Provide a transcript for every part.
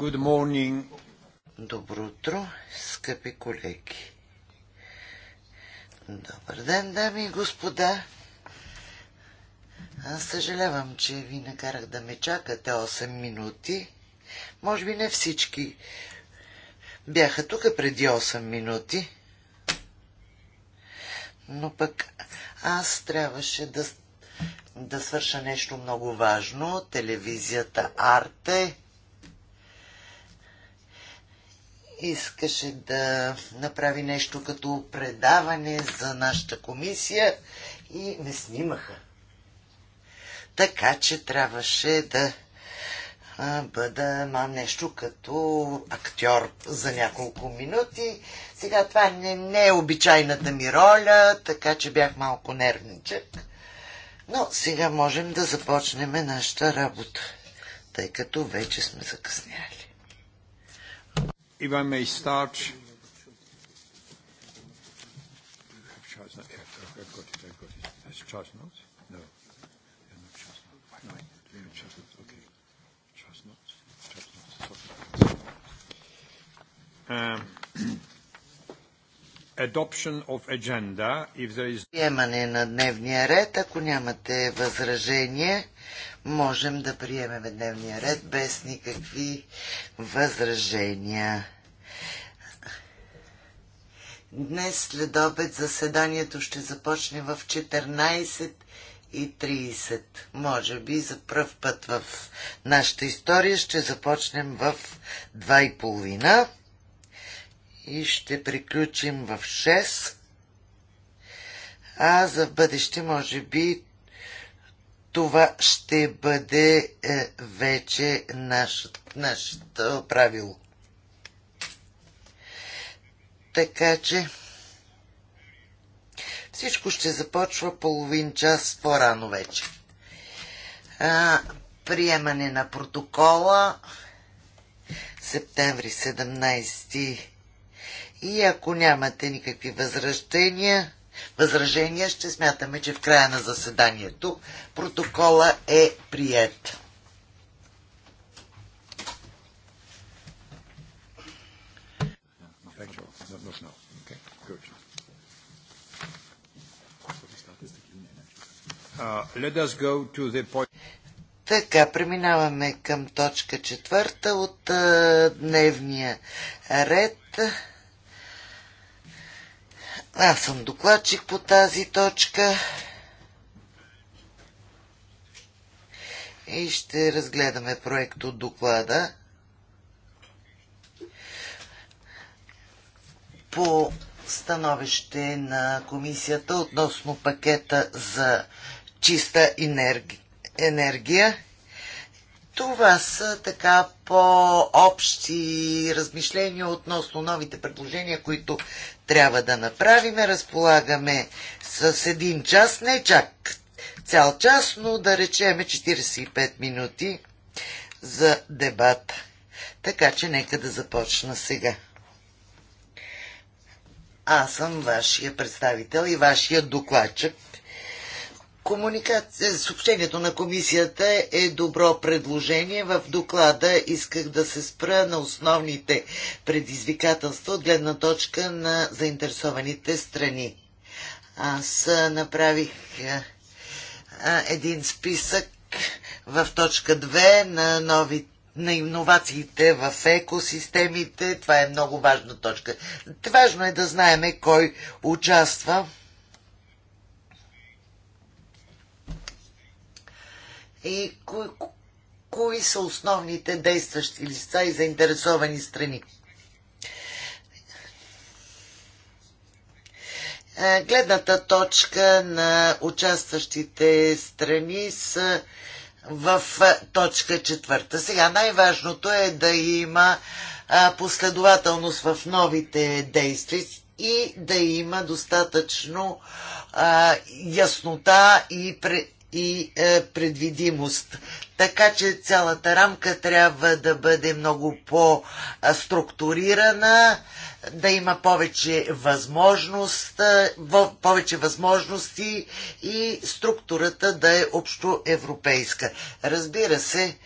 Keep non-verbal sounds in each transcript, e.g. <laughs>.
Good morning. Добро утро, скъпи колеги. Добър ден, дами и господа. Аз съжалявам, че ви накарах да ме чакате 8 минути. Може би не всички бяха тук преди 8 минути. Но пък аз трябваше да, да свърша нещо много важно. Телевизията Арте искаше да направи нещо като предаване за нашата комисия и ме снимаха. Така че трябваше да бъда ма, нещо като актьор за няколко минути. Сега това не, не е обичайната ми роля, така че бях малко нервничък. Но сега можем да започнем нашата работа, тъй като вече сме закъсняли if I may start. Adoption of agenda, if there is... Приемане на дневния ред, ако нямате възражение можем да приемем дневния ред без никакви възражения. Днес след обед заседанието ще започне в 14.30. Може би за пръв път в нашата история ще започнем в 2.30 и ще приключим в 6. А за бъдеще, може би, това ще бъде е, вече нашето правило. Така че всичко ще започва половин час по-рано вече. А, приемане на протокола септември 17 и ако нямате никакви възражения, възражения, ще смятаме, че в края на заседанието протокола е прият. Uh, така, преминаваме към точка четвърта от uh, дневния ред. Аз съм докладчик по тази точка. И ще разгледаме проект от доклада. По становище на комисията относно пакета за чиста енергия. Това са така по-общи размишления относно новите предложения, които трябва да направим. Разполагаме с един час, не чак цял час, но да речеме 45 минути за дебата. Така че нека да започна сега. Аз съм вашия представител и вашия докладчик Комуникация, съобщението на комисията е добро предложение. В доклада исках да се спра на основните предизвикателства от гледна точка на заинтересованите страни. Аз направих един списък в точка 2 на новите на иновациите в екосистемите. Това е много важна точка. Важно е да знаеме кой участва и кои, кои са основните действащи лица и заинтересовани страни. Е, гледната точка на участващите страни са в е, точка четвърта. Сега най-важното е да има е, последователност в новите действия и да има достатъчно яснота и, и е, предвидимост. Така че цялата рамка трябва да бъде много по-структурирана, да има повече, възможност, е, повече възможности и структурата да е общо европейска. Разбира се, е,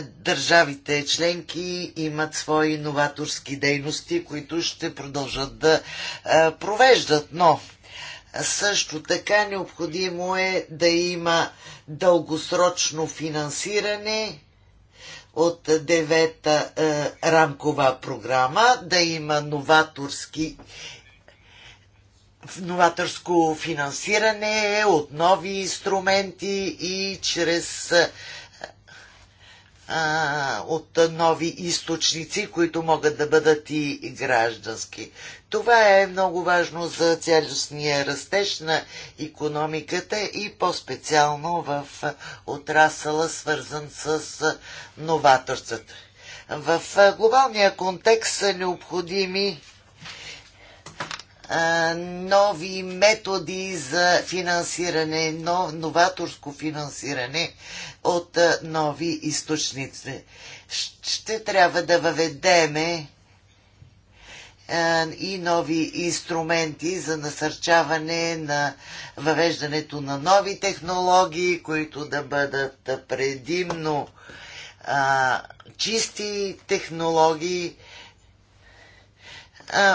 държавите членки имат свои новаторски дейности, които ще продължат да е, провеждат, но също така необходимо е да има дългосрочно финансиране от девета е, рамкова програма, да има новаторски новаторско финансиране от нови инструменти и чрез е, а, от нови източници, които могат да бъдат и, граждански. Това е много важно за цялостния растеж на економиката и по-специално в отрасъла, свързан с новаторствата. В глобалния контекст са необходими нови методи за финансиране, нов, новаторско финансиране от нови източници. Ще трябва да въведеме и нови инструменти за насърчаване на въвеждането на нови технологии, които да бъдат предимно а, чисти технологии,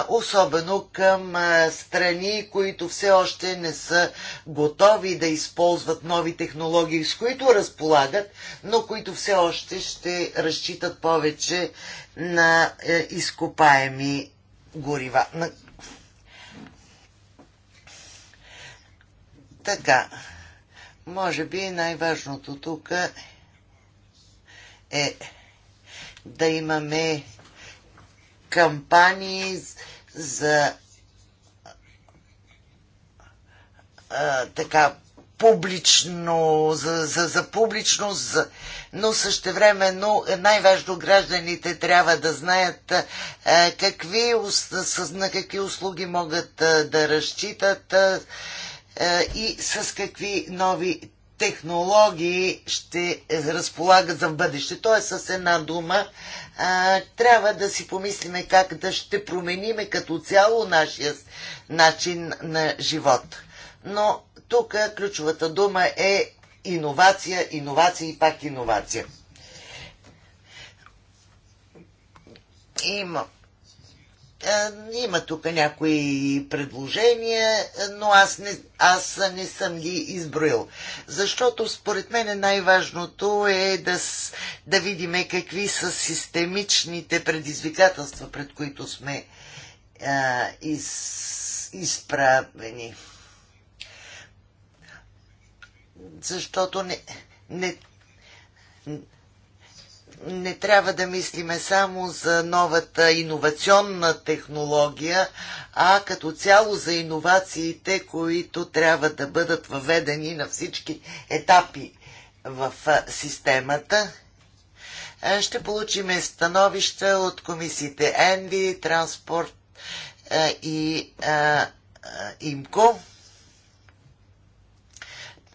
особено към страни, които все още не са готови да използват нови технологии, с които разполагат, но които все още ще разчитат повече на е, изкопаеми горива. Така, може би най-важното тук е да имаме кампании за а, така публично, за, за, за публичност, за, но същевременно е най-важно гражданите трябва да знаят а, какви, на какви услуги могат а, да разчитат а, и с какви нови технологии ще разполагат за в бъдеще. Т.е. с една дума а, трябва да си помислиме как да ще промениме като цяло нашия начин на живот. Но тук ключовата дума е иновация, иновация и пак иновация. Има има тук някои предложения, но аз не, аз не съм ги изброил. Защото според мен най-важното е да, да видим какви са системичните предизвикателства, пред които сме а, из, изправени. Защото не, не, не трябва да мислиме само за новата иновационна технология, а като цяло за иновациите, които трябва да бъдат въведени на всички етапи в системата. Е, ще получиме становища от комисиите Енви, Транспорт е, и е, ИМКО.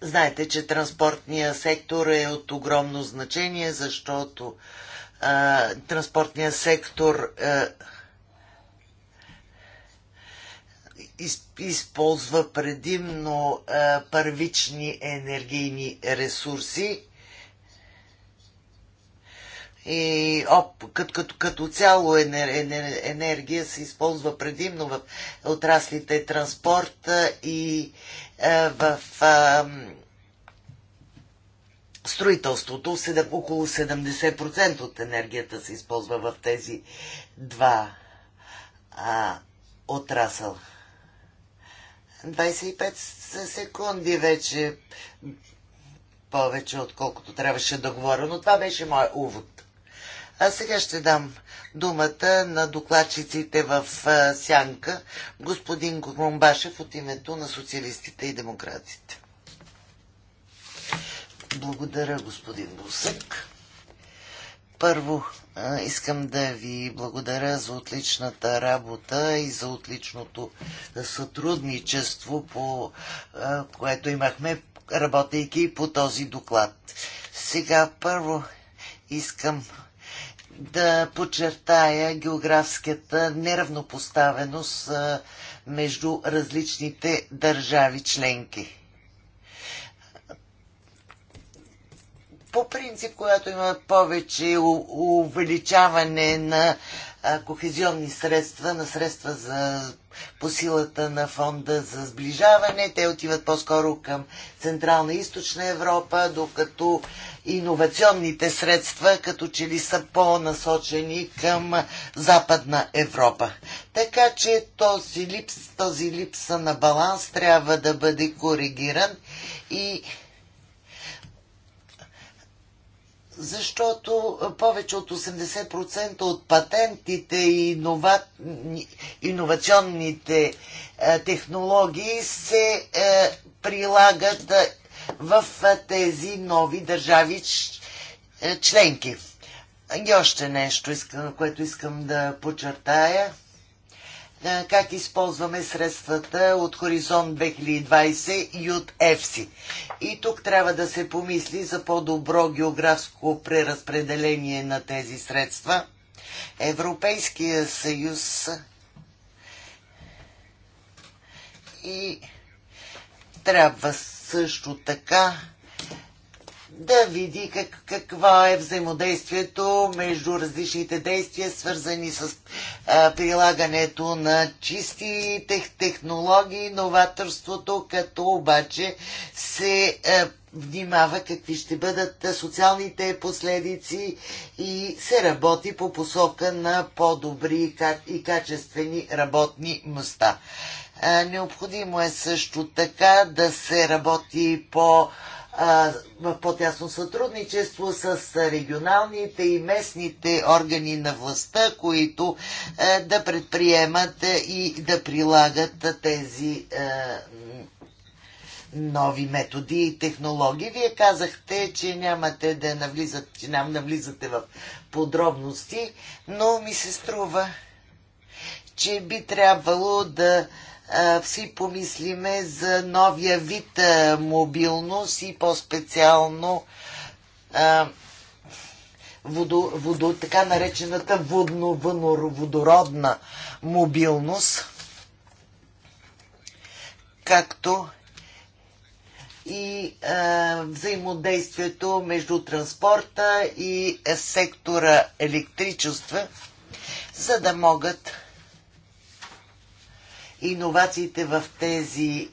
Знаете, че транспортния сектор е от огромно значение, защото а, транспортния сектор а, из, използва предимно а, първични енергийни ресурси. И оп, като, като, като цяло енер, енер, енергия се използва предимно в отраслите транспорта и в строителството, около 70% от енергията се използва в тези два а, отрасъл. 25 секунди вече повече, отколкото трябваше да говоря, но това беше мой увод. А сега ще дам думата на докладчиците в Сянка, господин Курумбашев от името на социалистите и демократите. Благодаря, господин Бусък. Първо, искам да ви благодаря за отличната работа и за отличното сътрудничество, по което имахме, работейки по този доклад. Сега първо искам да подчертая географската неравнопоставеност между различните държави членки. по принцип, която има повече увеличаване на кохезионни средства, на средства за, по силата на фонда за сближаване. Те отиват по-скоро към Централна и Източна Европа, докато иновационните средства като че ли са по-насочени към Западна Европа. Така че този липс, този липса на баланс трябва да бъде коригиран и защото повече от 80% от патентите и нова... иновационните е, технологии се е, прилагат е, в тези нови държави членки. И още нещо, което искам да подчертая – как използваме средствата от Хоризонт 2020 и от ЕФСИ. И тук трябва да се помисли за по-добро географско преразпределение на тези средства. Европейския съюз и трябва също така да види как, какво е взаимодействието между различните действия, свързани с а, прилагането на чисти тех, технологии, новаторството, като обаче се а, внимава какви ще бъдат социалните последици и се работи по посока на по-добри и качествени работни места. Необходимо е също така да се работи по в по-тясно сътрудничество с регионалните и местните органи на властта, които е, да предприемат и да прилагат тези е, нови методи и технологии. Вие казахте, че нямате да навлизат, че нам навлизате в подробности, но ми се струва, че би трябвало да си помислиме за новия вид мобилност и по-специално водо, водо, така наречената водно, водородна мобилност, както и а, взаимодействието между транспорта и сектора електричество, за да могат иновациите в тези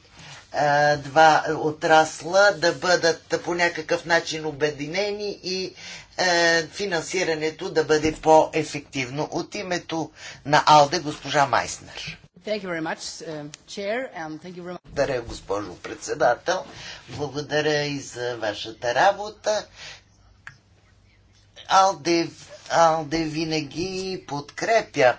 а, два отрасла да бъдат по някакъв начин обединени и а, финансирането да бъде по-ефективно. От името на АЛДЕ госпожа Майснер. Благодаря, госпожо председател. Благодаря и за вашата работа. Алде, Алде винаги подкрепя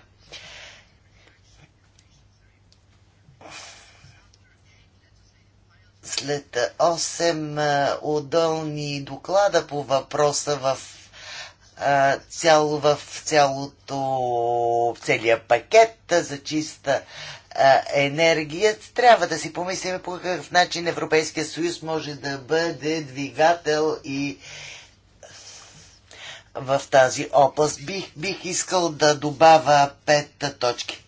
след 8 отделни доклада по въпроса в цяло в цялото целия пакет за чиста енергия, трябва да си помислим по какъв начин Европейския съюз може да бъде двигател и в тази област. Бих, бих искал да добавя пет точки.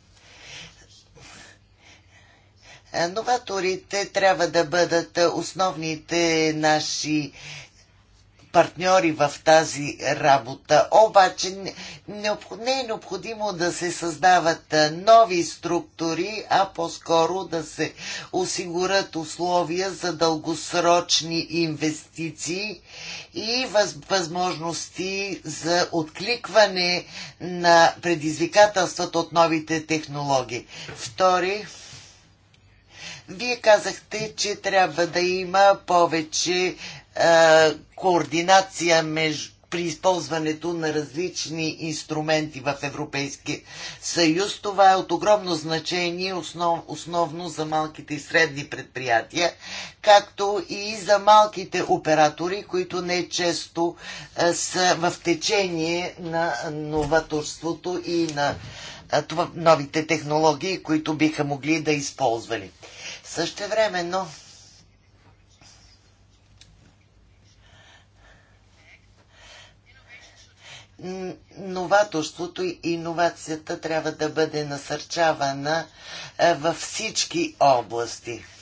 Е, новаторите трябва да бъдат е, основните наши партньори в тази работа. Обаче не е необходимо да се създават е, нови структури, а по-скоро да се осигурят условия за дългосрочни инвестиции и възможности за откликване на предизвикателствата от новите технологии. Втори вие казахте, че трябва да има повече а, координация между при използването на различни инструменти в Европейския съюз. Това е от огромно значение, основ, основно за малките и средни предприятия, както и за малките оператори, които не често а, са в течение на новаторството и на а, това, новите технологии, които биха могли да използвали но новаторството и иновацията трябва да бъде насърчавана е, във всички области –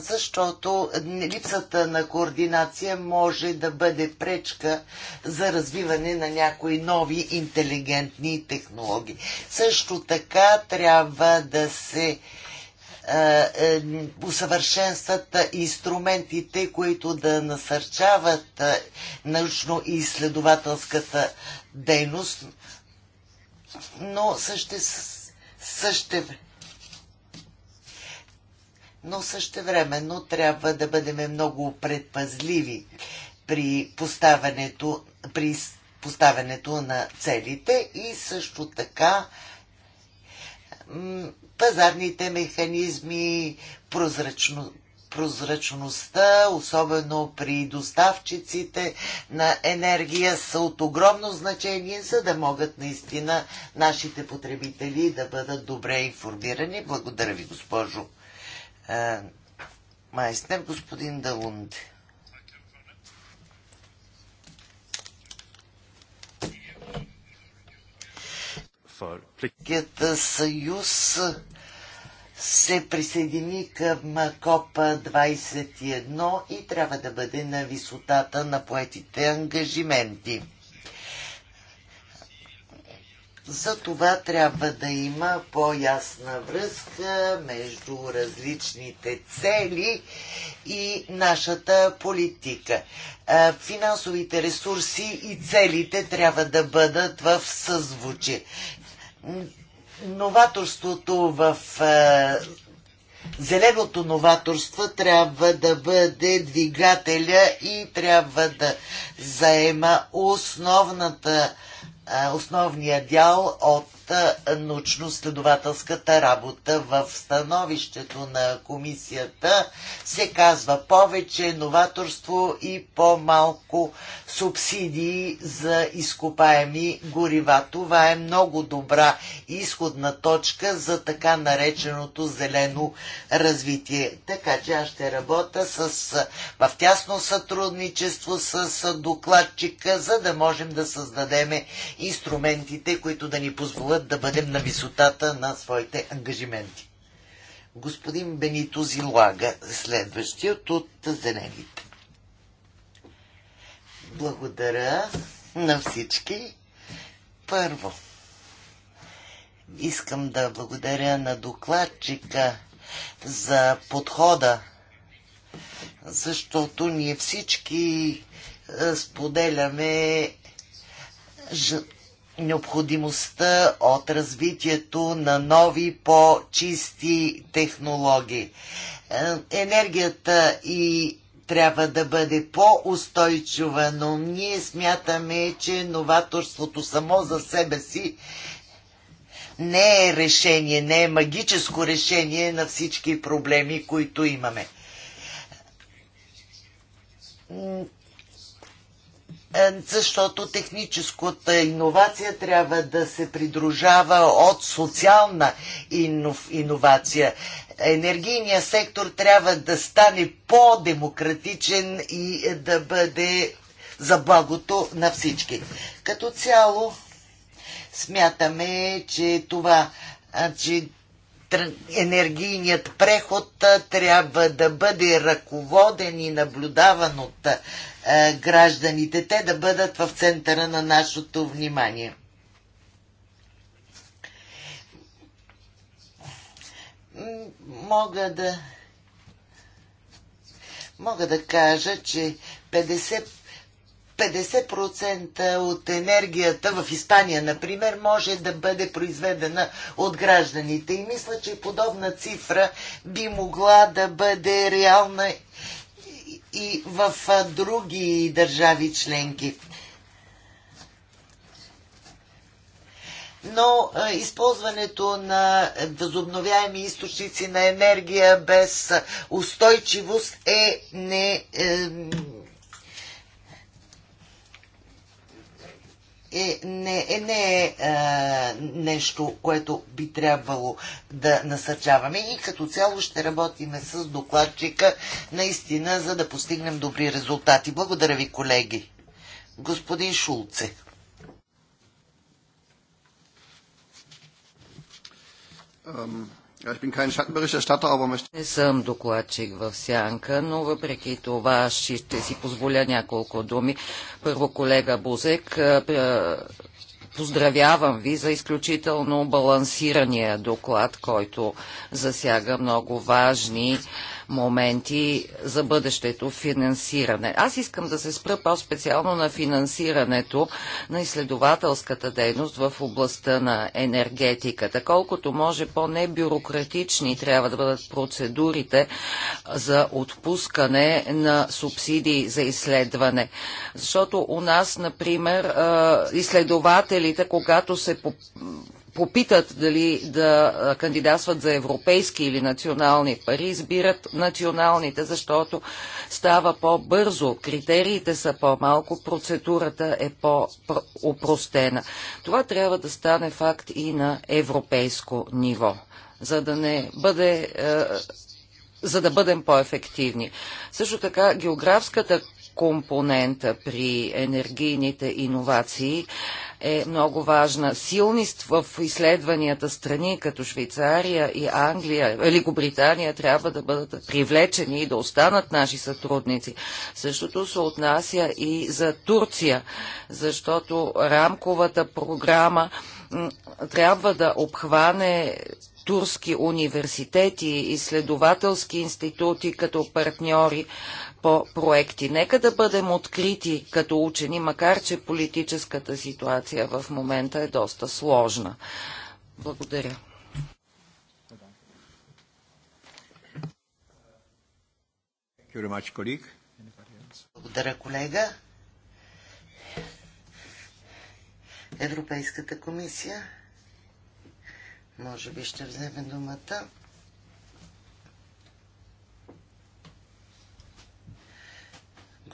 защото липсата на координация може да бъде пречка за развиване на някои нови интелигентни технологии. Също така трябва да се е, усъвършенстват инструментите, които да насърчават научно-изследователската дейност, но също, също но също времено трябва да бъдем много предпазливи при поставянето, при поставянето на целите и също така пазарните механизми, прозрачно, прозрачността, особено при доставчиците на енергия, са от огромно значение, за да могат наистина нашите потребители да бъдат добре информирани. Благодаря ви, госпожо майстер господин Далунди. Европейският съюз се присъедини към КОПА 21 и трябва да бъде на висотата на поетите ангажименти. За това трябва да има по-ясна връзка между различните цели и нашата политика. Финансовите ресурси и целите трябва да бъдат в съзвучие. Новаторството в Зеленото новаторство трябва да бъде двигателя и трябва да заема основната е, основния дял от научно-следователската работа. В становището на комисията се казва повече новаторство и по-малко субсидии за изкопаеми горива. Това е много добра изходна точка за така нареченото зелено развитие. Така че аз ще работя с, в тясно сътрудничество с докладчика, за да можем да създадем инструментите, които да ни позволят изискват да бъдем на висотата на своите ангажименти. Господин Бенито Зилага, следващият от Зелените. Благодаря на всички. Първо, искам да благодаря на докладчика за подхода, защото ние всички споделяме необходимостта от развитието на нови, по-чисти технологии. Е, енергията и трябва да бъде по-устойчива, но ние смятаме, че новаторството само за себе си не е решение, не е магическо решение на всички проблеми, които имаме е, защото техническата иновация трябва да се придружава от социална иновация. Енергийният сектор трябва да стане по-демократичен и да бъде за благото на всички. Като цяло смятаме, че това, че енергийният преход трябва да бъде ръководен и наблюдаван от гражданите. Те да бъдат в центъра на нашето внимание. Мога да мога да кажа, че 50 50% от енергията в Испания, например, може да бъде произведена от гражданите. И мисля, че подобна цифра би могла да бъде реална и в други държави членки. но а, използването на възобновяеми източници на енергия без устойчивост е не, е, е, не, е, не е, е нещо, което би трябвало да насърчаваме и като цяло ще работиме с докладчика наистина, за да постигнем добри резултати. Благодаря ви, колеги. Господин Шулце. Um... Не съм докладчик в сянка, но въпреки това ще си позволя няколко думи. Първо колега Бузек, поздравявам ви за изключително балансирания доклад, който засяга много важни моменти за бъдещето финансиране. Аз искам да се спра по-специално на финансирането на изследователската дейност в областта на енергетиката. Колкото може по-небюрократични трябва да бъдат процедурите за отпускане на субсидии за изследване. Защото у нас, например, изследователите, когато се попитат дали да кандидатстват за европейски или национални пари, избират националните, защото става по-бързо, критериите са по-малко, процедурата е по-опростена. Това трябва да стане факт и на европейско ниво, за да не бъде за да бъдем по-ефективни. Също така географската компонента при енергийните иновации е много важна. Силни в изследванията страни, като Швейцария и Англия, Великобритания, трябва да бъдат привлечени и да останат наши сътрудници. Същото се отнася и за Турция, защото рамковата програма трябва да обхване турски университети, изследователски институти като партньори, по проекти. Нека да бъдем открити като учени, макар че политическата ситуация в момента е доста сложна. Благодаря. Благодаря, колега. Европейската комисия може би ще вземе думата.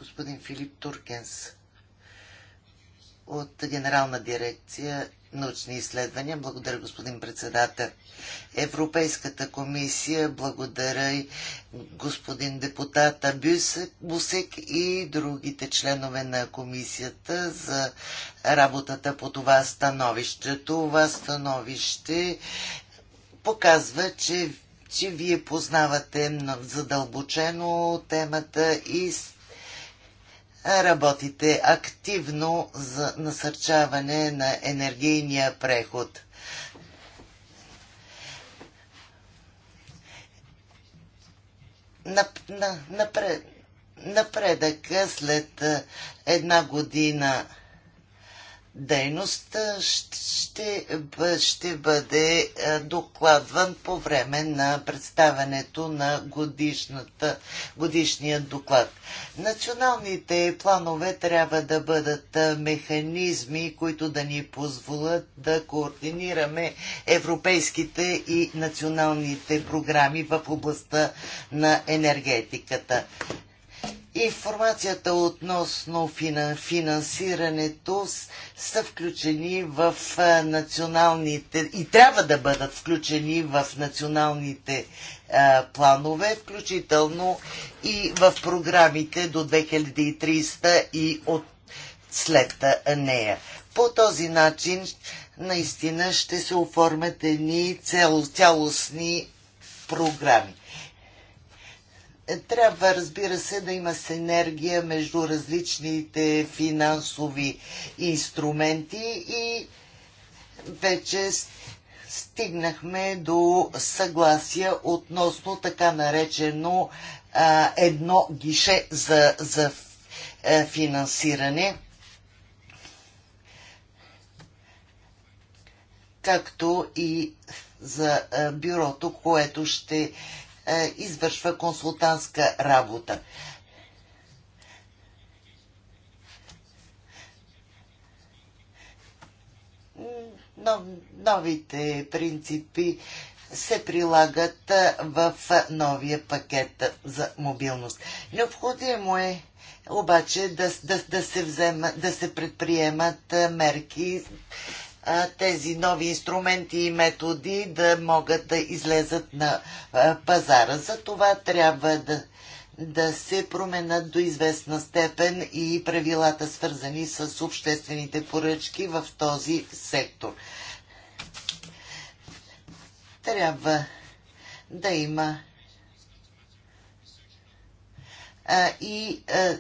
господин Филип Туркенс от Генерална дирекция научни изследвания. Благодаря, господин председател. Европейската комисия, благодаря и господин депутата Бусек и другите членове на комисията за работата по това становище. Това становище показва, че че вие познавате задълбочено темата и работите активно за насърчаване на енергийния преход. Напредък след една година дейност ще, ще бъде докладван по време на представянето на годишната, годишния доклад. Националните планове трябва да бъдат механизми, които да ни позволят да координираме европейските и националните програми в областта на енергетиката. Информацията относно финансирането са включени в националните и трябва да бъдат включени в националните планове, включително и в програмите до 2300 и от след нея. По този начин наистина ще се оформят едни цялостни програми трябва, разбира се, да има синергия между различните финансови инструменти и вече стигнахме до съгласие относно така наречено а, едно гише за, за а, е, финансиране. както и за е, бюрото, което ще е, извършва консултантска работа. Но новите принципи се прилагат е, в новия пакет за мобилност. Необходимо е обаче да, да, да, се, взема, да се предприемат е, мерки тези нови инструменти и методи да могат да излезат на пазара. За това трябва да, да се променят до известна степен и правилата, свързани с обществените поръчки в този сектор. Трябва да има а, и а,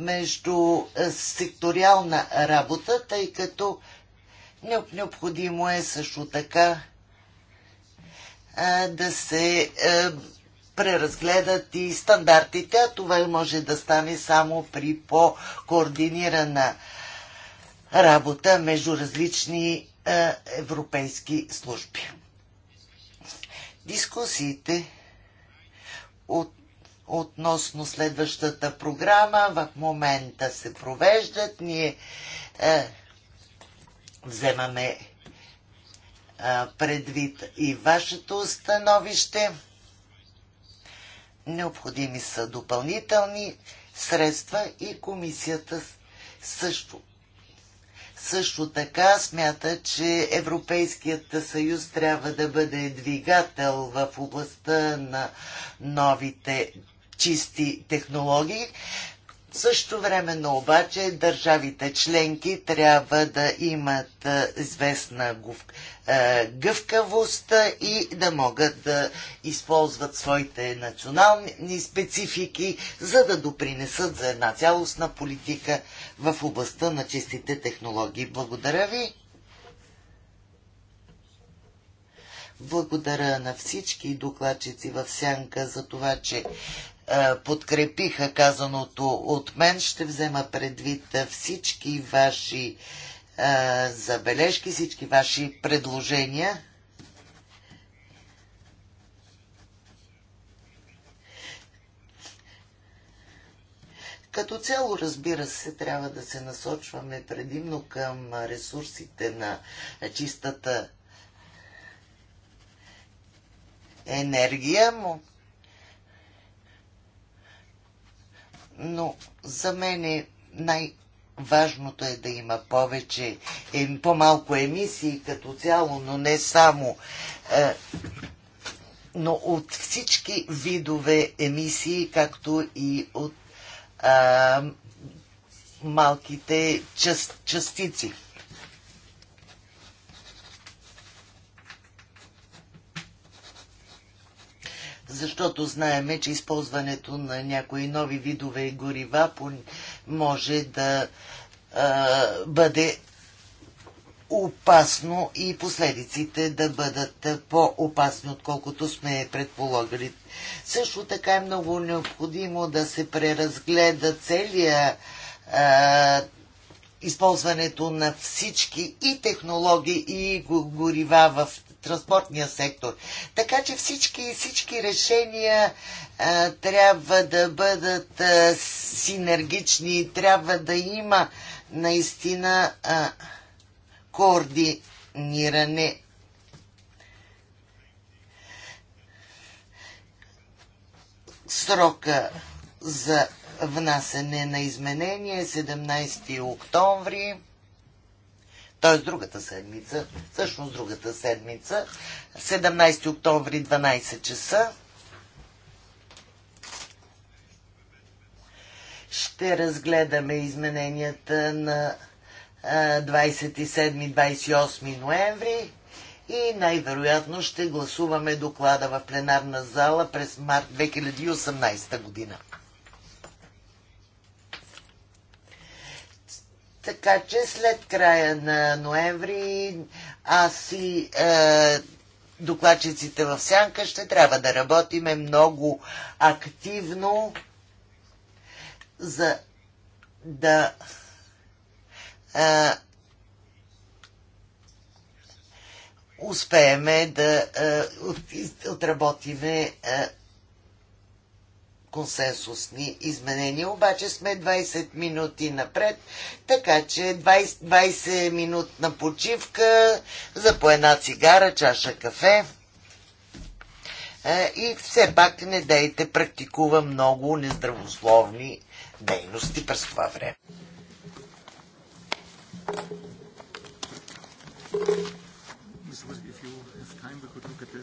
между е, секториална работа, тъй като необходимо е също така е, да се е, преразгледат и стандартите, а това може да стане само при по-координирана работа между различни европейски служби. Дискусиите от относно следващата програма. В момента се провеждат. Ние е, вземаме е, предвид и вашето становище. Необходими са допълнителни средства и комисията също. Също така смята, че Европейският съюз трябва да бъде двигател в областта на новите чисти технологии. Също времено обаче държавите членки трябва да имат известна гъвкавост и да могат да използват своите национални специфики, за да допринесат за една цялостна политика в областта на чистите технологии. Благодаря ви! Благодаря на всички докладчици в Сянка за това, че е, подкрепиха казаното от мен. Ще взема предвид всички ваши е, забележки, всички ваши предложения. Като цяло, разбира се, трябва да се насочваме предимно към ресурсите на чистата енергия, но но за мен е най- Важното е да има повече, е, по-малко емисии като цяло, но не само. Е, но от всички видове емисии, както и от е, малките част, частици. защото знаеме, че използването на някои нови видове горива може да а, бъде опасно и последиците да бъдат по-опасни, отколкото сме предполагали. Също така е много необходимо да се преразгледа целия а, използването на всички и технологии и горива в транспортния сектор. Така че всички, всички решения а, трябва да бъдат а, синергични, трябва да има наистина а, координиране. Срока за внасене на изменение 17 е октомври т.е. другата седмица, всъщност другата седмица, 17 октомври 12 часа. Ще разгледаме измененията на 27-28 ноември и най-вероятно ще гласуваме доклада в пленарна зала през март 2018 година. Така че след края на ноември аз и е, докладчиците в Сянка ще трябва да работиме много активно за да е, успееме да е, отработиме е, консенсусни изменения. Обаче сме 20 минути напред, така че 20, 20 минутна почивка за по една цигара, чаша кафе. Е, и все пак не дайте практикува много нездравословни дейности през това време. Mr. Wizard, if you have time, we could look at the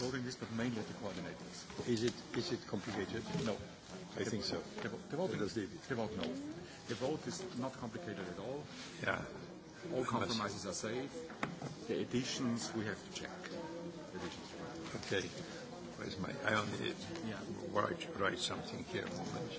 loading list, but mainly at the coordinate. Is it, is it complicated? No. I think so. The, the vote is David. The vote no. The vote is not complicated at all. Yeah. All compromises are safe. The additions we have to check. Additions. Okay. Where's my? I only need yeah. write, write something here. Moment. moment.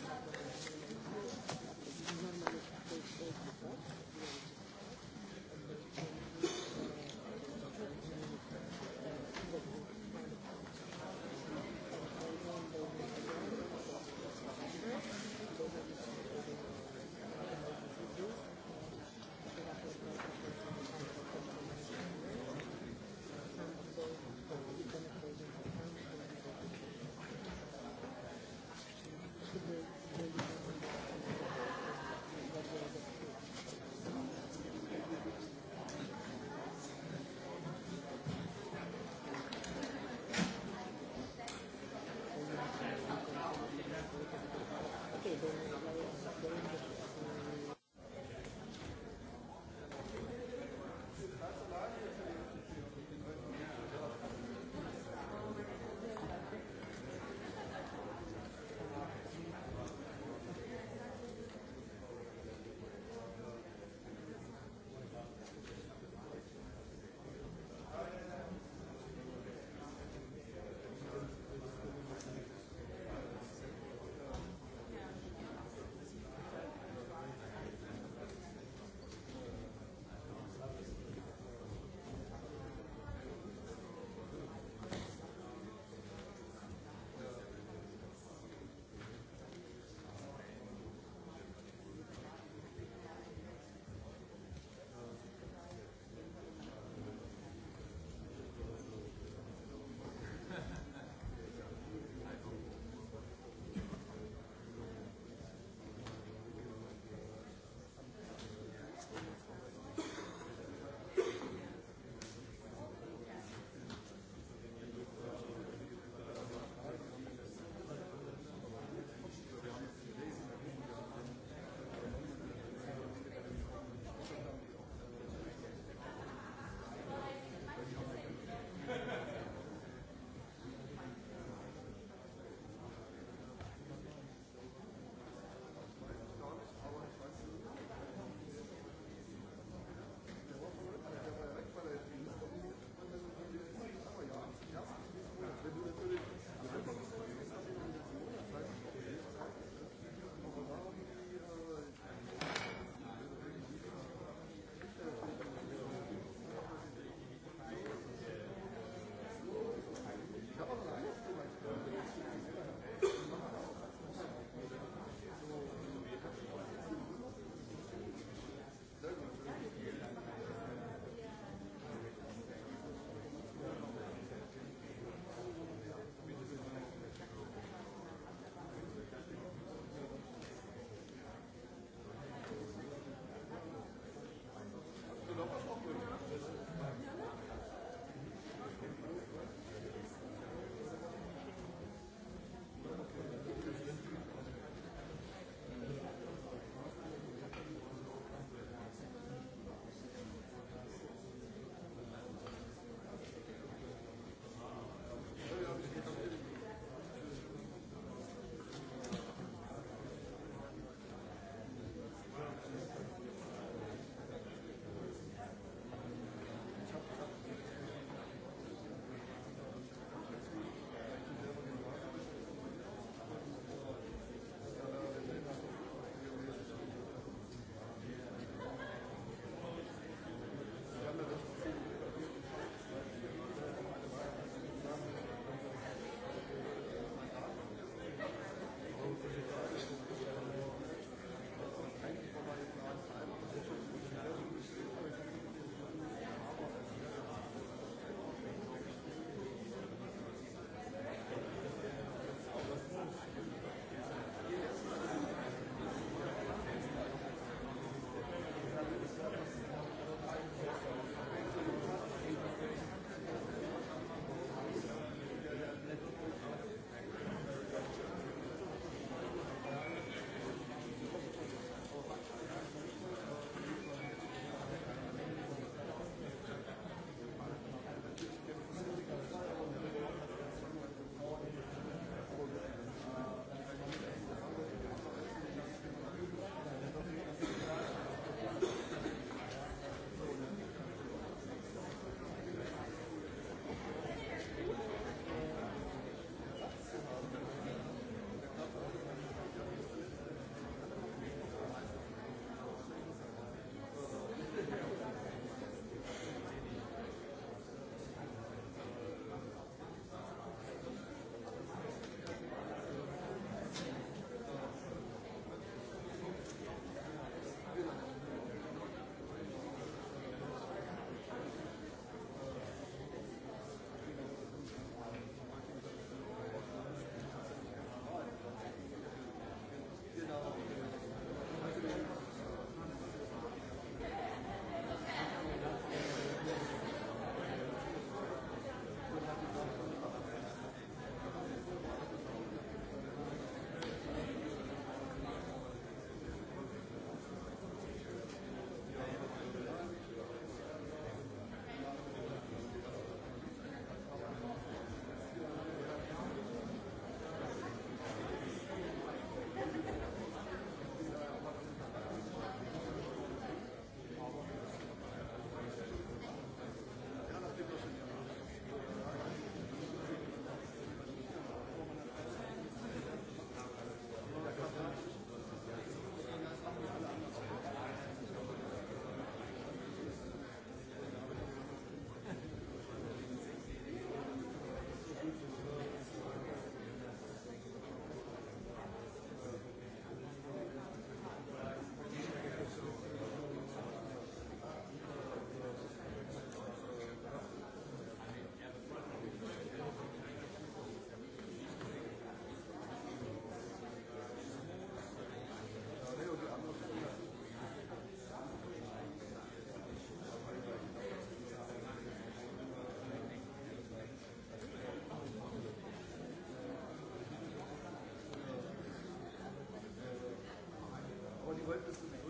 Thank you.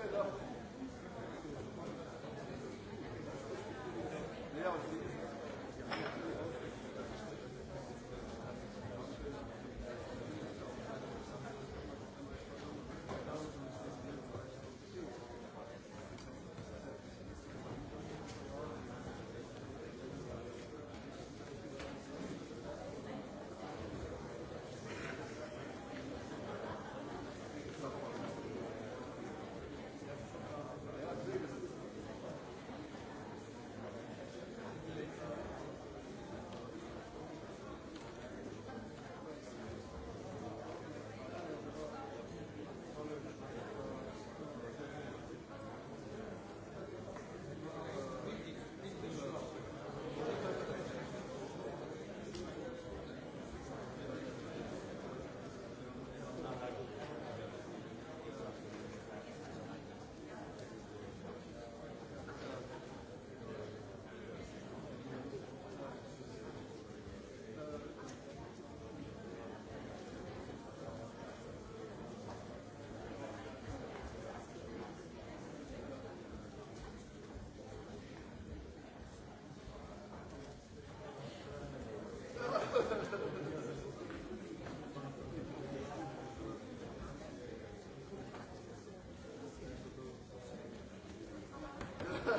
Pedro.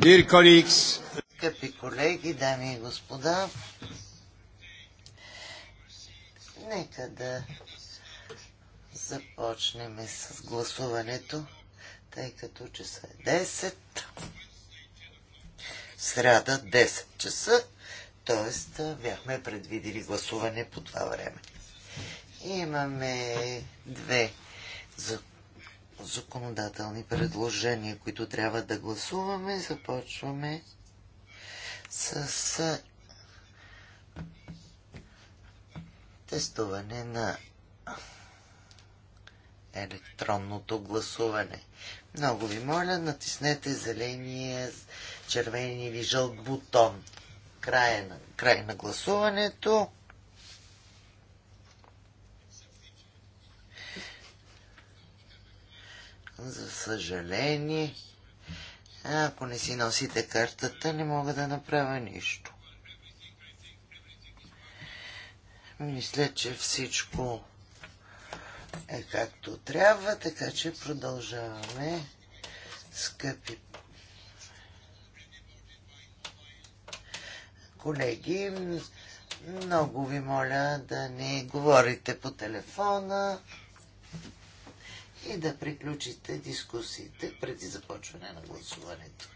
Dear colleagues, колеги, дами и господа, нека да започнем с гласуването, тъй като часа е 10, сряда 10 часа, т.е. бяхме предвидили гласуване по това време. Имаме две законодателни предложения, които трябва да гласуваме. Започваме с тестуване на електронното гласуване. Много ви моля, натиснете зеления, червен или жълт бутон. Край е на, край на гласуването. За съжаление, а ако не си носите картата, не мога да направя нищо. Мисля, че всичко е както трябва, така че продължаваме, скъпи колеги. Много ви моля да не говорите по телефона и да приключите дискусиите преди започване на гласуването.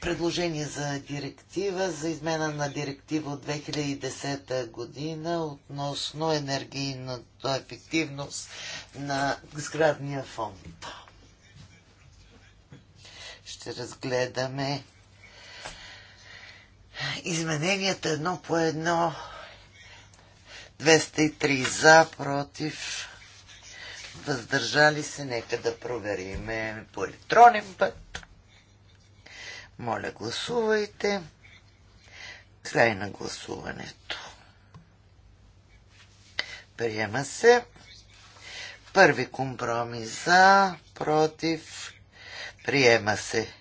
Предложение за директива за измена на директива от 2010 година относно енергийната ефективност на сградния фонд. Ще разгледаме измененията едно по едно 203 за, против, въздържали се, нека да проверим по електронен път. Моля, гласувайте. Край на гласуването. Приема се. Първи компромис за, против, приема се.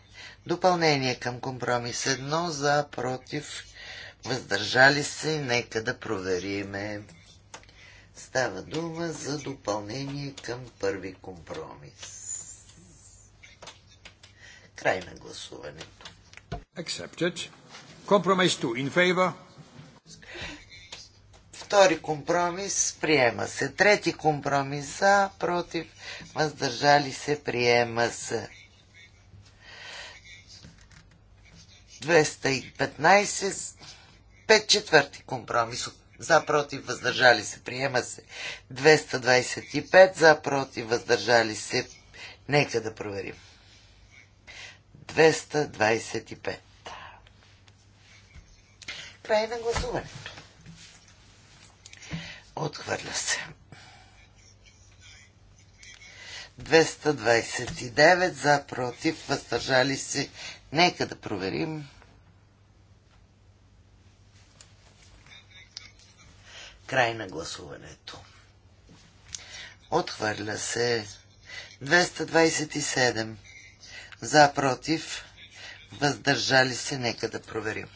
Допълнение към компромис 1 за, против, въздържали се. Нека да провериме. Става дума за допълнение към първи компромис. Край на гласуването. Accepted. Compromise 2 in favor. Втори компромис приема се. Трети компромис за, против, въздържали се, приема се. 215, 5 четвърти компромис от за против въздържали се, приема се 225, за против въздържали се, нека да проверим. 225. Край на гласуването. Отхвърля се. 229 за против, въздържали се. Нека да проверим. Край на гласуването. Отхвърля се 227. За, против, въздържали се, нека да проверим.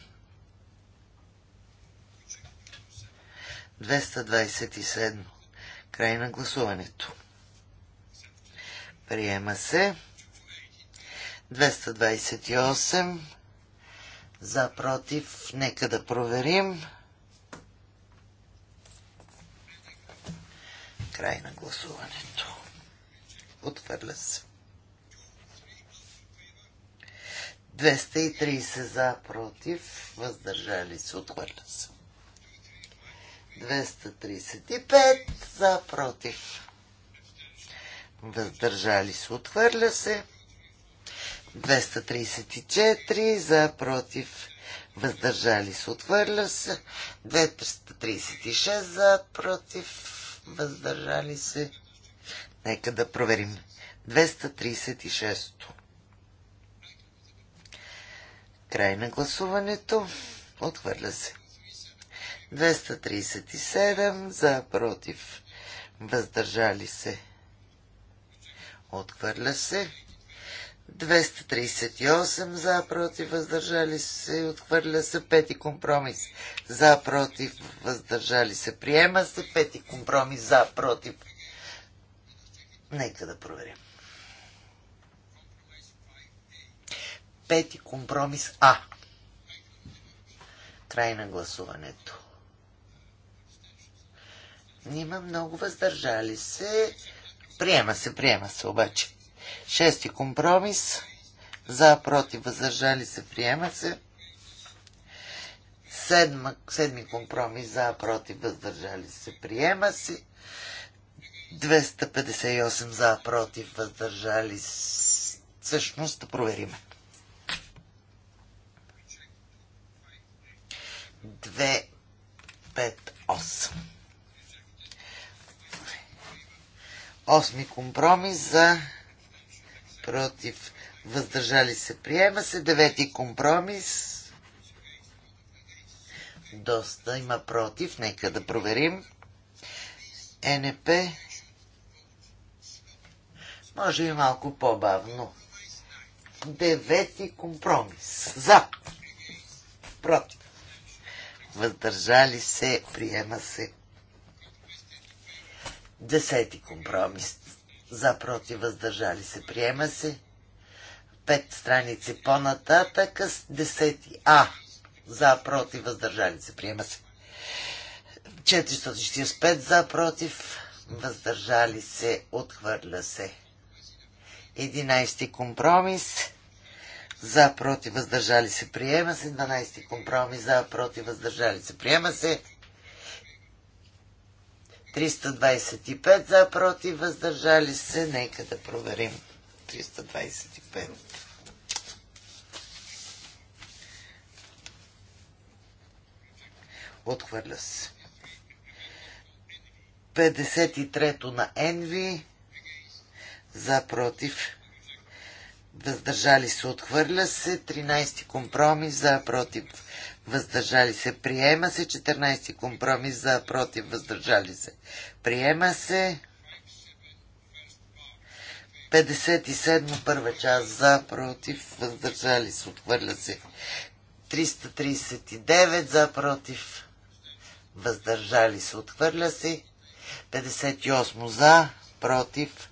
227. Край на гласуването. Приема се. 228. За, против, нека да проверим. Край на гласуването. Отвърля се. 230 за, против, въздържали се, отвърля се. 235 за, против, въздържали се, отвърля се. 234 за, против, въздържали се, отвърля се. 236 за, против, въздържали се. Нека да проверим. 236. Край на гласуването. Отхвърля се. 237 за против. Въздържали се. Отхвърля се. 238 за, против, въздържали се, отхвърля се пети компромис. За, против, въздържали се, приема се пети компромис. За, против. Нека да проверим. Пети компромис А. Край на гласуването. Има много въздържали се. Приема се, приема се обаче. Шести компромис. За, против, въздържали се, приема се. Седма, седми компромис. За, против, въздържали се, приема се. 258 за, против, въздържали се. Всъщност да проверим. 258. Осми компромис за против, въздържали се, приема се. Девети компромис. Доста има против, нека да проверим. НП. Може и малко по-бавно. Девети компромис. За. Против. Въздържали се, приема се. Десети компромис за против въздържали се, приема се. Пет страници по-нататък, 10 А, за против въздържали се, приема се. 445 за против, въздържали се, отхвърля се. 11 компромис за против въздържали се, приема се. 12 компромис за против въздържали се, приема се. 325 за, против, въздържали се. Нека да проверим. 325. Отхвърля се. 53-то на Енви. За, против. Въздържали се. Отхвърля се. 13-ти компромис. За, против въздържали се, приема се. 14 компромис за, против, въздържали се, приема се. 57 първа част за, против, въздържали се, отхвърля се. 339 за, против, въздържали се, отхвърля се. 58 за, против,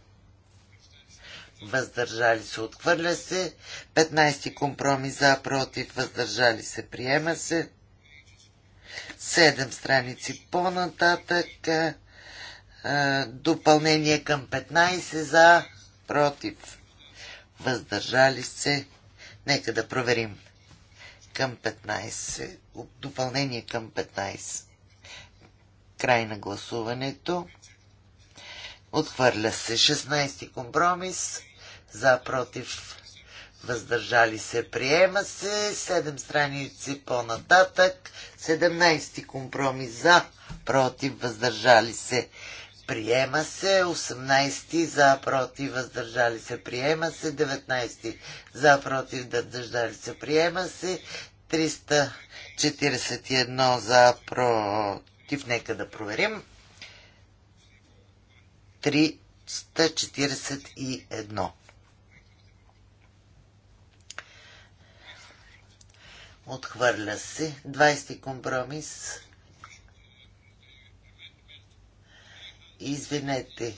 въздържали се, отхвърля се. 15 компромис за, против, въздържали се, приема се. 7 страници по-нататък. Допълнение към 15 за, против, въздържали се. Нека да проверим. Към 15. Допълнение към 15. Край на гласуването. Отхвърля се 16 компромис за против въздържали се, приема се. 7 страници по-нататък. 17 компромис за против въздържали се, приема се. 18 за против въздържали се, приема се. 19 за против въздържали се, приема се. 341 за против. Нека да проверим. 341. Отхвърля се. 20 компромис. Извинете.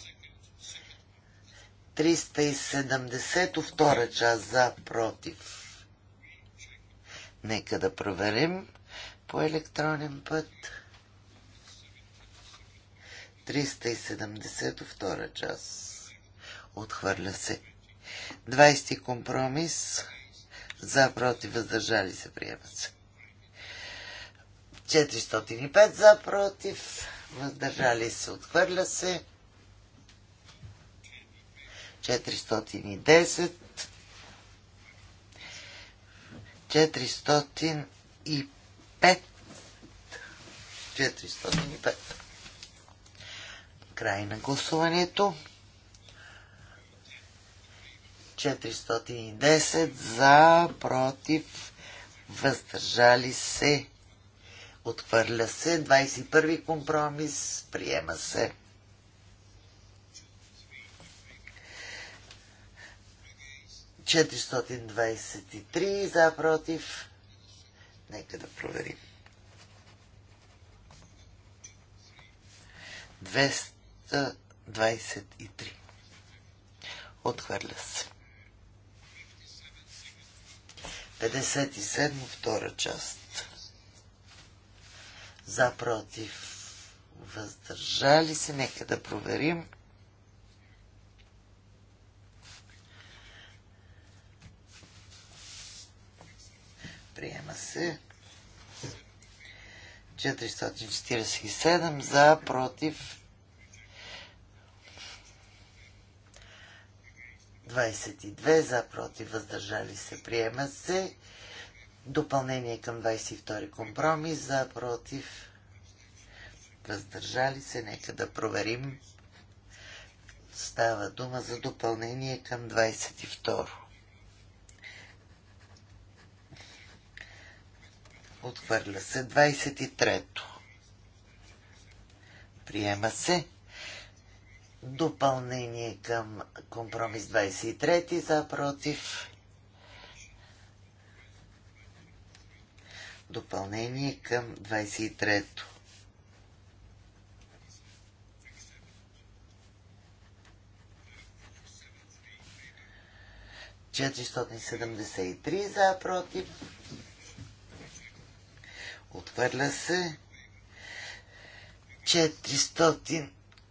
370 втора част за против. Нека да проверим по електронен път. 370 втора част. Отхвърля се. 20 компромис за против въздържали се приемат се. 405 за против въздържали се отхвърля се. 410 405 405 Край на гласуването. 410 за, против, въздържали се, отхвърля се. 21 компромис, приема се. Четиристотин за, против. Нека да проверим. 223. Отхвърля се. 57 втора част. За, против, въздържали се. Нека да проверим. Приема се. 447 за, против, 22 за против въздържали се приема се. Допълнение към 22 компромис за против въздържали се. Нека да проверим. Става дума за допълнение към 22. Отхвърля се 23-то. Приема се допълнение към компромис 23 за против. Допълнение към 23-то. за против. Отвърля се. 400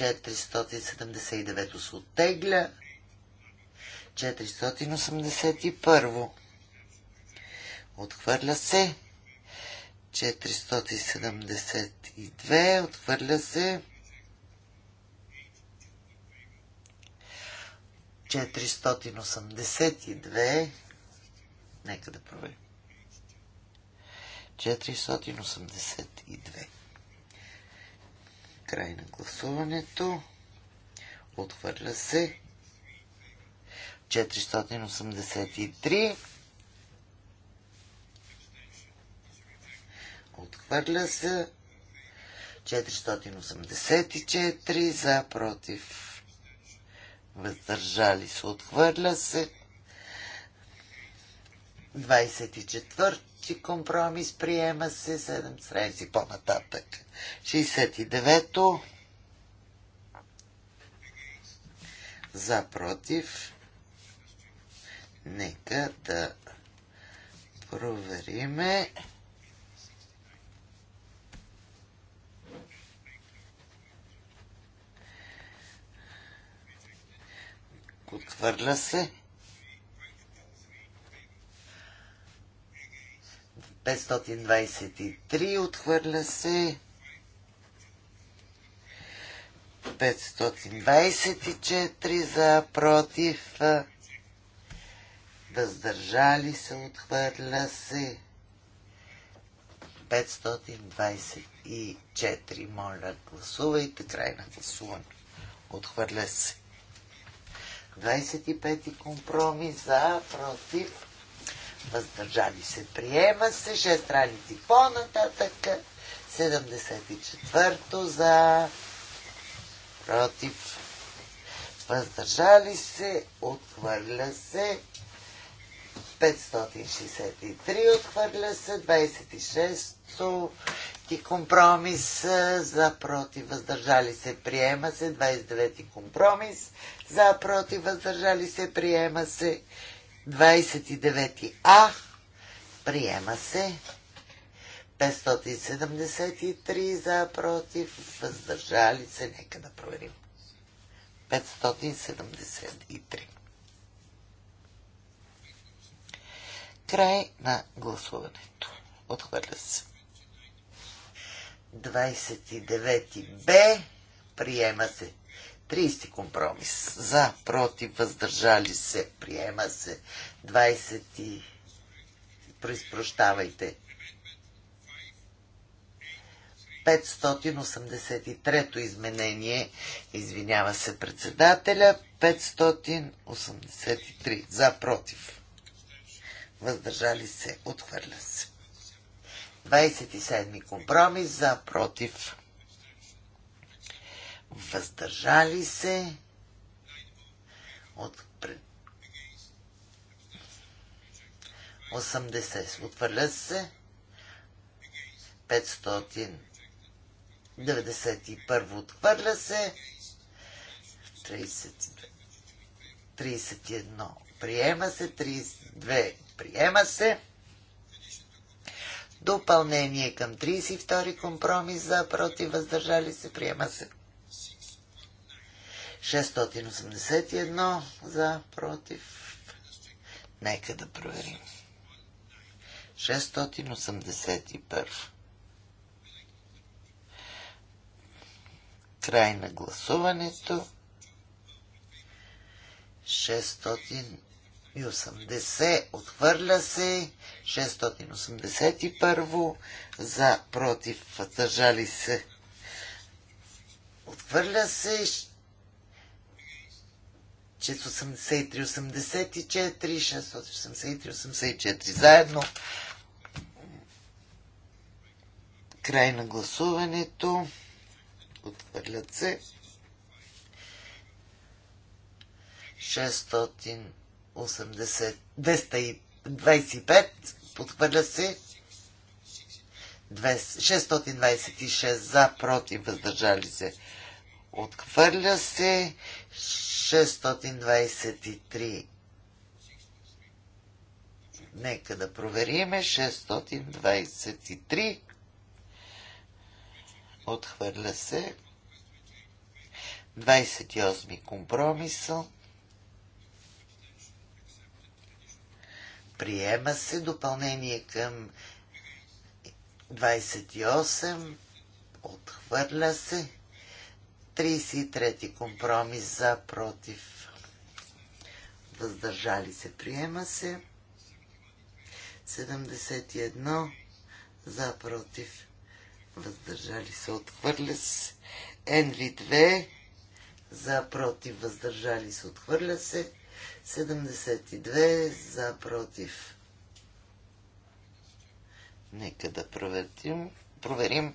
479 се оттегля. 481. Отхвърля се. 472. Отхвърля се. 482. Нека да проверим. 482. Край на гласуването. Отхвърля се. 483. Отхвърля се. 484 за, против. Въздържали се. Отхвърля се. 24 че компромис. Приема се 7 срези по-нататък. 69-то. За против. Нека да провериме. Отхвърля се. 523 отхвърля се. 524 за против. Въздържали се отхвърля се. 524. Моля, гласувайте. Край на гласуване. Отхвърля се. 25 компромис за, против въздържали се, приема се, 6 страници по-нататък, 74-то за, против, въздържали се, отхвърля се, 563 отхвърля се, 26-то и компромис за против въздържали се приема се, 29-ти компромис за против въздържали се приема се, 29 А. Приема се. 573 за, против, въздържали се. Нека да проверим. 573. Край на гласуването. Отхвърля се. 29 Б. Приема се. 30 компромис. За, против, въздържали се, приема се. 20 и... Произпрощавайте. 583-то изменение. Извинява се председателя. 583. За, против. Въздържали се, отхвърля се. 27 компромис. За, против въздържали се от 80. Отвърлят се 591. Отхвърля се 32. 31. Приема се 32. Приема се. Допълнение към 32 компромис за против въздържали се. Приема се. 681 за, против. Нека да проверим. 681. Край на гласуването. 680 отхвърля се. 681 за, против, тържали се. Отхвърля се. 683-84, 683-84 заедно. Край на гласуването. Отвърлят се. 625. подхвърля се. 626 за, против, въздържали се. Отхвърля се. 623. Нека да провериме. 623. Отхвърля се. 28 компромисъл. Приема се допълнение към 28. Отхвърля се. 33 компромис за против. Въздържали се. Приема се. 71 за против. Въздържали се. Отхвърля се. NV2 за против. Въздържали се. Отхвърля се. 72 за против. Нека да проверим. проверим.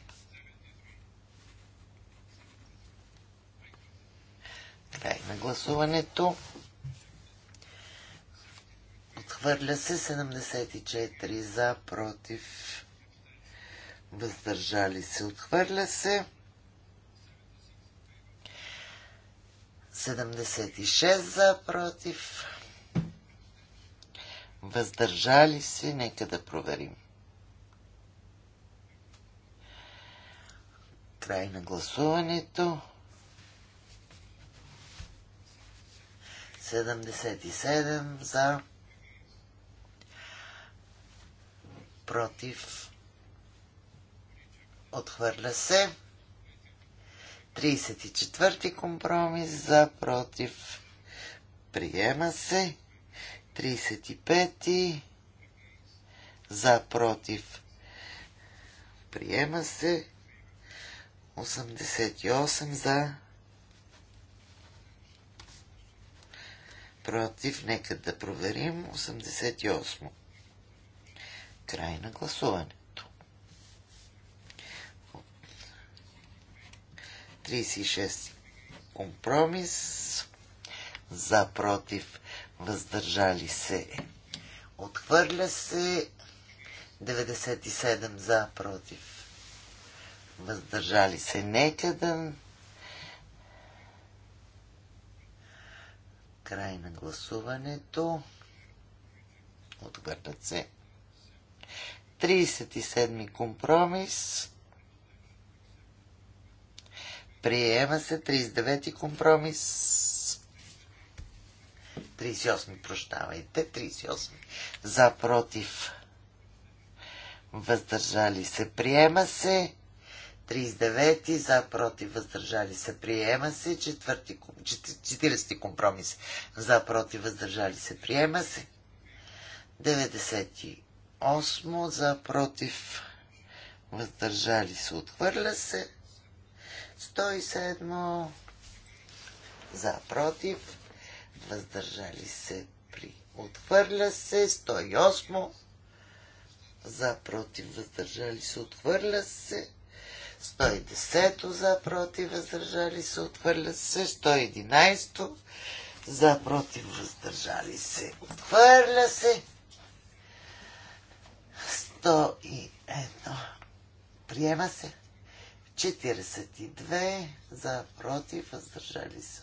Край на гласуването. Отхвърля се 74 за, против, въздържали се. Отхвърля се 76 за, против, въздържали се. Нека да проверим. Край на гласуването. 77 за против отхвърля се 34 компромис за против приема се 35 за против приема се 88 за против, нека да проверим 88. Край на гласуването. 36. Компромис. За, против, въздържали се. Отхвърля се 97 за, против. Въздържали се. Нека да Край на гласуването. Отвъртат се. 37 компромис. Приема се 39 компромис. 38, прощавайте, 38. За, против, въздържали се. Приема се 39 за, против, въздържали се, приема се. 40 компромис за, против, въздържали се, приема се. 98 за, против, въздържали се, отхвърля се. 107 за, против, въздържали се, при отхвърля се. 108 за, против, въздържали се, отхвърля се. 110 за против въздържали се отхвърля се. 111 за против въздържали се отхвърля се. 101 приема се. 42 за против въздържали се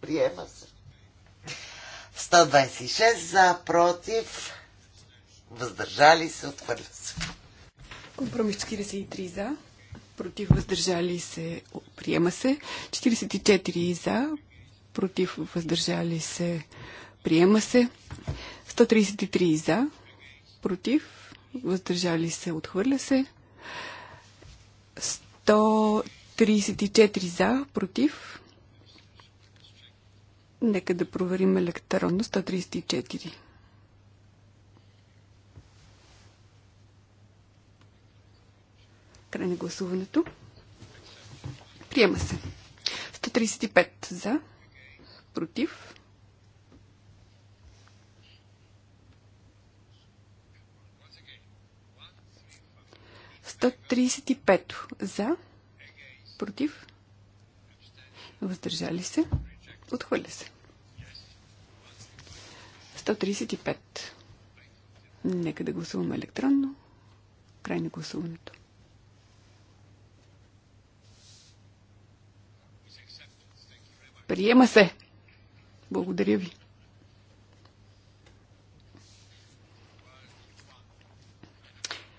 Приема се. 126 за против въздържали се отхвърля се. Компромис 43 за против въздържали се, приема се. 44 за, против въздържали се, приема се. 133 за, против въздържали се, отхвърля се. 134 за, против. Нека да проверим електронно. 134. Край на гласуването. Приема се. 135 за. Против. Сто за. Против. Въздържали се. Отхвърля се. 135. Нека да гласуваме електронно. Край на гласуването. Приема се. Благодаря ви.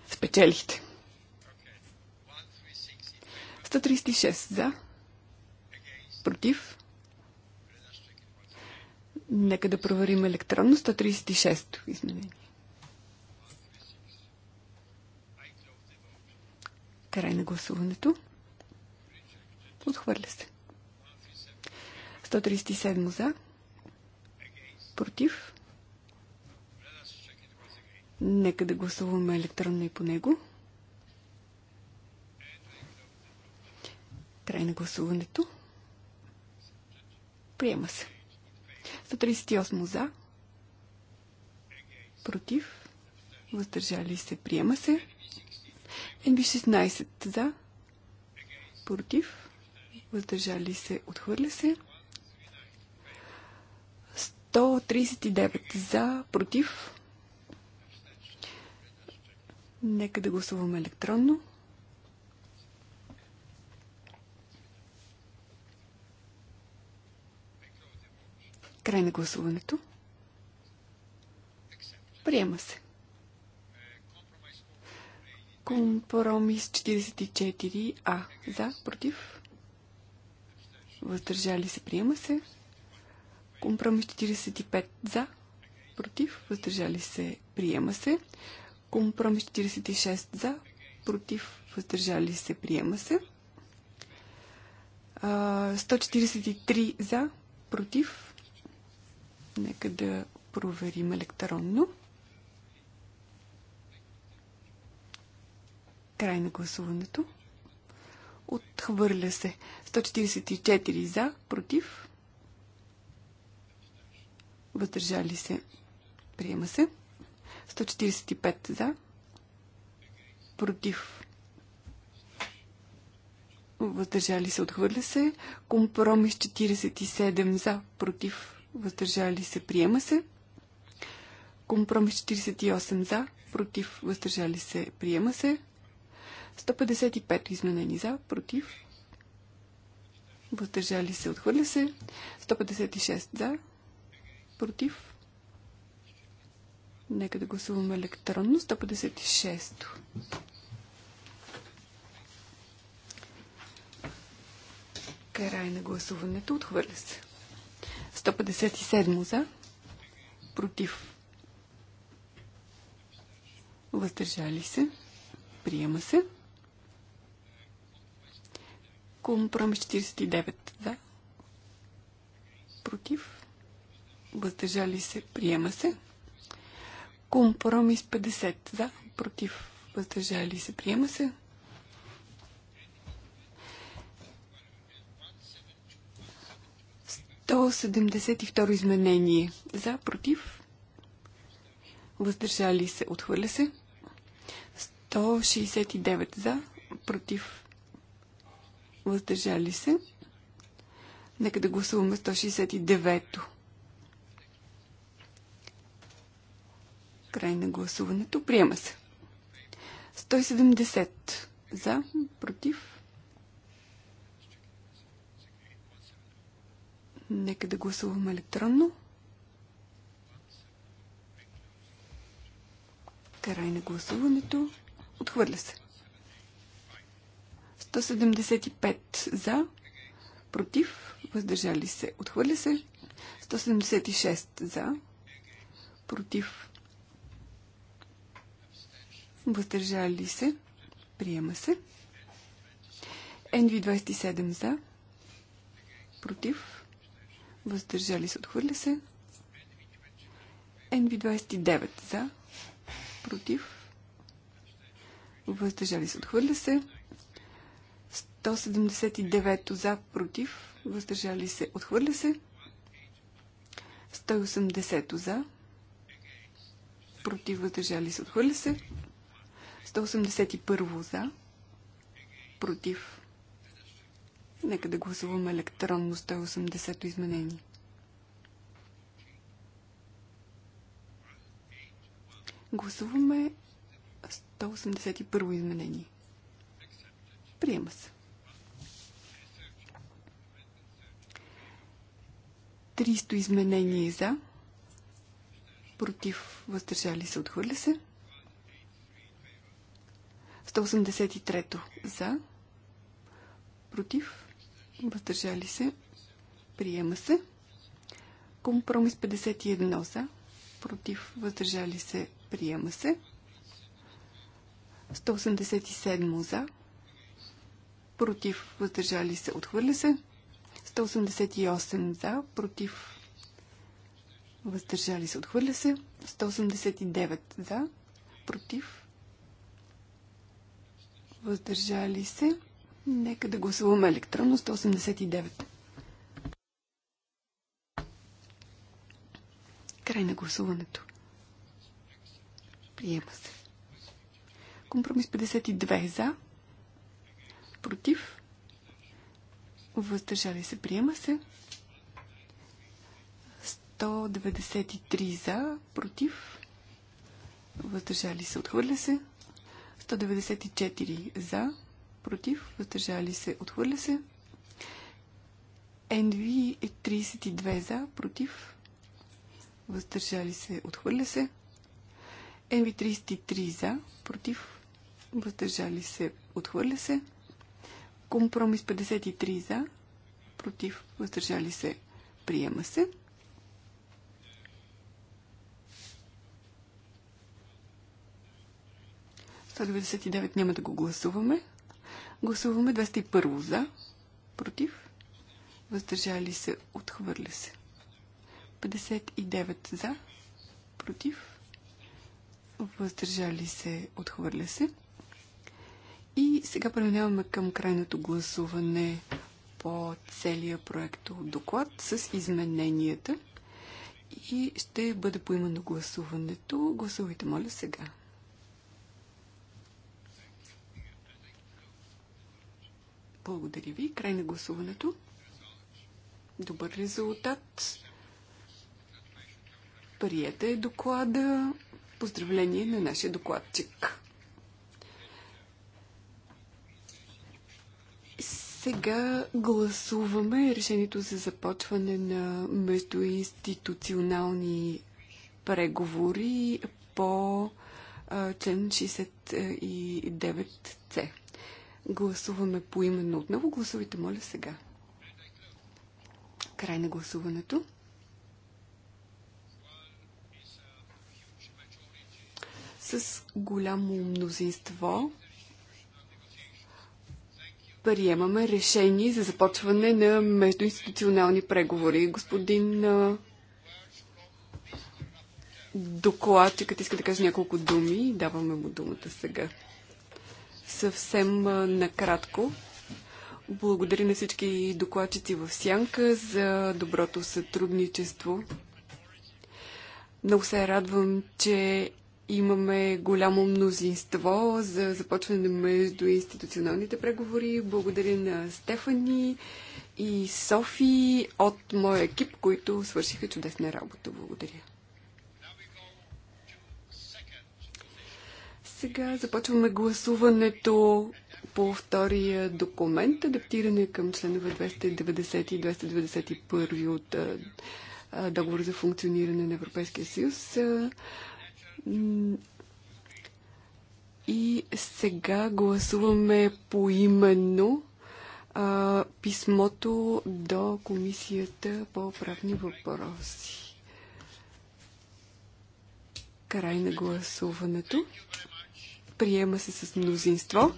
Спечелихте. 136 за. Против. Нека да проверим електронно 136 изменение. Край на гласуването. Отхвърля се. 137 за. Против. Нека да гласуваме електронно и по него. Край на гласуването. Приема се. 138 за. Против. Въздържали се. Приема се. НБ 16 за. Против. Въздържали се. Отхвърля се. 139 за, против. Нека да гласуваме електронно. Край на гласуването. Приема се. Компромис 44А. За, против. Въздържали се, приема се. Компромис 45 за, против, въздържали се, приема се. Компромис 46 за, против, въздържали се, приема се. 143 за, против. Нека да проверим електронно. Край на гласуването. Отхвърля се. 144 за, против въздържали се, приема се. 145 за, против, въздържали се, отхвърля се. Компромис 47 за, против, въздържали се, приема се. Компромис 48 за, против, въздържали се, приема се. 155 изменени за, против, въздържали се, отхвърля се. 156 за, Против? Нека да гласуваме електронно. 156. Край на гласуването. Отхвърля се. 157 за. Против. Въздържали се. Приема се. Компромис 49 за. Против въздържали се, приема се. Компромис 50 за, против, въздържали се, приема се. То 72 изменение за, против, въздържали се, отхвърля се. 169 за, против, въздържали се. Нека да гласуваме 169-то. Край на гласуването. Приема се. 170 за, против. Нека да гласуваме електронно. Край на гласуването. Отхвърля се. 175 за, против, въздържали се. Отхвърля се. 176 за, против, въздържали се, приема се. НВ 27 за, против, въздържали се, отхвърля се. НВ 29 за, против, въздържали се, отхвърля се. 179 за, против, въздържали се, отхвърля се. 180 за, против, въздържали се, отхвърля се. 181 за. Против. Нека да гласуваме електронно 180-то изменение. Гласуваме 181 изменение. Приема се. 300 изменение за. Против. Въздържали се. Отхвърля се. 183 за, против, въздържали се, приема се. Компромис 51 за, против, въздържали се, приема се. 187 за, против, въздържали се, отхвърля се. 188 за, против, въздържали се, отхвърля се. 189 за, против, въздържали се. Нека да гласуваме електронно 189. Край на гласуването. Приема се. Компромис 52 за. Против. Въздържали се. Приема се. 193 за. Против. Въздържали се. Отхвърля се. 194 за, против, въздържали се, отхвърля се. NV 32 е за, против, въздържали се, отхвърля се. NV 33 е за, против, въздържали се, отхвърля се. Компромис 53 за, против, въздържали се, приема се. 199 няма да го гласуваме. Гласуваме 201 за, против, въздържали се, отхвърля се. 59 за, против, въздържали се, отхвърля се. И сега преминаваме към крайното гласуване по целия проект доклад с измененията. И ще бъде поимано гласуването. Гласувайте, моля, сега. Благодаря ви. Край на гласуването. Добър резултат. е доклада. Поздравление на нашия докладчик. Сега гласуваме решението за започване на междуинституционални преговори по член 69C. Гласуваме поименно отново. Гласувайте, моля, сега. Край на гласуването. С голямо мнозинство приемаме решение за започване на междуинституционални преговори. Господин докладчикът иска да каже няколко думи. Даваме му думата сега. Съвсем накратко. Благодаря на всички докладчици в Сянка за доброто сътрудничество. Много се радвам, че имаме голямо мнозинство за започване на институционалните преговори. Благодаря на Стефани и Софи от моя екип, които свършиха чудесна работа. Благодаря. Сега започваме гласуването по втория документ, адаптиране към членове 290 и 291 от договор за функциониране на Европейския съюз. И сега гласуваме поименно писмото до Комисията по правни въпроси. Край на гласуването приема се с мнозинство.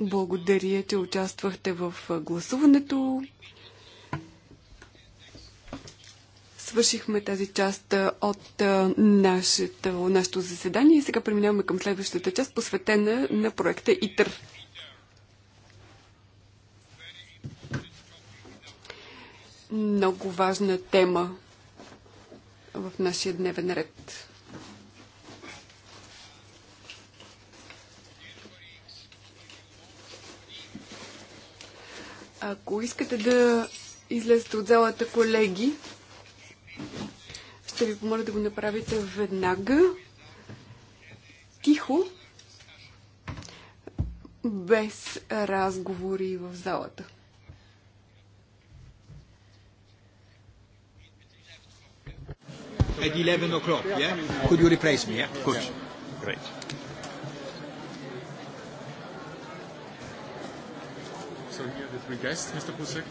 Благодаря, че участвахте в гласуването. Свършихме тази част от нашето, нашето заседание и сега преминаваме към следващата част, посветена на проекта ИТР. Много важна тема в нашия дневен ред. Ако искате да излезете от залата, колеги, ще ви помоля да го направите веднага. Тихо. Без разговори в залата. At 11 o'clock, yeah? Could you replace me, yeah? Good. Great. So here the three guests, Mr. Busek.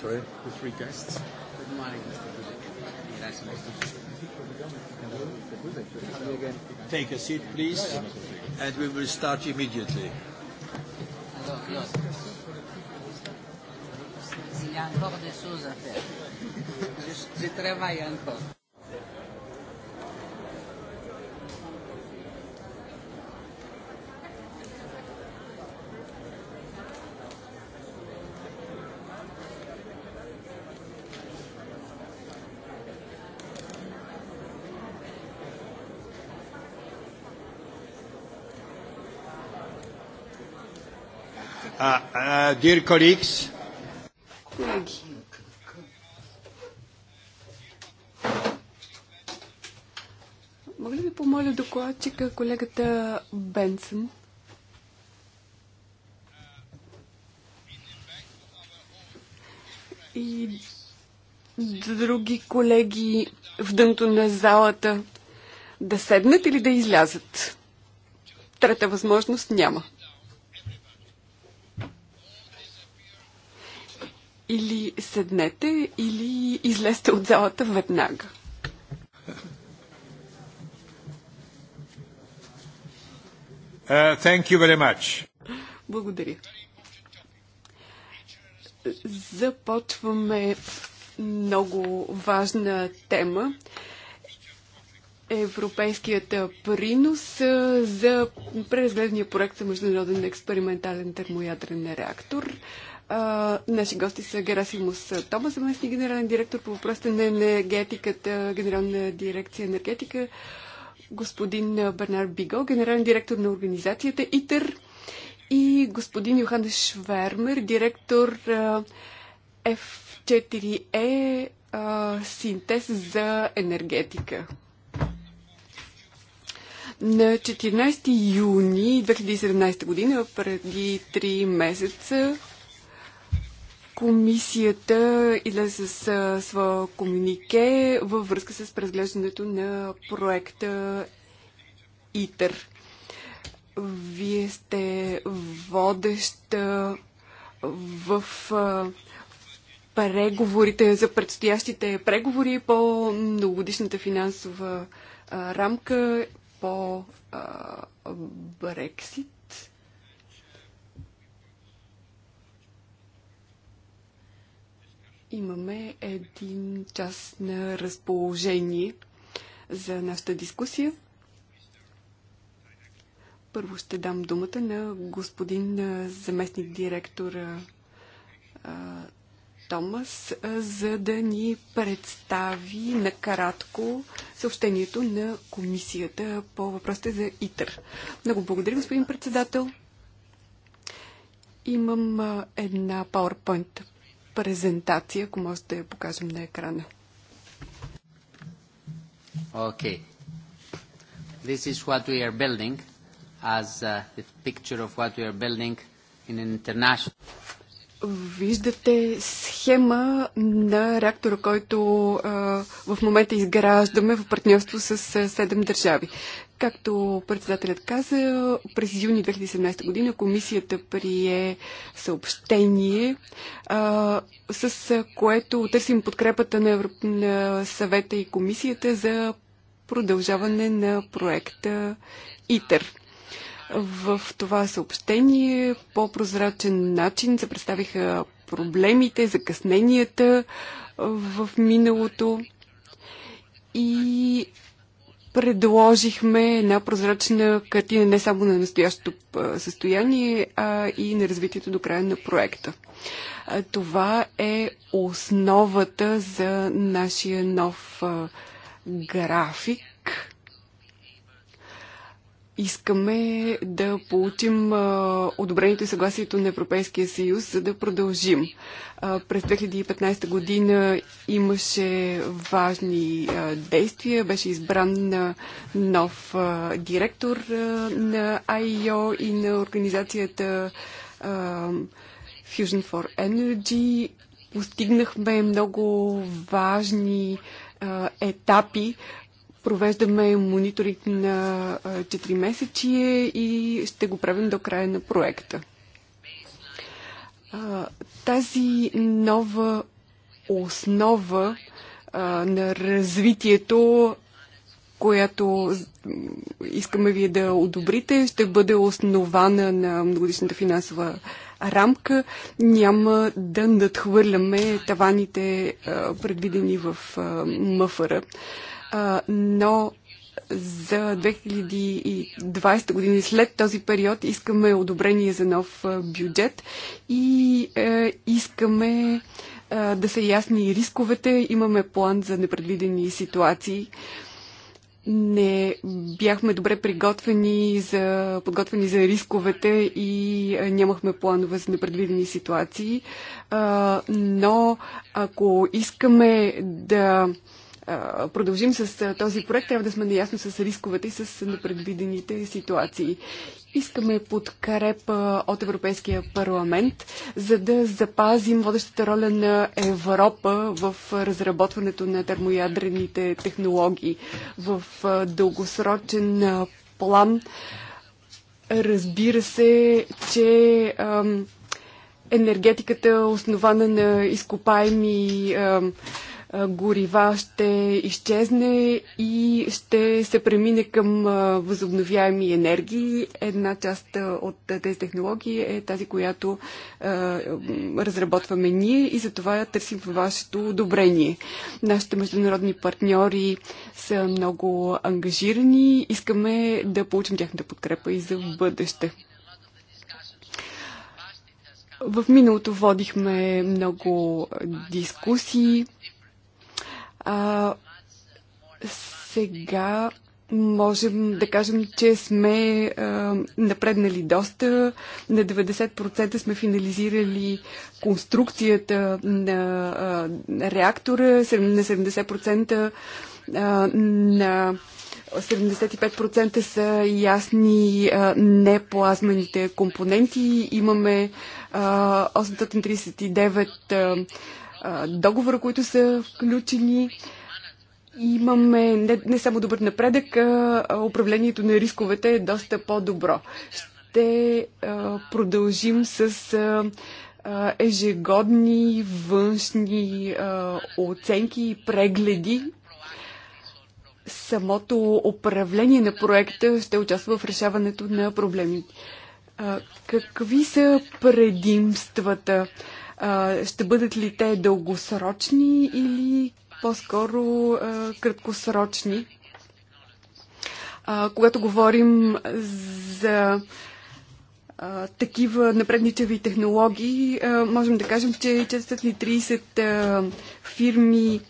Sorry? The three guests. Good morning, Mr. Busek. Take a seat, please, and we will start immediately. encore des choses à faire. encore. Uh, dear colleagues. Мога ли ви помоля докладчика колегата Бенсън? И други колеги в дънто на залата да седнат или да излязат. Трета възможност няма. Или седнете, или излезте от залата веднага. Uh, thank you very much. Благодаря. Започваме много важна тема. Европейският принос за преразгледния проект за международен експериментален термоядрен реактор наши гости са Герасимус Тома, заместни генерален директор по въпросите на енергетиката, генерална дирекция енергетика, господин Бернар Биго, генерален директор на организацията ИТЕР и господин Йохан Швермер, директор F4E е, синтез за енергетика. На 14 юни 2017 година, преди 3 месеца, комисията излезе с своя комюнике във връзка с преразглеждането на проекта ИТЕР. Вие сте водеща в преговорите за предстоящите преговори по многогодишната финансова рамка по Брексит. Имаме един час на разположение за нашата дискусия. Първо ще дам думата на господин заместник директор Томас, за да ни представи накратко съобщението на комисията по въпросите за ИТР. Много благодаря, господин председател. Имам една PowerPoint презентация, ако може да я покажем на екрана. Okay. This is what we are building as uh, the picture of what we are building in an international. Виждате схема на реактора, който а, в момента изграждаме в партньорство с седем държави. Както председателят каза, през юни 2017 година комисията прие съобщение, а, с което търсим подкрепата на, Европ... на съвета и комисията за продължаване на проекта ИТЕР. В това съобщение по прозрачен начин се представиха проблемите, закъсненията в миналото и предложихме една прозрачна картина не само на настоящото състояние, а и на развитието до края на проекта. Това е основата за нашия нов график, искаме да получим одобрението и съгласието на Европейския съюз, за да продължим. През 2015 година имаше важни действия. Беше избран нов директор на АИО и на организацията Fusion for Energy. Постигнахме много важни етапи Провеждаме мониторинг на 4 месечи и ще го правим до края на проекта. Тази нова основа на развитието, която искаме вие да одобрите, ще бъде основана на многодишната финансова рамка. Няма да надхвърляме таваните, предвидени в МФР но за 2020 година и след този период искаме одобрение за нов бюджет и е, искаме да са ясни рисковете. Имаме план за непредвидени ситуации. Не бяхме добре приготвени за, подготвени за рисковете и е, нямахме планове за непредвидени ситуации. но ако искаме да продължим с този проект, трябва да сме наясно с рисковете и с непредвидените ситуации. Искаме подкрепа от Европейския парламент, за да запазим водещата роля на Европа в разработването на термоядрените технологии в дългосрочен план. Разбира се, че енергетиката, основана на изкопаеми горива ще изчезне и ще се премине към възобновяеми енергии. Една част от тези технологии е тази, която разработваме ние и за това търсим вашето одобрение. Нашите международни партньори са много ангажирани. Искаме да получим тяхната подкрепа и за бъдеще. В миналото водихме много дискусии. А, сега можем да кажем, че сме а, напреднали доста. На 90% сме финализирали конструкцията на а, реактора, на 70% а, на 75% са ясни а, неплазмените компоненти. Имаме а, 839 а, договора, които са включени. Имаме не, не само добър напредък, а управлението на рисковете е доста по-добро. Ще а, продължим с а, ежегодни външни а, оценки и прегледи самото управление на проекта ще участва в решаването на проблемите. Какви са предимствата? Ще бъдат ли те дългосрочни или по-скоро краткосрочни? Когато говорим за такива напредничави технологии, можем да кажем, че 430 фирми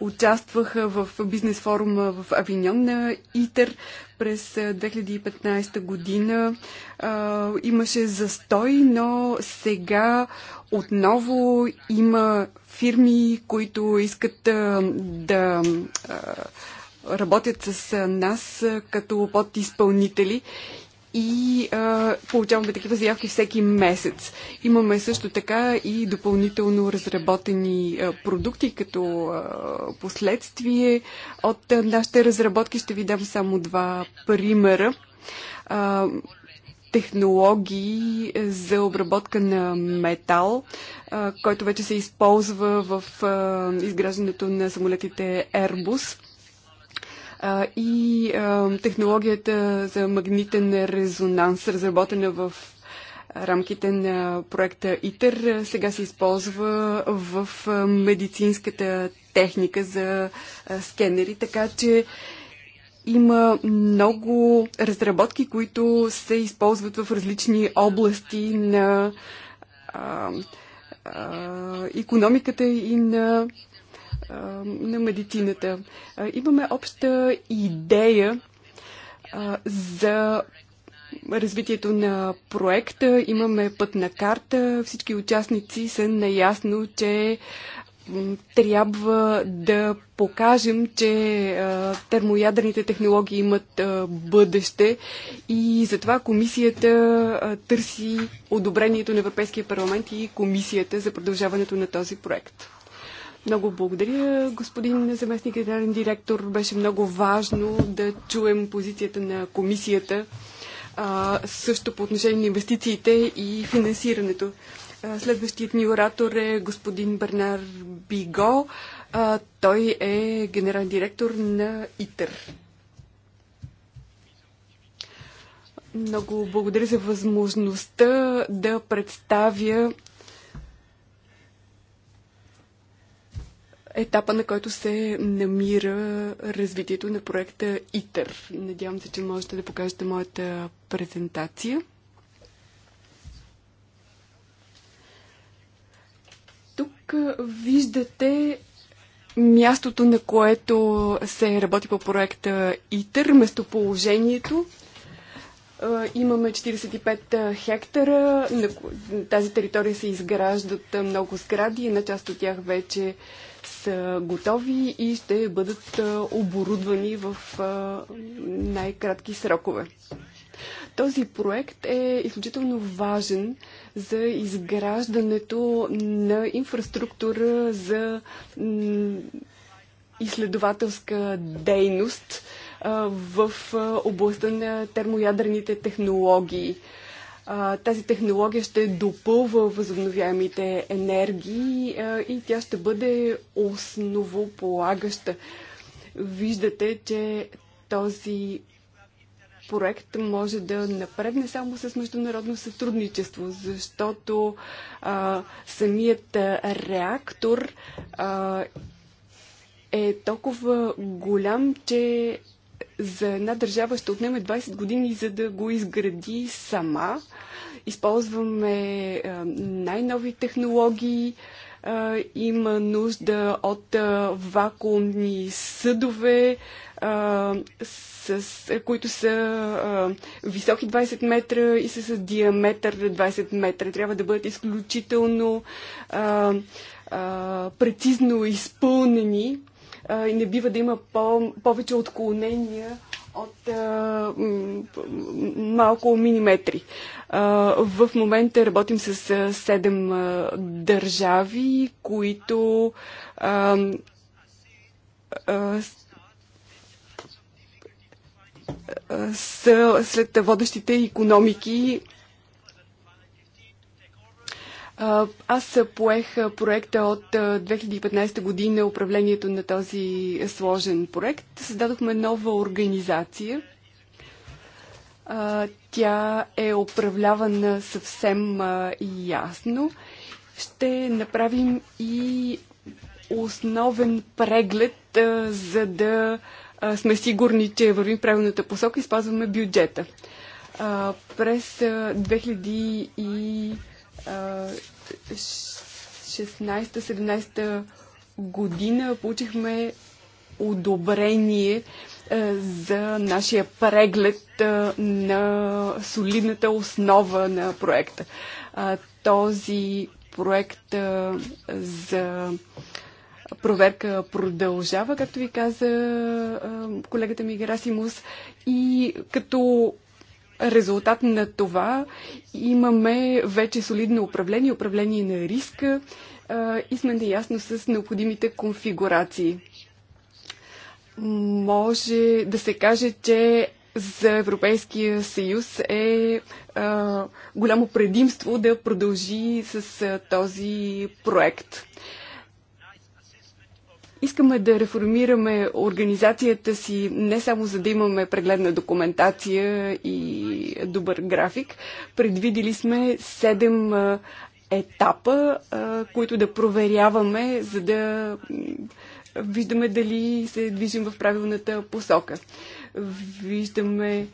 участваха в бизнес форума в Авиньон на ИТЕР през 2015 година. А, имаше застой, но сега отново има фирми, които искат а, да а, работят с нас като подизпълнители и а, получаваме такива заявки всеки месец. Имаме също така и допълнително разработени а, продукти като а, последствие от а, нашите разработки. Ще ви дам само два примера. А, технологии за обработка на метал, който вече се използва в изграждането на самолетите Airbus а, и а, технологията за магнитен резонанс, разработена в рамките на проекта ИТЕР, сега се използва в медицинската техника за скенери, така че има много разработки, които се използват в различни области на а, а, економиката и на на медицината. Имаме обща идея за развитието на проекта, имаме пътна карта, всички участници са наясно, че трябва да покажем, че термоядрените технологии имат бъдеще и затова комисията търси одобрението на Европейския парламент и комисията за продължаването на този проект. Много благодаря, господин заместник генерален директор. Беше много важно да чуем позицията на комисията а, също по отношение на инвестициите и финансирането. А, следващият ни оратор е господин Бернар Биго. А, той е генерален директор на ИТЕР. Много благодаря за възможността да представя етапа, на който се намира развитието на проекта ИТЕР. Надявам се, че можете да покажете моята презентация. Тук виждате мястото, на което се работи по проекта ИТЕР, местоположението. Имаме 45 хектара. На тази територия се изграждат много сгради. Една част от тях вече са готови и ще бъдат оборудвани в най-кратки срокове. Този проект е изключително важен за изграждането на инфраструктура за изследователска дейност в областта на термоядрените технологии. Тази технология ще допълва възобновяемите енергии и тя ще бъде основополагаща. Виждате, че този проект може да напредне само с международно сътрудничество, защото а, самият реактор а, е толкова голям, че за една държава ще отнеме 20 години, за да го изгради сама. Използваме най-нови технологии, има нужда от вакуумни съдове, с, които са високи 20 метра и са с диаметър 20 метра. Трябва да бъдат изключително прецизно изпълнени и не бива да има по- повече отклонения от а, малко милиметри. А, в момента работим с седем 7 а, държави, които а, а, са след водещите економики аз поех проекта от 2015 година, управлението на този сложен проект. Създадохме нова организация. Тя е управлявана съвсем ясно. Ще направим и основен преглед, за да сме сигурни, че вървим в правилната посока и спазваме бюджета. През 2015 16-17 година получихме одобрение е, за нашия преглед е, на солидната основа на проекта. Е, този проект за проверка продължава, както ви каза колегата ми Герасимус. И като резултат на това имаме вече солидно управление, управление на риска и сме наясно с необходимите конфигурации. Може да се каже, че за Европейския съюз е а, голямо предимство да продължи с а, този проект. А, Искаме да реформираме организацията си не само за да имаме прегледна документация и добър график. Предвидили сме седем етапа, които да проверяваме, за да виждаме дали се движим в правилната посока. Виждаме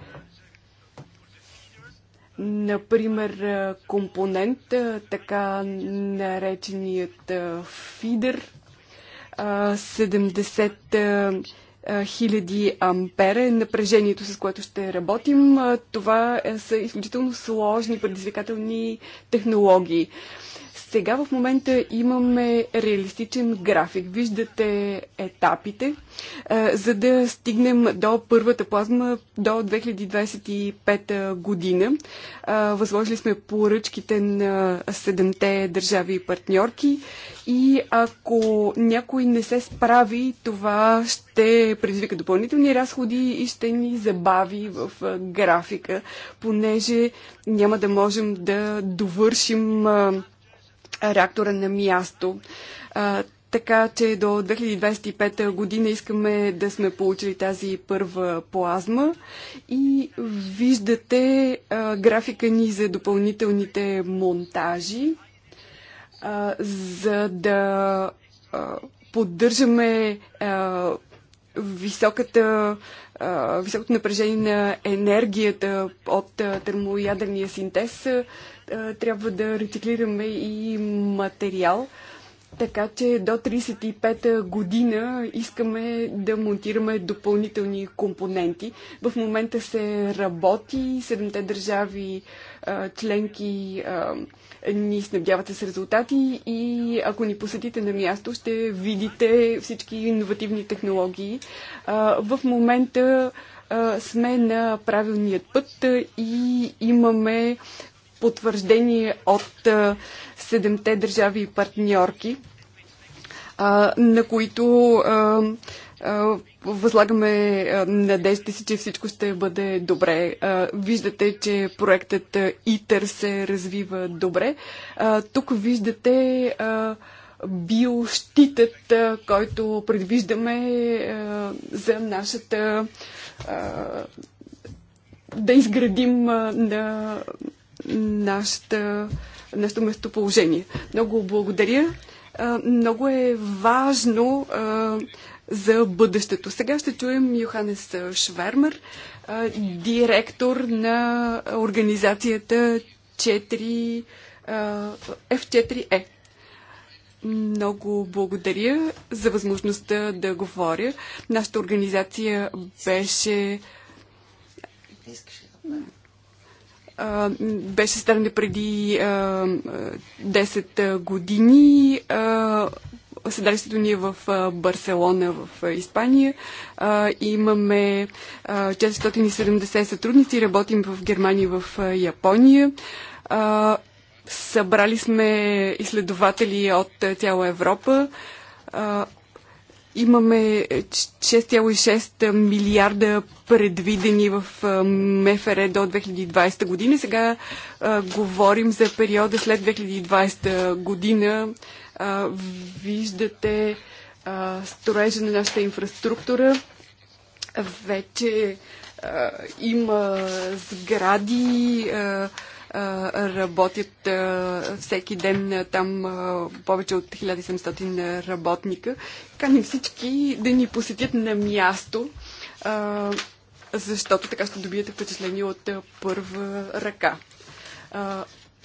например, компонент, така нареченият фидер, 70 хиляди ампера е напрежението, с което ще работим. Това е, са изключително сложни, предизвикателни технологии. Сега в момента имаме реалистичен график. Виждате етапите, за да стигнем до първата плазма до 2025 година. Възложили сме поръчките на седемте държави и партньорки и ако някой не се справи, това ще предизвика допълнителни разходи и ще ни забави в графика, понеже няма да можем да довършим реактора на място. А, така че до 2025 година искаме да сме получили тази първа плазма и виждате а, графика ни за допълнителните монтажи, а, за да а, поддържаме а, високата, а, високото напрежение на енергията от термоядерния термоядрения синтез. А, трябва да рециклираме и материал. Така че до 35-та година искаме да монтираме допълнителни компоненти. В момента се работи, седемте държави членки ни снабдяват с резултати и ако ни посетите на място, ще видите всички иновативни технологии. В момента сме на правилният път и имаме потвърждение от седемте държави и партньорки, на които възлагаме надежда си, че всичко ще бъде добре. Виждате, че проектът ИТЕР се развива добре. Тук виждате биощитът, който предвиждаме за нашата да изградим на нашата, нашето местоположение. Много благодаря. Много е важно за бъдещето. Сега ще чуем Йоханес Швермер, директор на организацията 4, F4E. Много благодаря за възможността да говоря. Нашата организация беше беше създадена преди 10 години. Седалището ни е в Барселона, в Испания. Имаме 470 сътрудници, работим в Германия и в Япония. Събрали сме изследователи от цяла Европа. Имаме 6,6 милиарда предвидени в МФР до 2020 година. Сега а, говорим за периода след 2020 година. А, виждате а, строежа на нашата инфраструктура. Вече а, има сгради. А, работят всеки ден там повече от 1700 работника. Каним всички да ни посетят на място, защото така ще добиете впечатление от първа ръка.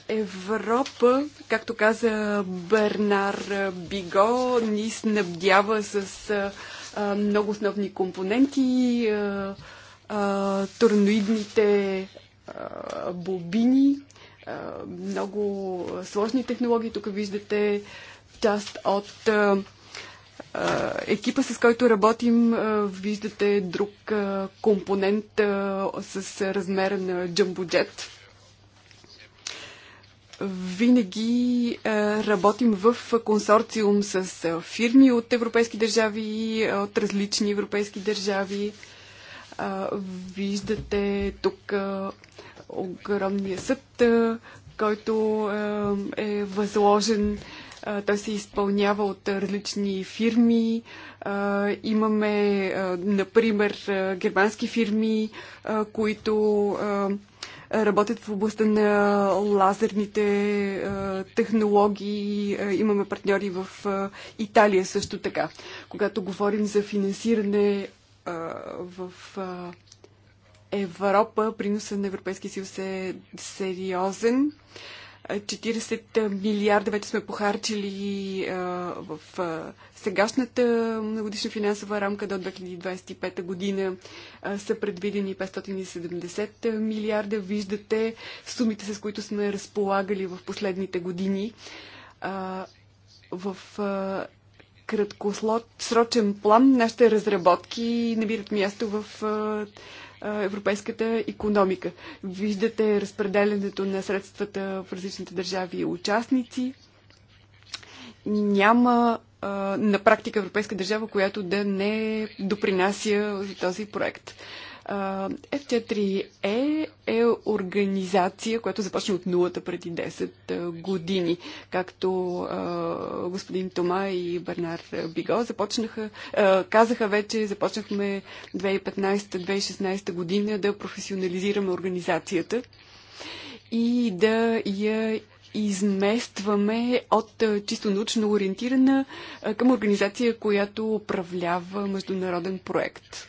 Европа, както каза Бернар Биго, ни снабдява с много основни компоненти, турноидните бобини, много сложни технологии. Тук виждате част от екипа, с който работим. Виждате друг компонент с размер на джамбуджет. винаги работим в консорциум с фирми от европейски държави, от различни европейски държави. А, виждате тук а, огромния съд, а, който а, е възложен. А, той се изпълнява от различни фирми. А, имаме, а, например, а, германски фирми, а, които. А, работят в областта на лазерните технологии. Имаме партньори в Италия също така. Когато говорим за финансиране в Европа приноса на Европейския съюз е сериозен. 40 милиарда вече сме похарчили в сегашната многодишна финансова рамка до 2025 година. Са предвидени 570 милиарда. Виждате сумите, с които сме разполагали в последните години. В краткосрочен план нашите разработки набират място в европейската економика. Виждате разпределенето на средствата в различните държави и участници. Няма на практика европейска държава, която да не допринася за този проект. F4E е, е организация, която започна от нулата преди 10 години. Както господин Тома и Бернар Биго започнаха, казаха вече, започнахме 2015-2016 година да професионализираме организацията и да я изместваме от чисто научно ориентирана към организация, която управлява международен проект.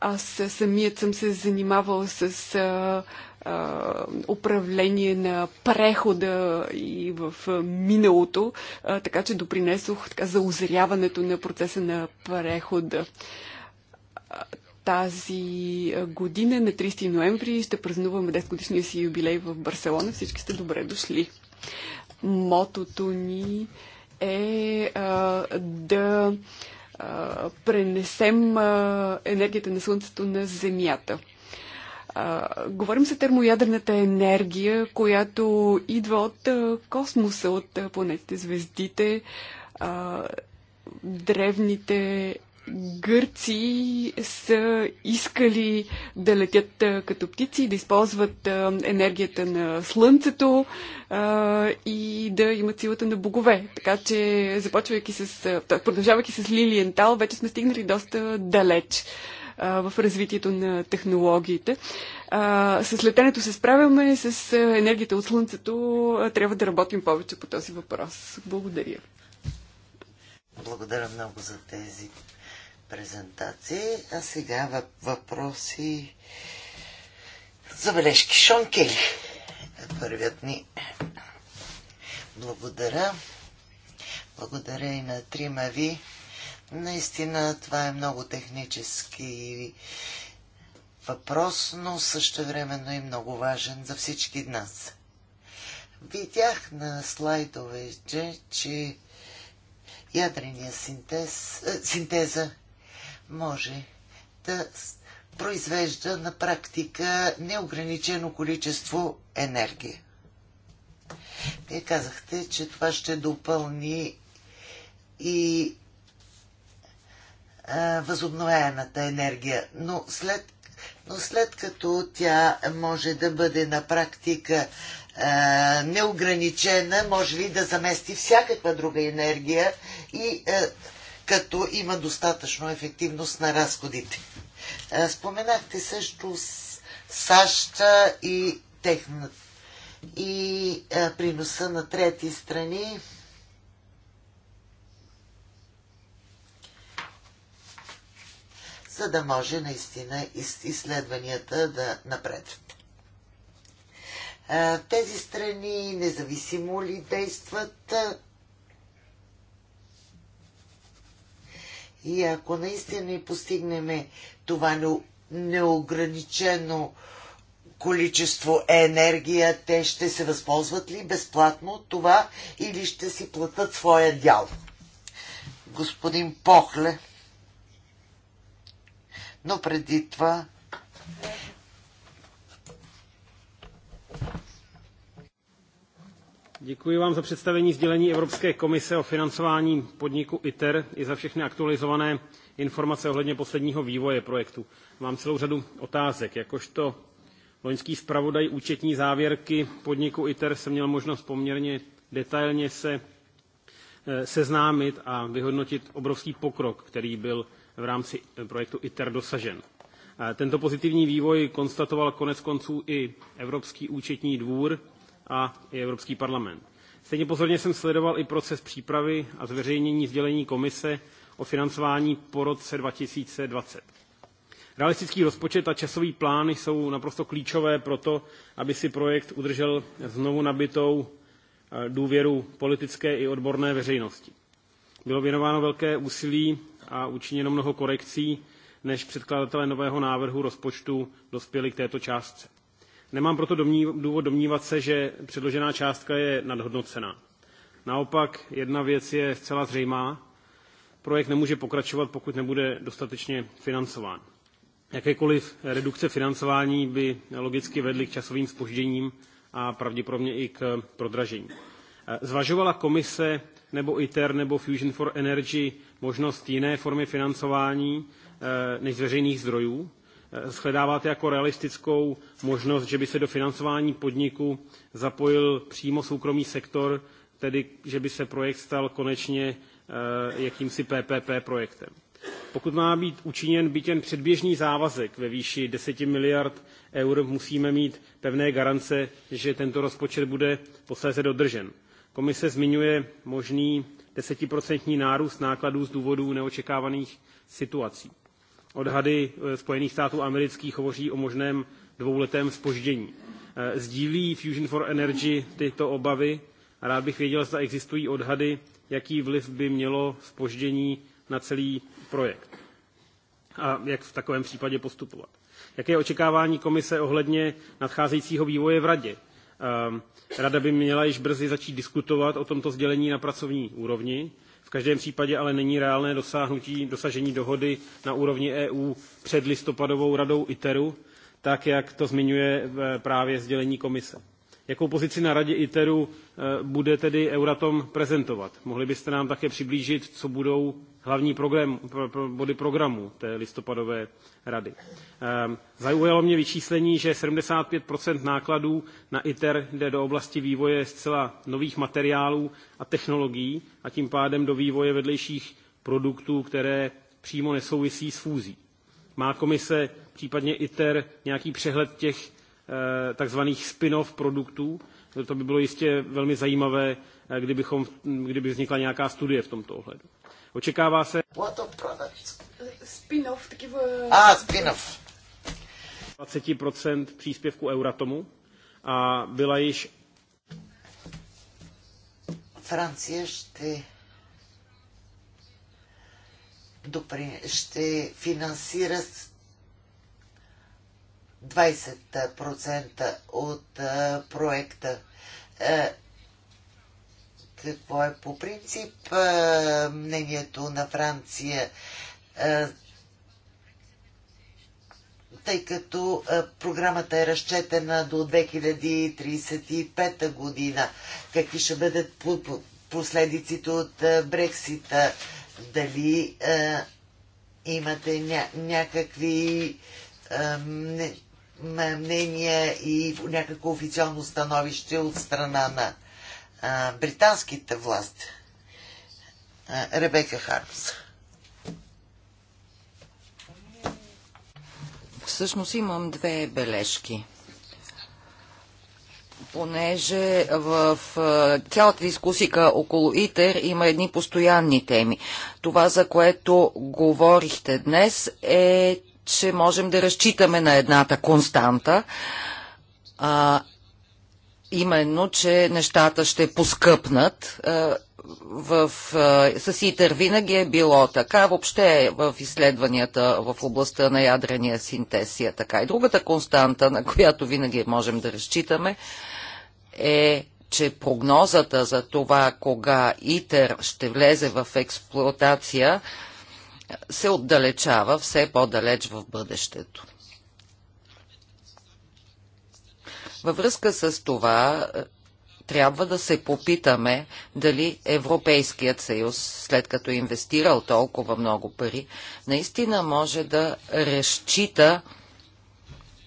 Аз самият съм се занимавал с а, а, управление на прехода и в миналото, а, така че допринесох така, за озряването на процеса на прехода. Тази година, на 30 ноември, ще празнуваме 10 годишния си юбилей в Барселона. Всички сте добре дошли. Мотото ни е а, да а, пренесем енергията на Слънцето на Земята. говорим за термоядрената енергия, която идва от космоса, от планетите, звездите, древните гърци са искали да летят като птици, да използват енергията на слънцето и да имат силата на богове. Така че, започвайки с, продължавайки с Лилиентал, вече сме стигнали доста далеч в развитието на технологиите. С летенето се справяме, с енергията от Слънцето трябва да работим повече по този въпрос. Благодаря. Благодаря много за тези презентации. А сега въпроси, забележки. Шон Кели е първият ни. Благодаря. Благодаря и на трима ви. Наистина това е много технически въпрос, но същевременно и много важен за всички нас. Видях на слайдове, че, че ядрения синтез, е, синтеза може да произвежда на практика неограничено количество енергия. Вие казахте, че това ще допълни и а, възобновяемата енергия, но след, но след като тя може да бъде на практика а, неограничена, може ли да замести всякаква друга енергия и а, като има достатъчно ефективност на разходите. Е, споменахте също САЩ и техна и е, приноса на трети страни. за да може наистина изследванията да напредват. Е, тези страни независимо ли действат И ако наистина и постигнем това неограничено количество енергия, те ще се възползват ли безплатно от това или ще си платят своя дял? Господин Похле. Но преди това Děkuji vám za představení sdělení Evropské komise o financování podniku ITER i za všechny aktualizované informace ohledně posledního vývoje projektu. Mám celou řadu otázek. Jakožto loňský zpravodaj účetní závěrky podniku ITER jsem měl možnost poměrně detailně se seznámit a vyhodnotit obrovský pokrok, který byl v rámci projektu ITER dosažen. Tento pozitivní vývoj konstatoval konec konců i Evropský účetní dvůr a i Evropský parlament. Stejně pozorně jsem sledoval i proces přípravy a zveřejnění sdělení komise o financování po roce 2020. Realistický rozpočet a časový plán jsou naprosto klíčové pro to, aby si projekt udržel znovu nabitou důvěru politické i odborné veřejnosti. Bylo věnováno velké úsilí a učiněno mnoho korekcí, než předkladatelé nového návrhu rozpočtu dospěli k této částce. Nemám proto důvod domnívat se, že předložená částka je nadhodnocená. Naopak jedna věc je zcela zřejmá. Projekt nemůže pokračovat, pokud nebude dostatečně financován. Jakékoliv redukce financování by logicky vedly k časovým spožděním a pravděpodobně i k prodražení. Zvažovala komise nebo ITER nebo Fusion for Energy možnost jiné formy financování než z veřejných zdrojů, shledáváte jako realistickou možnost, že by se do financování podniku zapojil přímo soukromý sektor, tedy že by se projekt stal konečně jakýmsi PPP projektem. Pokud má být učiněn byt jen předběžný závazek ve výši 10 miliard eur, musíme mít pevné garance, že tento rozpočet bude posléze dodržen. Komise zmiňuje možný desetiprocentní nárůst nákladů z důvodu neočekávaných situací. Odhady Spojených států amerických hovoří o možném dvouletém spoždění. Sdílí Fusion for Energy tyto obavy? A rád bych věděl, zda existují odhady, jaký vliv by mělo spoždění na celý projekt a jak v takovém případě postupovat. Jaké je očekávání komise ohledně nadcházejícího vývoje v radě? Rada by měla již brzy začít diskutovat o tomto sdělení na pracovní úrovni V každém případě ale není reálné dosáhnutí, dosažení dohody na úrovni EU před listopadovou radou ITERu, tak jak to zmiňuje právě sdělení komise. Jakou pozici na radě ITERu bude tedy Euratom prezentovat? Mohli byste nám také přiblížit, co budou hlavní program, body programu té listopadové rady. Zajímalo mě vyčíslení, že 75 nákladů na ITER jde do oblasti vývoje zcela nových materiálů a technologií a tím pádem do vývoje vedlejších produktů, které přímo nesouvisí s fúzí. Má komise, případně ITER, nějaký přehled těch takzvaných spin-off produktů? To by bylo jistě velmi zajímavé, kdybychom, kdyby vznikla nějaká studie v tomto ohledu. Очекава се... Спинов, такива... А, спинов. 20% příspěvku Euratomu a byla již... Франция ще допри... ще финансира 20% от проекта. Е, какво е по принцип мнението на Франция, тъй като програмата е разчетена до 2035 година. Какви ще бъдат последиците от Брексита? Дали имате ня- някакви мнения и някакво официално становище от страна на британските власти. Ребека Хармс. Всъщност имам две бележки понеже в цялата дискусика около ИТЕР има едни постоянни теми. Това, за което говорихте днес е, че можем да разчитаме на едната константа, именно, че нещата ще поскъпнат. Е, в, е, с ИТЕР винаги е било така, въобще е в изследванията в областта на ядрения синтез е така. И другата константа, на която винаги можем да разчитаме, е че прогнозата за това, кога ИТЕР ще влезе в експлуатация, се отдалечава все по-далеч в бъдещето. Във връзка с това е, трябва да се попитаме дали Европейският съюз, след като е инвестирал толкова много пари, наистина може да разчита,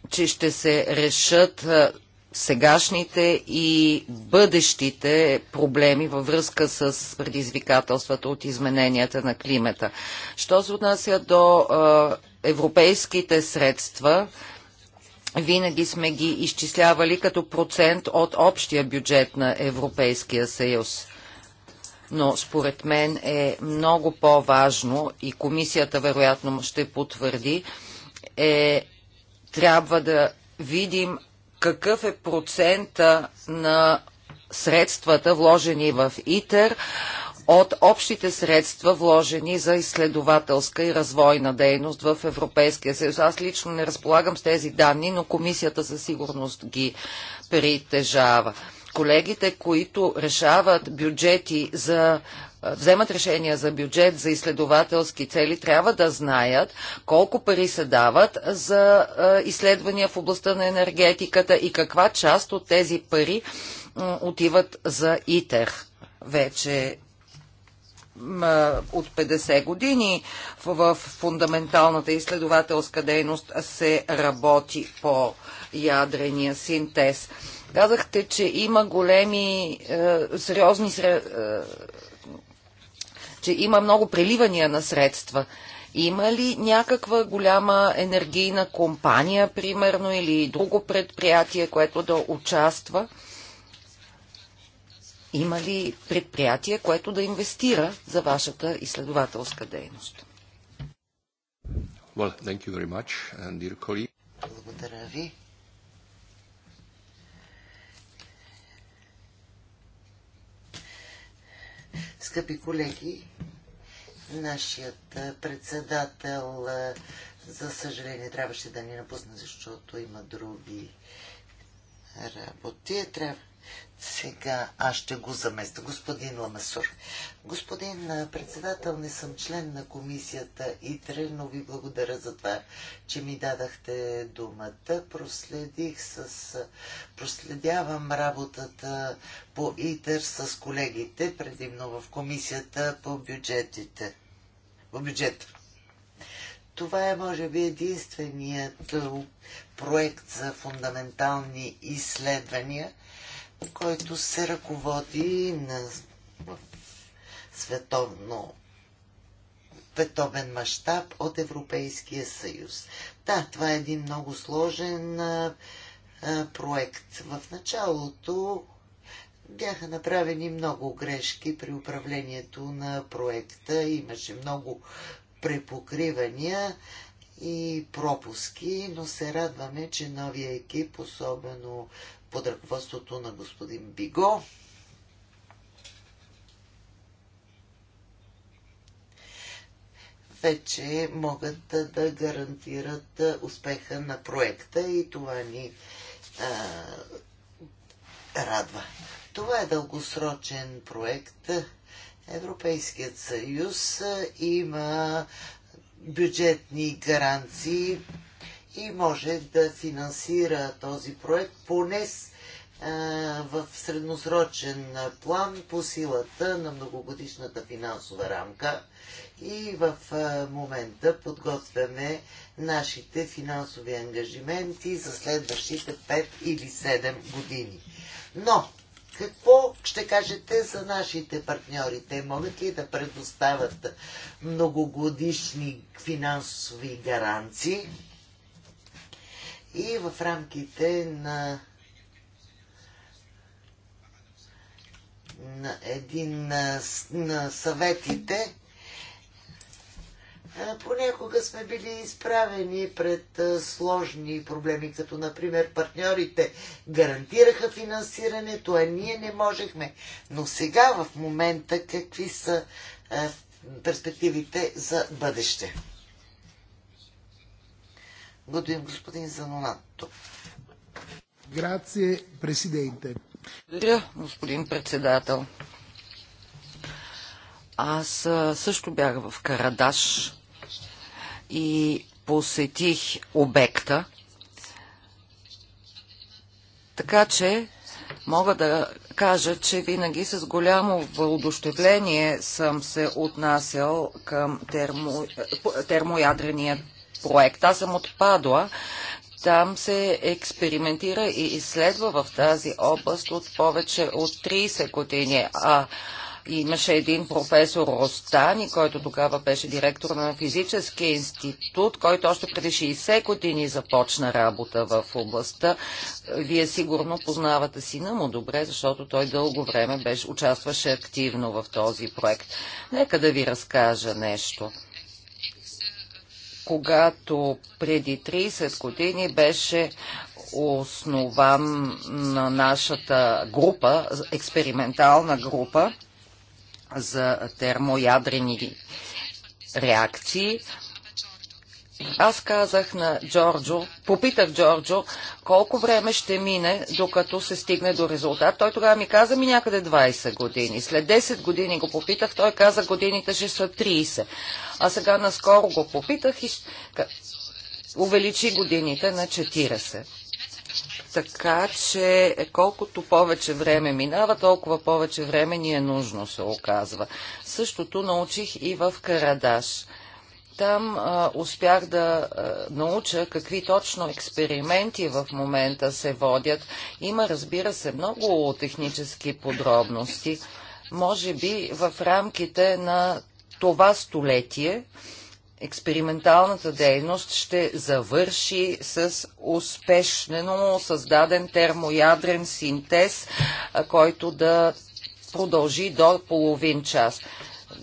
че ще се решат е, сегашните и бъдещите проблеми във връзка с предизвикателствата от измененията на климата. Що се отнася до е, европейските средства, винаги сме ги изчислявали като процент от общия бюджет на Европейския съюз. Но според мен е много по-важно и комисията вероятно ще потвърди, е, трябва да видим какъв е процента на средствата вложени в ИТЕР от общите средства, вложени за изследователска и развойна дейност в Европейския съюз. Аз лично не разполагам с тези данни, но комисията за сигурност ги притежава. Колегите, които решават бюджети за вземат решения за бюджет за изследователски цели, трябва да знаят колко пари се дават за изследвания в областта на енергетиката и каква част от тези пари отиват за ИТЕР вече от 50 години в фундаменталната изследователска дейност се работи по ядрения синтез. Казахте, че има големи, е, сериозни, е, че има много преливания на средства. Има ли някаква голяма енергийна компания, примерно, или друго предприятие, което да участва? Има ли предприятие, което да инвестира за вашата изследователска дейност? Well, thank you very much, and dear colleague. Благодаря ви. Скъпи колеги, нашият председател за съжаление трябваше да ни напусне, защото има други работи. Трябва сега аз ще го заместя. Господин Ламасур. Господин председател, не съм член на комисията и но ви благодаря за това, че ми дадахте думата. Проследих с... Проследявам работата по ИТЕР с колегите, предимно в комисията по бюджетите. В бюджета. Това е, може би, единственият проект за фундаментални изследвания – който се ръководи на световно световен мащаб от Европейския съюз. Да, това е един много сложен а, проект. В началото бяха направени много грешки при управлението на проекта. Имаше много препокривания и пропуски, но се радваме, че новия екип, особено под ръководството на господин Биго. вече могат да, гарантират успеха на проекта и това ни а, радва. Това е дългосрочен проект. Европейският съюз има бюджетни гаранции и може да финансира този проект поне в средносрочен план по силата на многогодишната финансова рамка и в момента подготвяме нашите финансови ангажименти за следващите 5 или 7 години. Но, какво ще кажете за нашите партньори? Те могат ли да предоставят многогодишни финансови гаранции? и в рамките на на един на, на съветите. Понякога сме били изправени пред сложни проблеми, като например партньорите гарантираха финансирането, а ние не можехме. Но сега в момента какви са перспективите за бъдеще? господин, господин Занонато. Грация, президенте. Благодаря, господин председател. Аз също бях в Карадаш и посетих обекта. Така че мога да кажа, че винаги с голямо въодушевление съм се отнасял към термо, термоядрения проект. Аз съм от Падуа. Там се експериментира и изследва в тази област от повече от 30 години. А имаше един професор Ростани, който тогава беше директор на физическия институт, който още преди 60 години започна работа в областта. Вие сигурно познавате сина му добре, защото той дълго време беше, участваше активно в този проект. Нека да ви разкажа нещо когато преди 30 години беше основан на нашата група, експериментална група за термоядрени реакции, аз казах на Джорджо, попитах Джорджо колко време ще мине, докато се стигне до резултат. Той тогава ми каза ми някъде 20 години. След 10 години го попитах, той каза годините ще са 30. А сега наскоро го попитах и увеличи годините на 40. Така че колкото повече време минава, толкова повече време ни е нужно, се оказва. Същото научих и в Карадаш. Там а, успях да а, науча какви точно експерименти в момента се водят. Има, разбира се, много технически подробности. Може би в рамките на това столетие експерименталната дейност ще завърши с успешно създаден термоядрен синтез, който да продължи до половин час.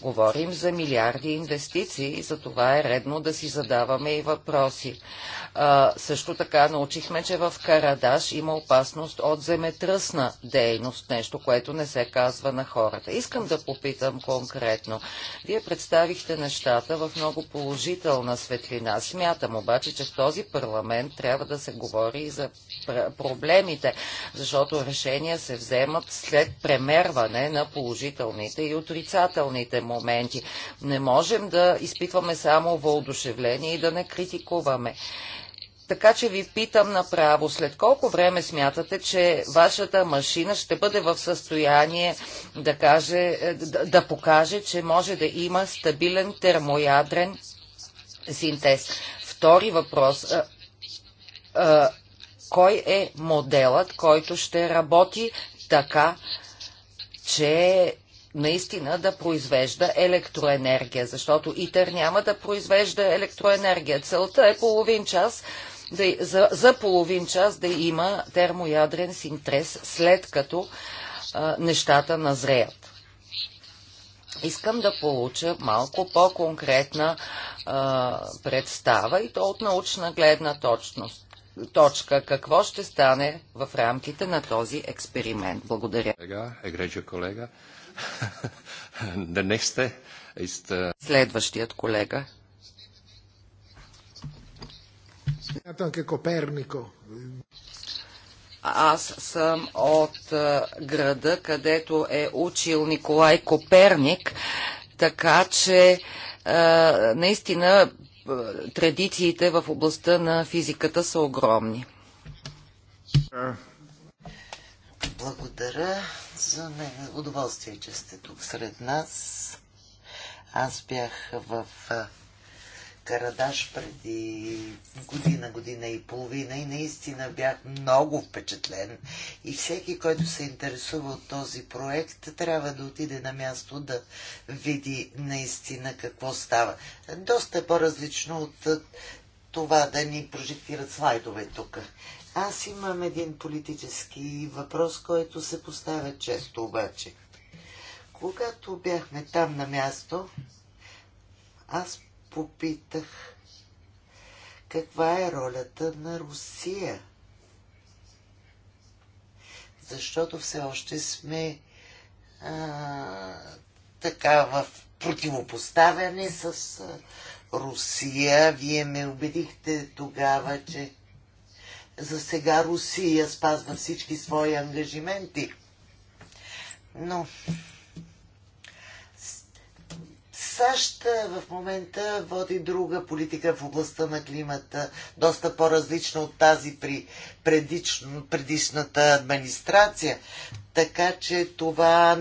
Говорим за милиарди инвестиции и за това е редно да си задаваме и въпроси. А, също така научихме, че в Карадаш има опасност от земетръсна дейност, нещо, което не се казва на хората. Искам да попитам конкретно. Вие представихте нещата в много положителна светлина. Смятам обаче, че в този парламент трябва да се говори и за проблемите, защото решения се вземат след премерване на положителните и отрицателните моменти. Не можем да изпитваме само въодушевление и да не критикуваме. Така че ви питам направо, след колко време смятате, че вашата машина ще бъде в състояние да, каже, е, да, да покаже, че може да има стабилен термоядрен синтез? Втори въпрос. А, е, а, е, кой е моделът, който ще работи така, че наистина да произвежда електроенергия, защото ИТЕР няма да произвежда електроенергия. Целта е половин час да, за, за половин час да има термоядрен синтрес, след като а, нещата назреят. Искам да получа малко по-конкретна представа и то от научна гледна точност точка. Какво ще стане в рамките на този експеримент? Благодаря. Егрежа колега. <laughs> Следващият колега. Аз съм от е, града, където е учил Николай Коперник, така че е, наистина е, традициите в областта на физиката са огромни. Благодаря за мен. Удоволствие, че сте тук сред нас. Аз бях в Карадаш преди година, година и половина и наистина бях много впечатлен. И всеки, който се интересува от този проект, трябва да отиде на място да види наистина какво става. Доста е по-различно от това да ни прожектират слайдове тук. Аз имам един политически въпрос, който се поставя често обаче. Когато бяхме там на място, аз попитах каква е ролята на Русия. Защото все още сме а, така в противопоставяне с Русия. Вие ме убедихте тогава, че за сега Русия спазва всички свои ангажименти. Но САЩ в момента води друга политика в областта на климата, доста по-различна от тази при предично, предишната администрация. Така че това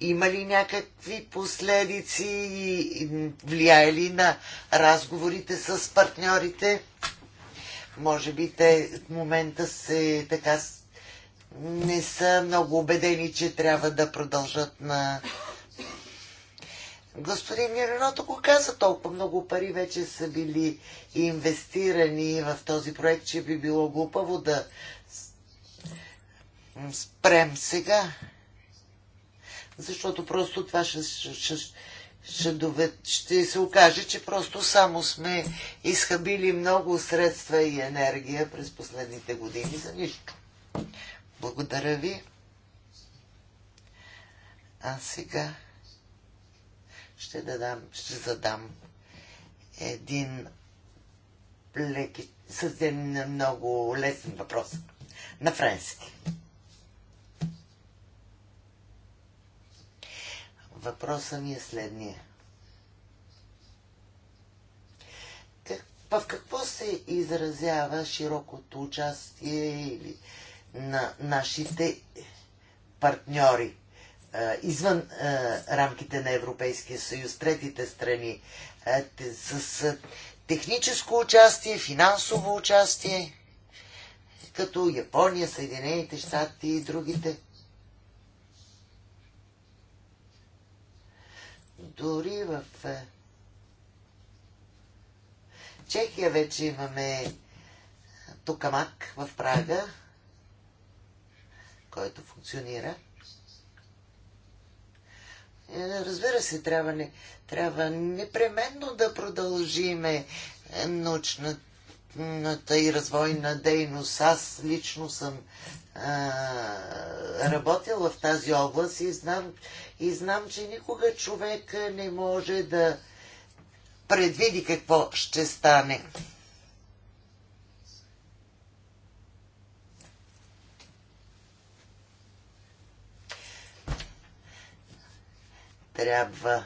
има ли някакви последици и влияе ли на разговорите с партньорите? Може би те в момента се така не са много убедени, че трябва да продължат на Господин Яреното го каза, толкова много пари вече са били инвестирани в този проект, че би било глупаво да спрем сега. Защото просто това ще, ще, ще, довед, ще се окаже, че просто само сме изхабили много средства и енергия през последните години за нищо. Благодаря ви. А сега ще, дадам, ще задам един леки, съвсем много лесен въпрос на френски. Въпросът ми е следния. Как, в какво се изразява широкото участие или на нашите партньори? извън рамките на Европейския съюз, третите страни, с техническо участие, финансово участие, като Япония, Съединените щати и другите. Дори в Чехия вече имаме токамак в Прага, който функционира – е, разбира се, трябва, не, трябва непременно да продължиме е, научната и развойна дейност. Аз лично съм а, работила в тази област и знам, и знам, че никога човек не може да предвиди какво ще стане. трябва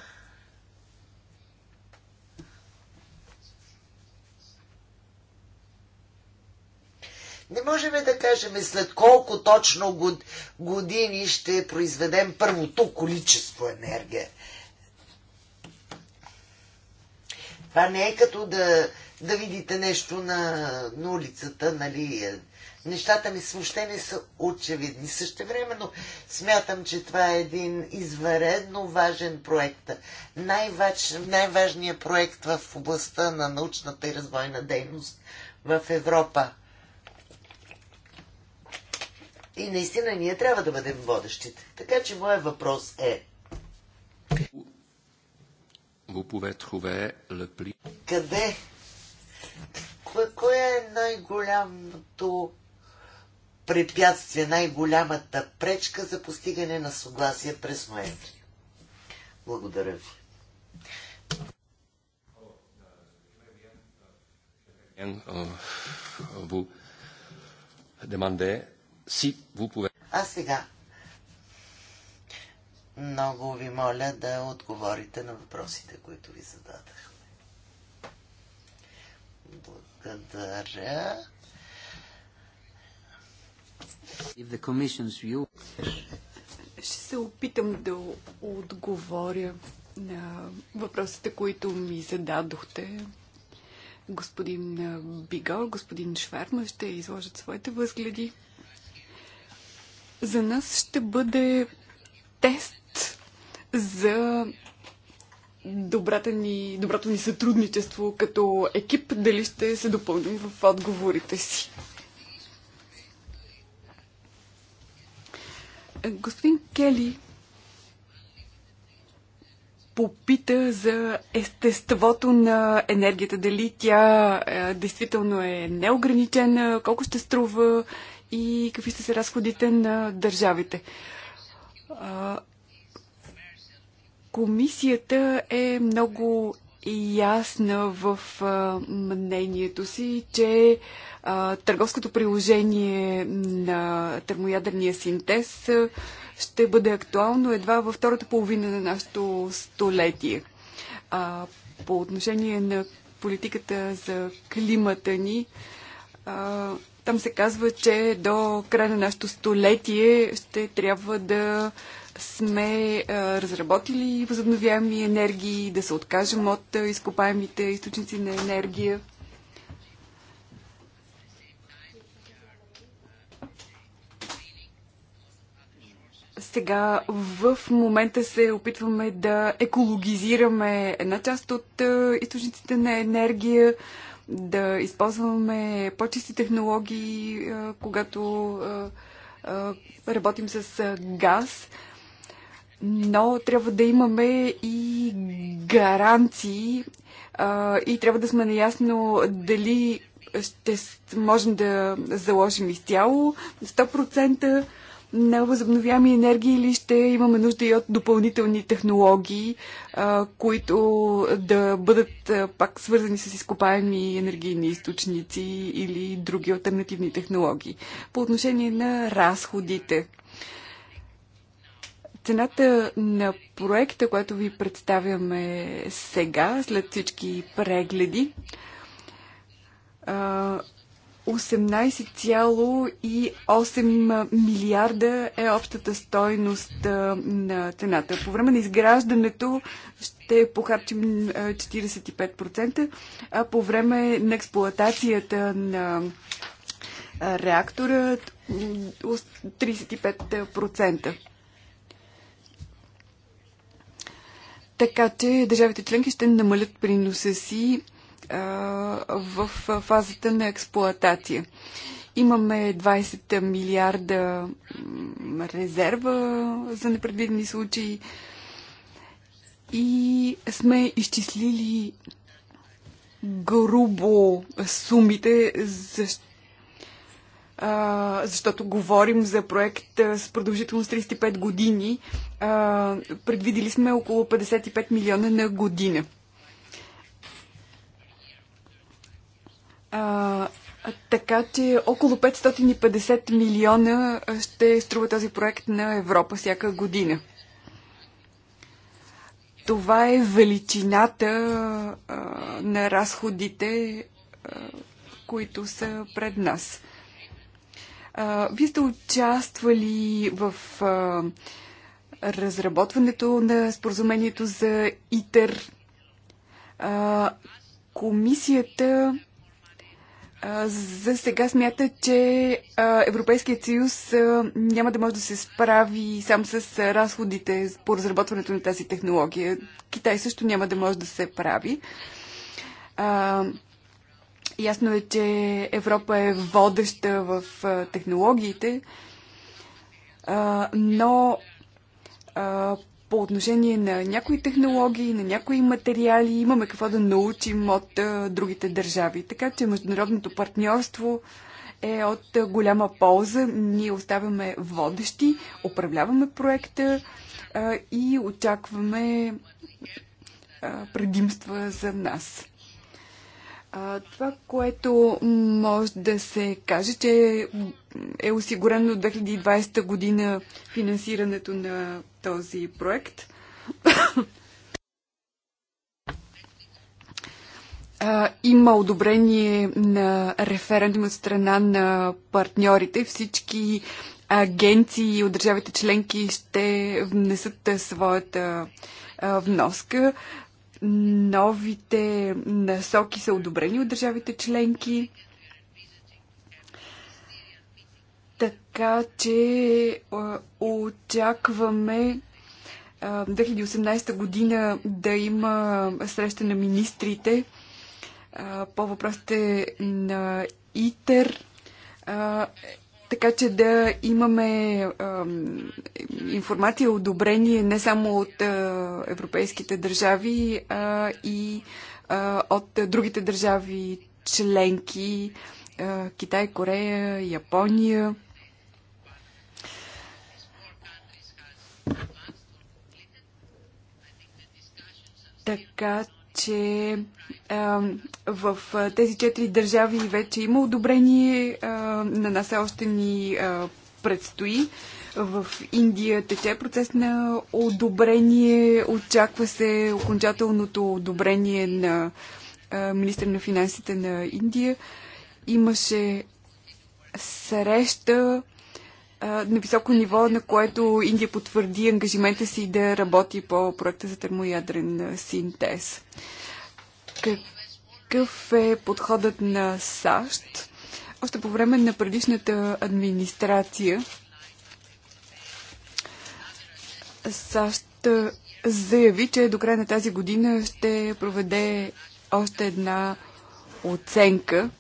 Не можем да кажем след колко точно години ще произведем първото количество енергия. Това не е като да, да видите нещо на, на улицата, нали, нещата ми смущени са очевидни. Също времено смятам, че това е един изваредно важен проект. Най-важ, най-важният проект в областта на научната и развойна дейност в Европа. И наистина ние трябва да бъдем водещите. Така че моят въпрос е. Къде? Кое, кое е най-голямото препятствие, най-голямата пречка за постигане на съгласие през ноември. Благодаря ви. А сега много ви моля да отговорите на въпросите, които ви зададахме. Благодаря. Ще се опитам да отговоря на въпросите, които ми зададохте. Господин Бигал, господин Шварма, ще изложат своите възгледи. За нас ще бъде тест за добрата ни, доброто ни сътрудничество като екип, дали ще се допълним в отговорите си. Господин Кели попита за естеството на енергията. Дали тя е, действително е неограничена, колко ще струва и какви ще са разходите на държавите. Комисията е много ясна в а, мнението си, че а, търговското приложение на термоядерния синтез а, ще бъде актуално едва във втората половина на нашето столетие. А, по отношение на политиката за климата ни, а, там се казва, че до края на нашето столетие ще трябва да а, сме разработили възобновяеми енергии, да се откажем от изкопаемите източници на енергия. Сега в момента се опитваме да екологизираме една част от източниците на енергия, да използваме по-чисти технологии, когато работим с газ но трябва да имаме и гаранции а, и трябва да сме наясно дали ще можем да заложим изцяло 100% на възобновяеми енергии или ще имаме нужда и от допълнителни технологии, а, които да бъдат а, пак свързани с изкопаеми енергийни източници или други альтернативни технологии. По отношение на разходите – Цената на проекта, който ви представяме сега, след всички прегледи, 18,8 милиарда е общата стойност на цената. По време на изграждането ще похарчим 45%, а по време на експлоатацията на реактора 35%. Така че държавите членки ще намалят приноса си в фазата на експлоатация. Имаме 20 милиарда резерва за непредвидени случаи и сме изчислили грубо сумите, защото а, защото говорим за проект с продължителност 35 години. А, предвидили сме около 55 милиона на година. А, така че около 550 милиона ще струва този проект на Европа всяка година. Това е величината а, на разходите, а, които са пред нас. Вие сте участвали в разработването на споразумението за ИТЕР. Комисията за сега смята, че Европейският съюз няма да може да се справи сам с разходите по разработването на тази технология. Китай също няма да може да се прави. Ясно е, че Европа е водеща в технологиите, но по отношение на някои технологии, на някои материали имаме какво да научим от другите държави. Така че международното партньорство е от голяма полза. Ние оставяме водещи, управляваме проекта и очакваме предимства за нас. А, това, което може да се каже, че е осигурено от 2020 година финансирането на този проект. а, има одобрение на референдум от страна на партньорите. Всички агенции от държавите членки ще внесат своята вноска. Новите насоки са одобрени от държавите членки. Така че очакваме 2018 година да има среща на министрите по въпросите на ИТЕР така че да имаме а, информация и одобрение не само от а, европейските държави, а и а, от другите държави членки а, Китай, Корея, Япония. Така че а, в тези четири държави вече има одобрение, а, на нас още ни а, предстои. В Индия тече процес на одобрение, очаква се окончателното одобрение на министър на финансите на Индия. Имаше среща на високо ниво, на което Индия потвърди ангажимента си да работи по проекта за термоядрен синтез. Какъв е подходът на САЩ? Още по време на предишната администрация САЩ заяви, че до края на тази година ще проведе още една оценка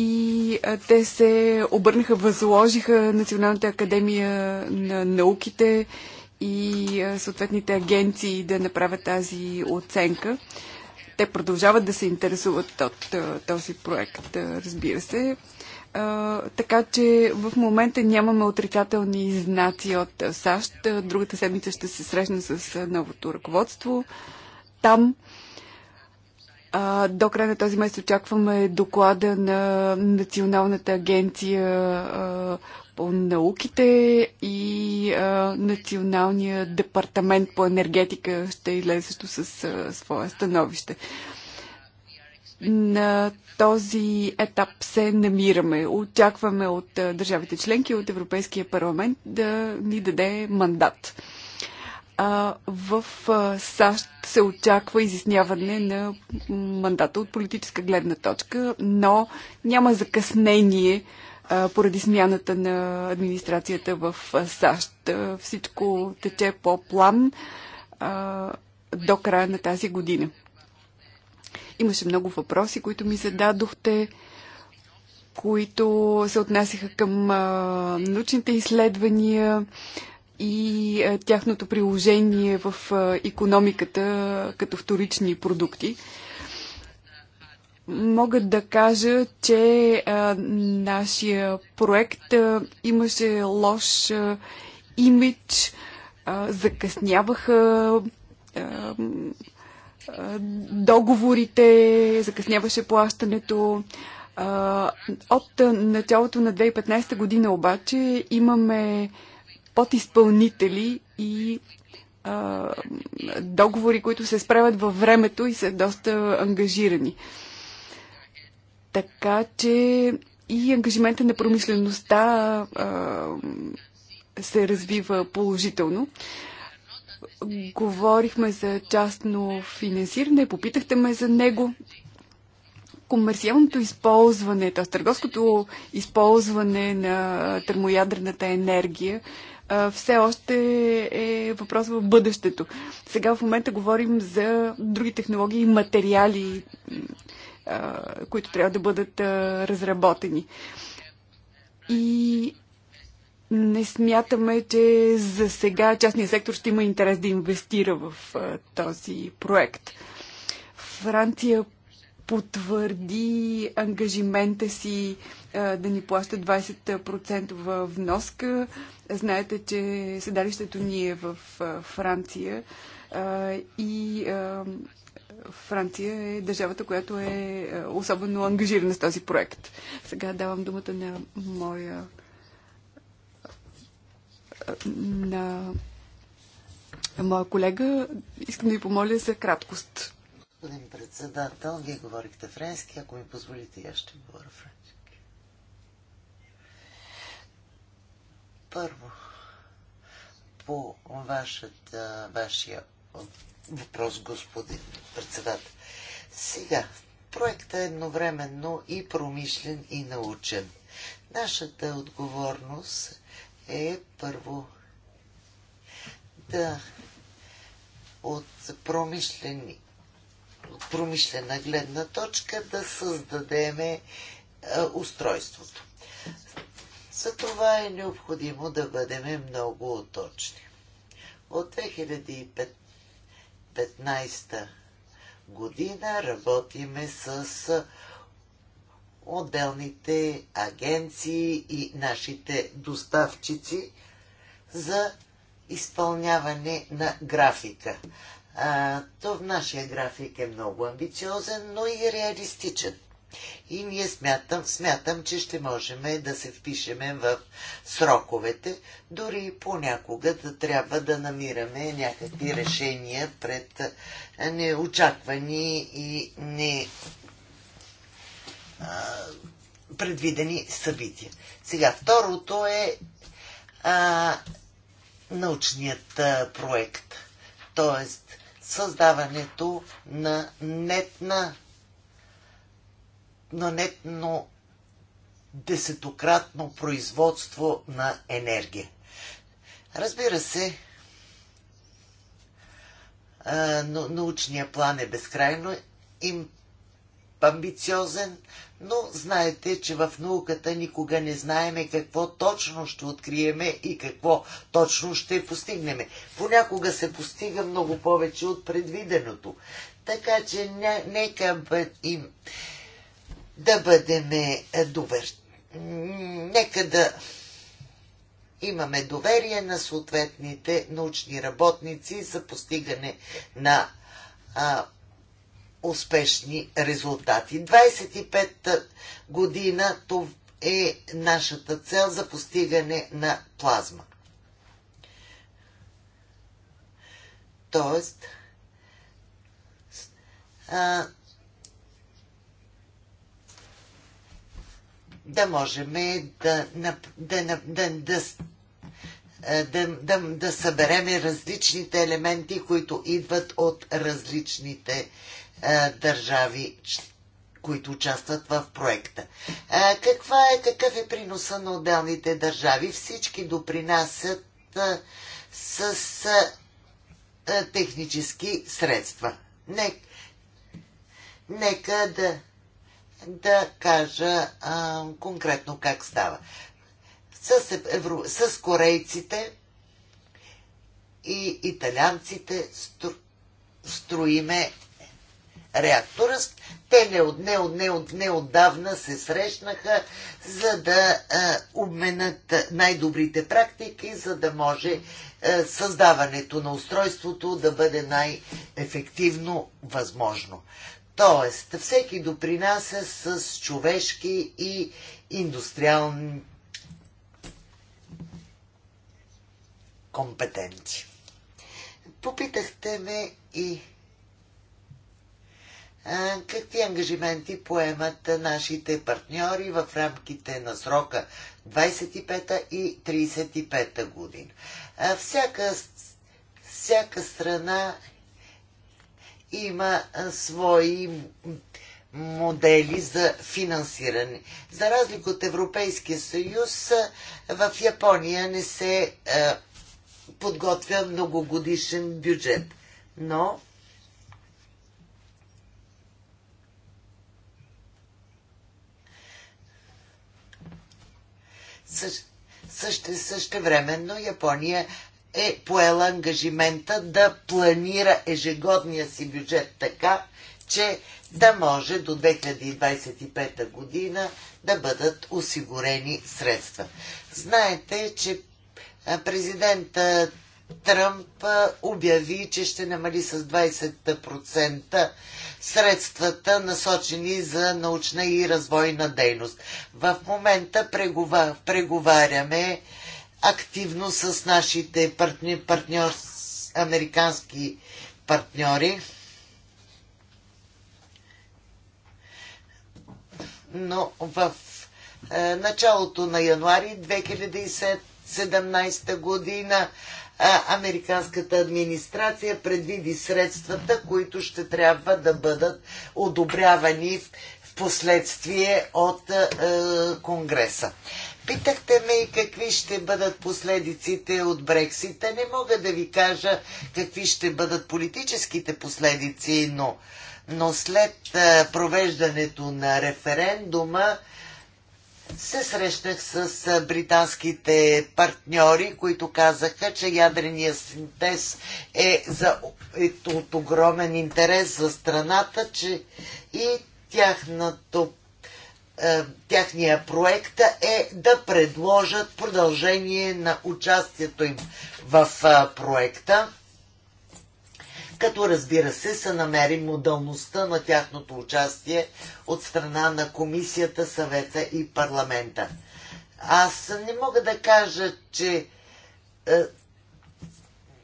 и те се обърнаха, възложиха Националната академия на науките и съответните агенции да направят тази оценка. Те продължават да се интересуват от този проект, разбира се. Така че в момента нямаме отрицателни знаци от САЩ. Другата седмица ще се срещна с новото ръководство. Там а, до края на този месец очакваме доклада на Националната агенция а, по науките и а, Националния департамент по енергетика ще излезе също с а, своя становище. На този етап се намираме. Очакваме от а, държавите членки, от Европейския парламент да ни даде мандат а, в САЩ се очаква изясняване на мандата от политическа гледна точка, но няма закъснение а, поради смяната на администрацията в САЩ. всичко тече по план а, до края на тази година. Имаше много въпроси, които ми зададохте които се отнасяха към а, научните изследвания, и е, тяхното приложение в економиката като вторични продукти. Мога да кажа, че е, нашия проект е, имаше лош имидж, закъсняваха договорите, закъсняваше плащането. от началото на 2015 година обаче имаме подизпълнители и а, договори, които се справят във времето и са доста ангажирани. Така че и ангажимента на промишлеността а, се развива положително. Говорихме за частно финансиране, попитахте ме за него. Комерциалното използване, т.е. търговското използване на термоядрената енергия все още е въпрос в бъдещето. Сега в момента говорим за други технологии и материали, които трябва да бъдат разработени. И не смятаме, че за сега частния сектор ще има интерес да инвестира в този проект. Франция потвърди ангажимента си да ни плащат 20% вноска. Знаете, че седалището ни е в Франция и Франция е държавата, която е особено ангажирана с този проект. Сега давам думата на моя на моя колега. Искам да ви помоля за краткост. Господин председател, вие говорихте френски. Ако ми позволите, аз ще говоря френски. Първо, по вашата, вашия въпрос, господин председател. Сега, проектът е едновременно и промишлен, и научен. Нашата отговорност е първо да от промишлени от промишлена гледна точка да създадеме устройството. За това е необходимо да бъдем много точни. От 2015 година работиме с отделните агенции и нашите доставчици за изпълняване на графика. А, то в нашия график е много амбициозен, но и реалистичен. И ние смятам, смятам, че ще можем да се впишеме в сроковете, дори понякога да трябва да намираме някакви решения пред неочаквани и не предвидени събития. Сега, второто е а, научният а, проект, т.е. създаването на нетна на нетно десетократно производство на енергия. Разбира се, научния план е безкрайно им амбициозен, но знаете, че в науката никога не знаеме какво точно ще откриеме и какво точно ще постигнеме. Понякога се постига много повече от предвиденото. Така че нека им да бъдем добър. Нека да имаме доверие на съответните научни работници за постигане на а, успешни резултати. 25 година това е нашата цел за постигане на плазма. Тоест, а, да можем да, е, да, да, да, да да, да, да различните елементи, които идват от различните е, държави, които участват в проекта. Е, каква е, какъв е приноса на отделните държави? Всички допринасят с технически средства. Нека, нека да да кажа а, конкретно как става. С, евро, с корейците и италианците стру, строиме реактора. Те не, от, не, от, не, от, не отдавна се срещнаха, за да а, обменят най-добрите практики, за да може а, създаването на устройството да бъде най-ефективно възможно. Тоест, всеки допринася с човешки и индустриални компетенции. Попитахте ме и какви ангажименти поемат нашите партньори в рамките на срока 25-та и 35-та година. Всяка, всяка страна има свои модели за финансиране. За разлика от Европейския съюз, в Япония не се подготвя многогодишен бюджет. Но също, също, времено Япония е поела ангажимента да планира ежегодния си бюджет така, че да може до 2025 година да бъдат осигурени средства. Знаете, че президента Тръмп обяви, че ще намали с 20% средствата насочени за научна и развойна дейност. В момента преговаряме активно с нашите партни, партньор, американски партньори. Но в е, началото на януари 2017 година е, американската администрация предвиди средствата, които ще трябва да бъдат одобрявани в последствие от е, е Конгреса. Питахте ме и какви ще бъдат последиците от Брексита. Не мога да ви кажа какви ще бъдат политическите последици, но, но след провеждането на референдума се срещнах с британските партньори, които казаха, че ядрения синтез е, за, е от огромен интерес за страната, че и тяхното е, тяхния проект е да предложат продължение на участието им в е, проекта, като разбира се се намери модалността на тяхното участие от страна на комисията, съвета и парламента. Аз не мога да кажа, че е,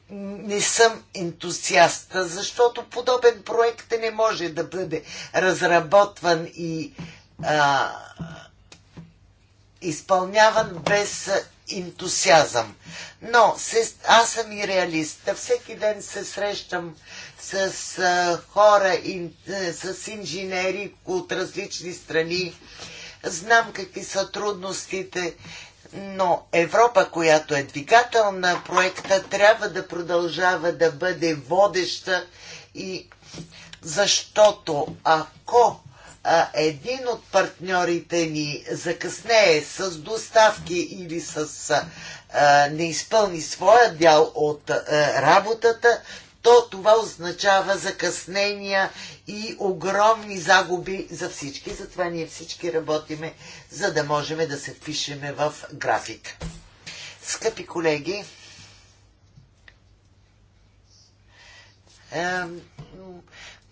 не съм ентусиаста, защото подобен проект не може да бъде разработван и е, а, изпълняван без ентусиазъм. Но се, аз съм и реалист. Всеки ден се срещам с а, хора, ин, с инженери от различни страни. Знам какви са трудностите, но Европа, която е двигател на проекта, трябва да продължава да бъде водеща и защото ако един от партньорите ни закъснее с доставки или с а, не изпълни своя дял от а, работата, то това означава закъснения и огромни загуби за всички. Затова ние всички работиме, за да можем да се впишеме в график. Скъпи колеги,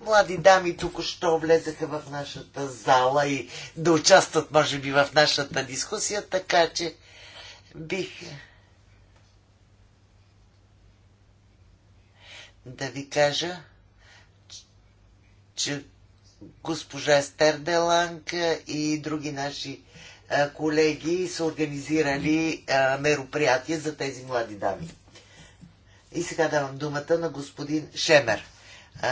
млади дами тук що влезаха в нашата зала и да участват, може би, в нашата дискусия, така че бих да ви кажа, че госпожа Естер Деланка и други наши колеги са организирали мероприятие за тези млади дами. И сега давам думата на господин Шемер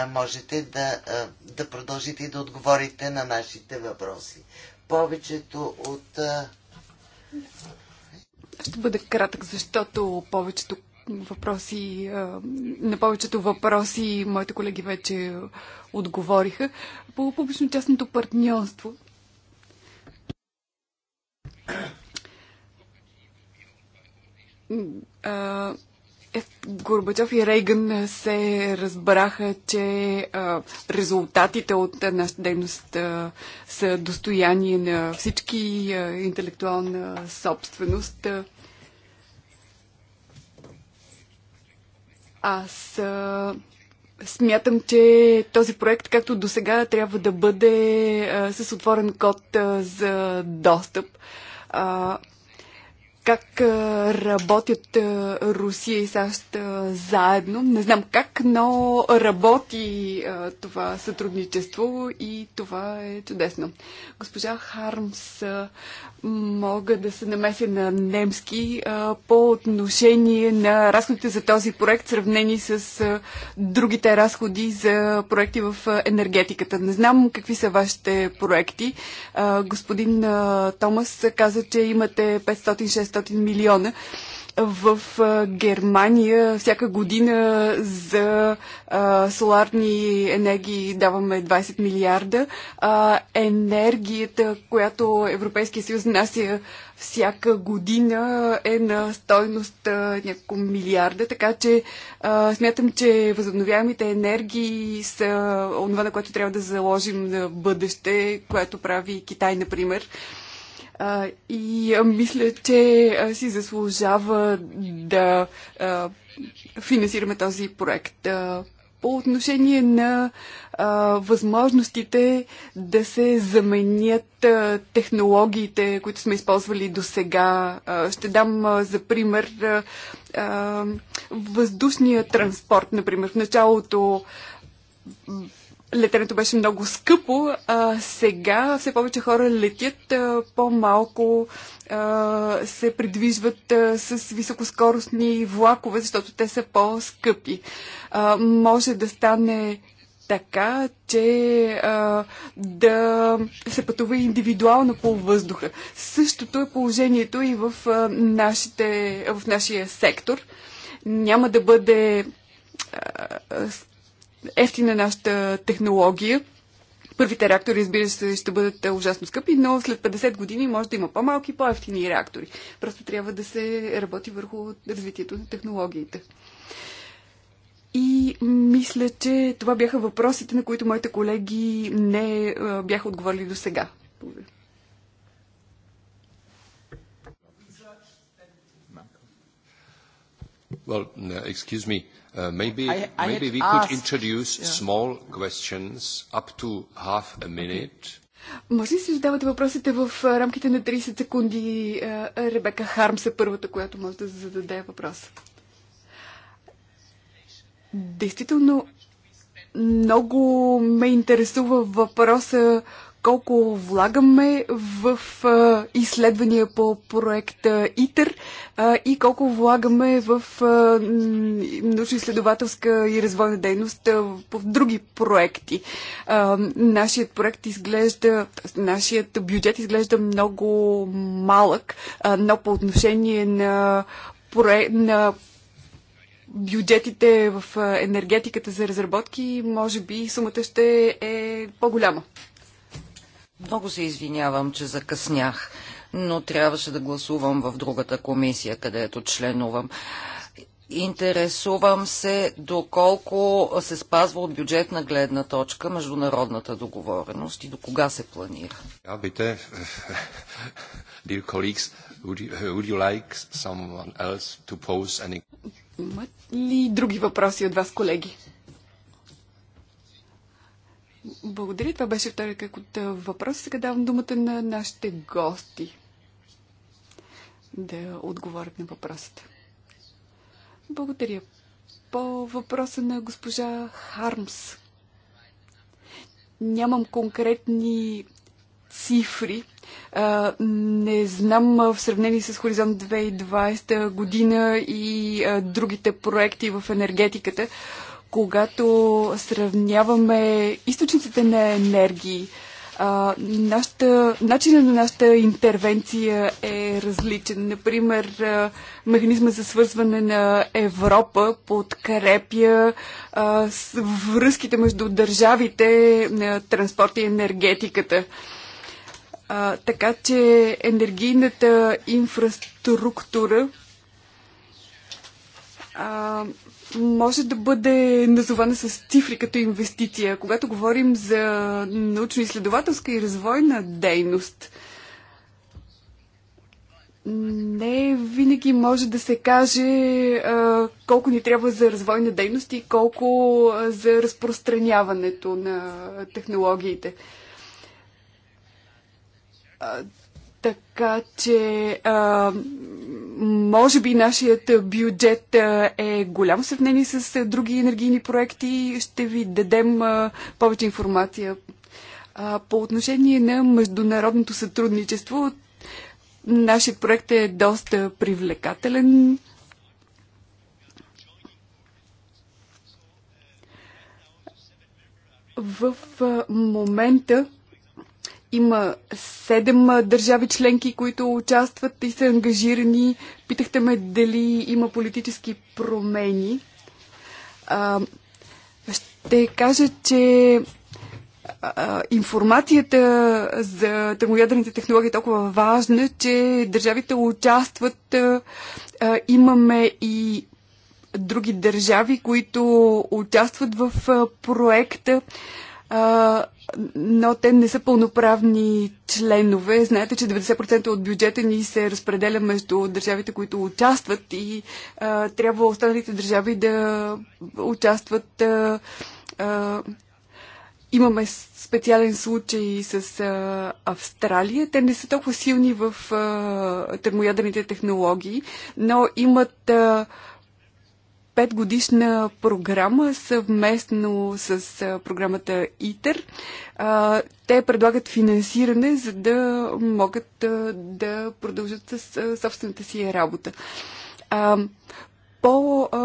можете да, да продължите и да отговорите на нашите въпроси. Повечето от. Ще бъда кратък, защото повечето въпроси, на повечето въпроси моите колеги вече отговориха. По публично-частното партньорство. А, е, Горбачов и Рейган се разбраха, че а, резултатите от нашата дейност а, са достояние на всички а, интелектуална собственост. Аз а, смятам, че този проект, както до сега, трябва да бъде а, с отворен код а, за достъп. А, как работят Русия и САЩ заедно. Не знам как, но работи това сътрудничество и това е чудесно. Госпожа Хармс мога да се намеся на немски по отношение на разходите за този проект, сравнени с другите разходи за проекти в енергетиката. Не знам какви са вашите проекти. Господин Томас каза, че имате 506. 400 милиона в Германия всяка година за а, соларни енергии даваме 20 милиарда. А, енергията, която Европейския съюз нася всяка година е на стойност няколко милиарда, така че а, смятам, че възобновяемите енергии са онова, на което трябва да заложим на бъдеще, което прави Китай, например. А, и мисля, че си заслужава да финансираме този проект. По отношение на възможностите да се заменят технологиите, които сме използвали до сега, ще дам за пример въздушния транспорт, например. В началото летенето беше много скъпо, а сега все повече хора летят, по-малко се придвижват а, с високоскоростни влакове, защото те са по-скъпи. може да стане така, че а, да се пътува индивидуално по въздуха. Същото е положението и в, а, нашите, в нашия сектор. Няма да бъде ефтина нашата технология. Първите реактори, разбира се, ще бъдат е, ужасно скъпи, но след 50 години може да има по-малки, по-ефтини реактори. Просто трябва да се работи върху развитието на технологиите. И мисля, че това бяха въпросите, на които моите колеги не е, бяха отговорили до сега. Well, uh, excuse me. Uh, maybe we could introduce small questions up to half a minute. Може ли си задавате въпросите в рамките на 30 секунди? Ребека Хармс е първата, която може да зададе въпрос. Действително много ме интересува въпроса колко влагаме в а, изследвания по проекта ИТЕР а, и колко влагаме в научно-изследователска и развойна дейност а, по други проекти. А, нашият проект изглежда, нашият бюджет изглежда много малък, а, но по отношение на, проект, на бюджетите в енергетиката за разработки, може би сумата ще е по-голяма. Много се извинявам, че закъснях, но трябваше да гласувам в другата комисия, където членувам. Интересувам се доколко се спазва от бюджетна гледна точка международната договореност и до кога се планира. Ja, dear colleagues, would you, would you like someone else to pose any... Имат ли други въпроси от вас, колеги? Благодаря. Това беше втори кръг от въпрос. Сега давам думата на нашите гости да отговорят на въпросите. Благодаря. По въпроса на госпожа Хармс. Нямам конкретни цифри. не знам в сравнение с Хоризонт 2020 година и другите проекти в енергетиката когато сравняваме източниците на енергии, а, нашата, начинът на нашата интервенция е различен. Например, механизма за свързване на Европа подкрепя а, с връзките между държавите на транспорта и енергетиката. А, така че енергийната инфраструктура а, може да бъде назована с цифри като инвестиция, когато говорим за научно-изследователска и развойна дейност. Не винаги може да се каже колко ни трябва за развойна дейност и колко за разпространяването на технологиите. така че може би нашият бюджет е голям в сравнение с други енергийни проекти. Ще ви дадем повече информация. По отношение на международното сътрудничество, нашият проект е доста привлекателен. В момента има седем държави членки, които участват и са ангажирани. Питахте ме дали има политически промени. А, ще кажа, че информацията за термоядрените технологии е толкова важна, че държавите участват. имаме и други държави, които участват в проекта а, но те не са пълноправни членове. Знаете, че 90% от бюджета ни се разпределя между държавите, които участват и а, трябва останалите държави да участват. А, а, имаме специален случай с а, Австралия. Те не са толкова силни в а, термоядрените технологии, но имат. А, петгодишна програма съвместно с а, програмата ИТЕР. А, те предлагат финансиране, за да могат а, да продължат с а, собствената си работа. А, по а,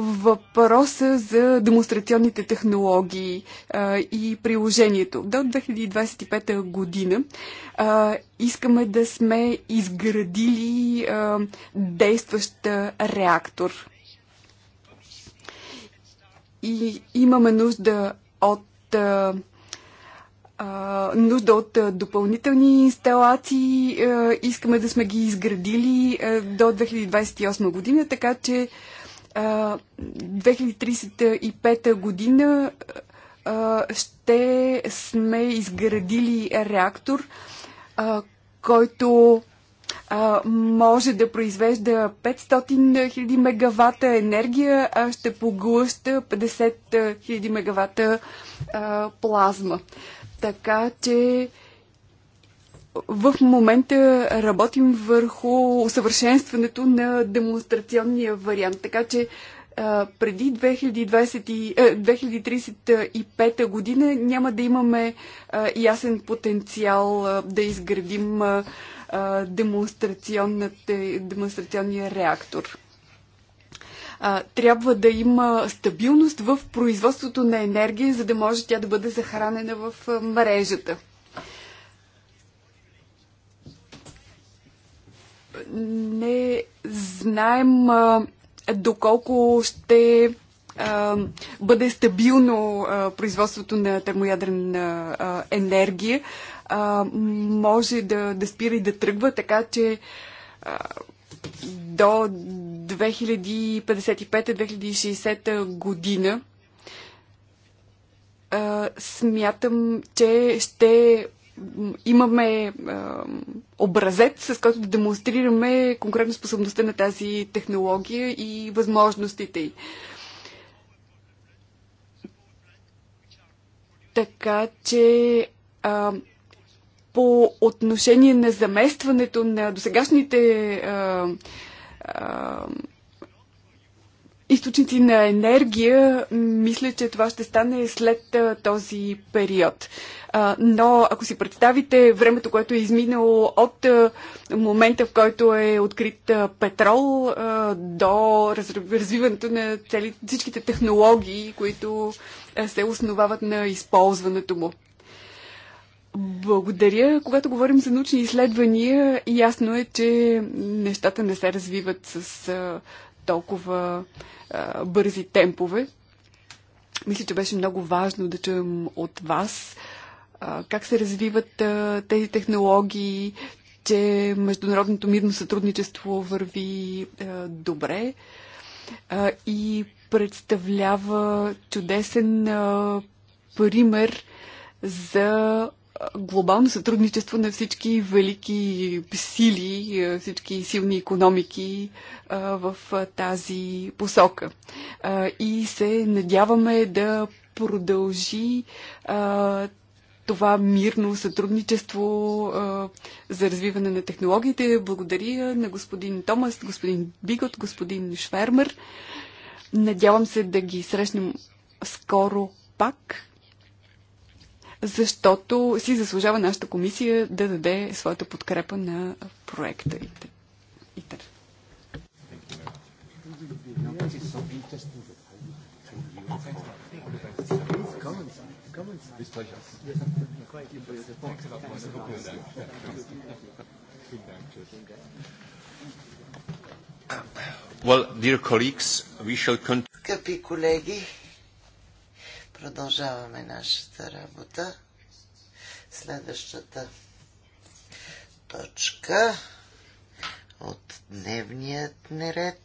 въпроса за демонстрационните технологии а, и приложението. До 2025 година а, искаме да сме изградили а, действащ реактор и имаме нужда от а, а, нужда от допълнителни инсталации. А, искаме да сме ги изградили а, до 2028 година, така че а, 2035 година а, ще сме изградили реактор, а, който а, може да произвежда 500 000 мегавата енергия, а ще поглъща 50 000 мегавата а, плазма. Така че в момента работим върху усъвършенстването на демонстрационния вариант, така че преди 2020, 2035 е, година няма да имаме ясен потенциал да изградим демонстрационния реактор. Трябва да има стабилност в производството на енергия, за да може тя да бъде захранена в мрежата. Не знаем доколко ще а, бъде стабилно а, производството на термоядрена а, енергия, а, може да, да спира и да тръгва, така че а, до 2055-2060 година а, смятам, че ще имаме а, образец, с който да демонстрираме конкретно способността на тази технология и възможностите й. Така че а, по отношение на заместването на досегашните а, а, източници на енергия, мисля, че това ще стане след този период. Но ако си представите времето, което е изминало от момента, в който е открит петрол до развиването на цели, всичките технологии, които се основават на използването му. Благодаря. Когато говорим за научни изследвания, ясно е, че нещата не се развиват с толкова а, бързи темпове. Мисля, че беше много важно да чуем от вас а, как се развиват а, тези технологии, че международното мирно сътрудничество върви а, добре а, и представлява чудесен а, пример за глобално сътрудничество на всички велики сили, всички силни економики в тази посока. И се надяваме да продължи това мирно сътрудничество за развиване на технологиите. Благодаря на господин Томас, господин Бигот, господин Швермер. Надявам се да ги срещнем скоро пак защото си заслужава нашата комисия да даде своята подкрепа на проекта ИТЕР. Well, dear colleagues, we shall continue. Скъпи колеги, Продължаваме нашата работа. Следващата точка от дневният неред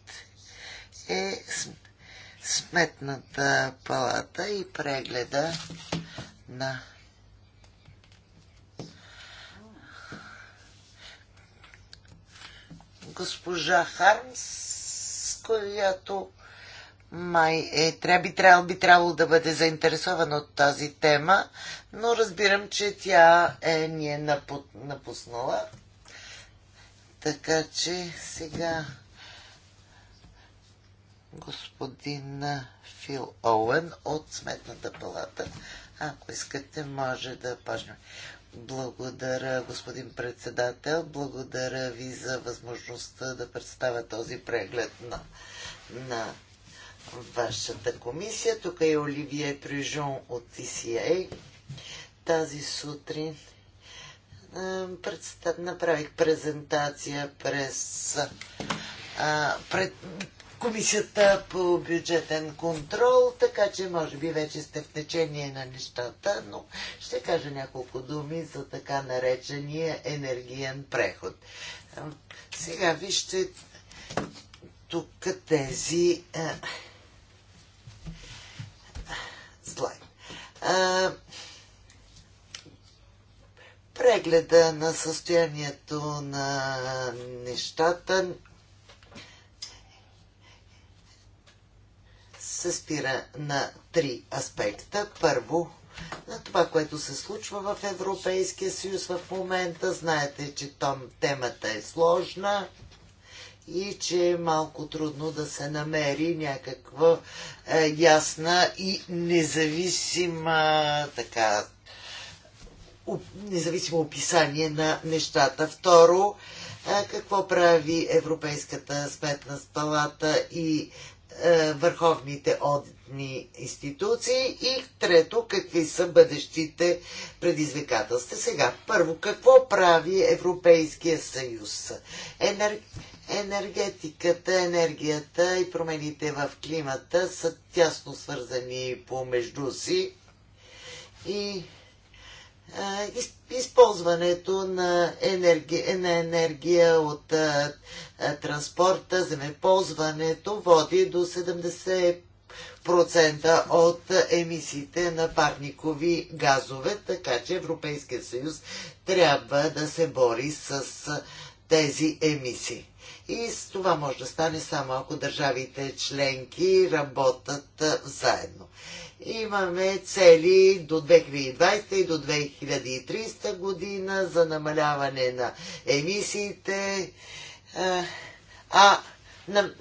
е сметната палата и прегледа на госпожа Хармс, която май е, трябва, би, трябвало, би трябвало да бъде заинтересован от тази тема, но разбирам, че тя е, ни е напу, напуснала. Така че сега господин Фил Оуен от Сметната палата. Ако искате, може да почне. Благодаря, господин председател. Благодаря ви за възможността да представя този преглед на, на вашата комисия. Тук е Оливия Прижон от TCA. Тази сутрин направих презентация през пред Комисията по бюджетен контрол, така че може би вече сте в течение на нещата, но ще кажа няколко думи за така наречения енергиен преход. Сега вижте тук тези план. А, прегледа на състоянието на нещата се спира на три аспекта. Първо, на това, което се случва в Европейския съюз в момента. Знаете, че там темата е сложна и че е малко трудно да се намери някаква е, ясна и независима така независимо описание на нещата. Второ, е, какво прави Европейската сметна палата и е, върховните одитни институции и трето, какви са бъдещите предизвикателства. Сега, първо, какво прави Европейския съюз? Енергия енергетиката, енергията и промените в климата са тясно свързани помежду си и използването на енергия, на енергия от а, транспорта, земеползването води до 70% от емисиите на парникови газове, така че Европейския съюз трябва да се бори с тези емисии. И с това може да стане само ако държавите членки работят заедно. Имаме цели до 2020 и до 2300 година за намаляване на емисиите, а на,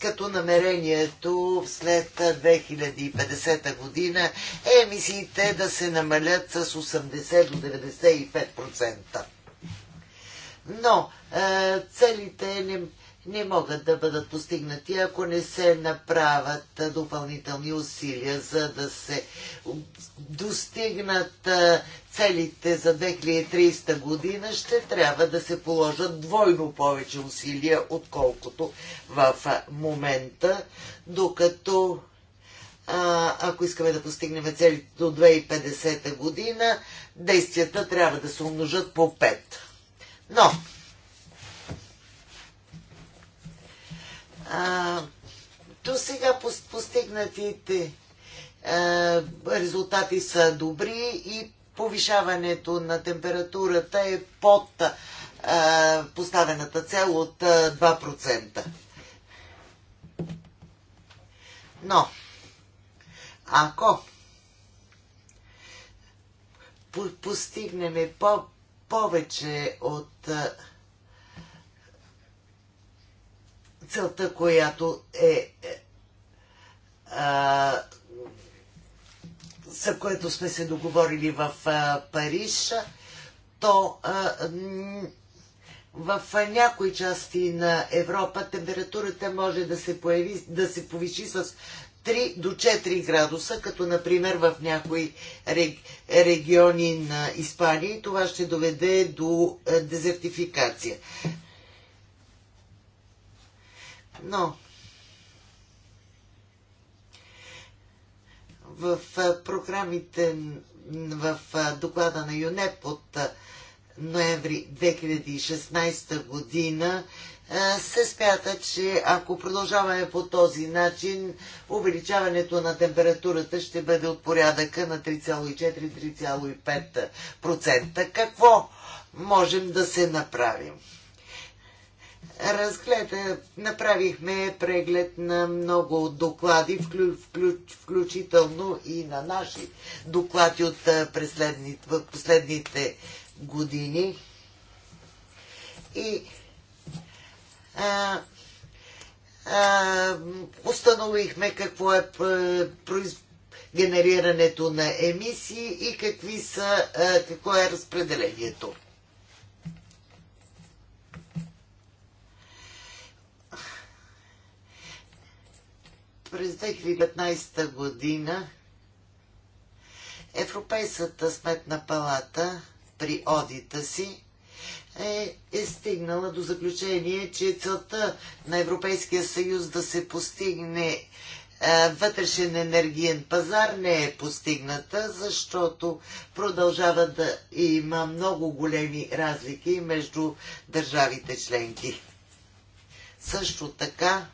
като намерението след 2050 година е емисиите да се намалят с 80 до 95% но е, целите не, не могат да бъдат постигнати, ако не се направят е, допълнителни усилия, за да се достигнат е, целите за 2300 година, ще трябва да се положат двойно повече усилия, отколкото в момента, докато а, ако искаме да постигнем целите до 2050 година, действията трябва да се умножат по 5. Но, до сега постигнатите резултати са добри и повишаването на температурата е под поставената цел от 2%. Но, ако постигнем по повече от целта, която е, е за което сме се договорили в Париж, то в някои части на Европа температурата може да се, появи, да се повиши с 3 до 4 градуса, като например в някои региони на Испания. Това ще доведе до е, дезертификация. Но в е, програмите в е, доклада на ЮНЕП от ноември 2016 година е, се смята, че ако продължаваме по този начин, увеличаването на температурата ще бъде от порядъка на 3,4-3,5%. Какво можем да се направим? разгледа, направихме преглед на много доклади, вклю, вклю, включително и на наши доклади от е, последните, последните години. И а, а, установихме какво е генерирането на емисии и какви са, а, какво е разпределението. През 2015 година Европейската сметна палата при одита си е, е стигнала до заключение, че целта на Европейския съюз да се постигне е, вътрешен енергиен пазар не е постигната, защото продължава да има много големи разлики между държавите членки. Също така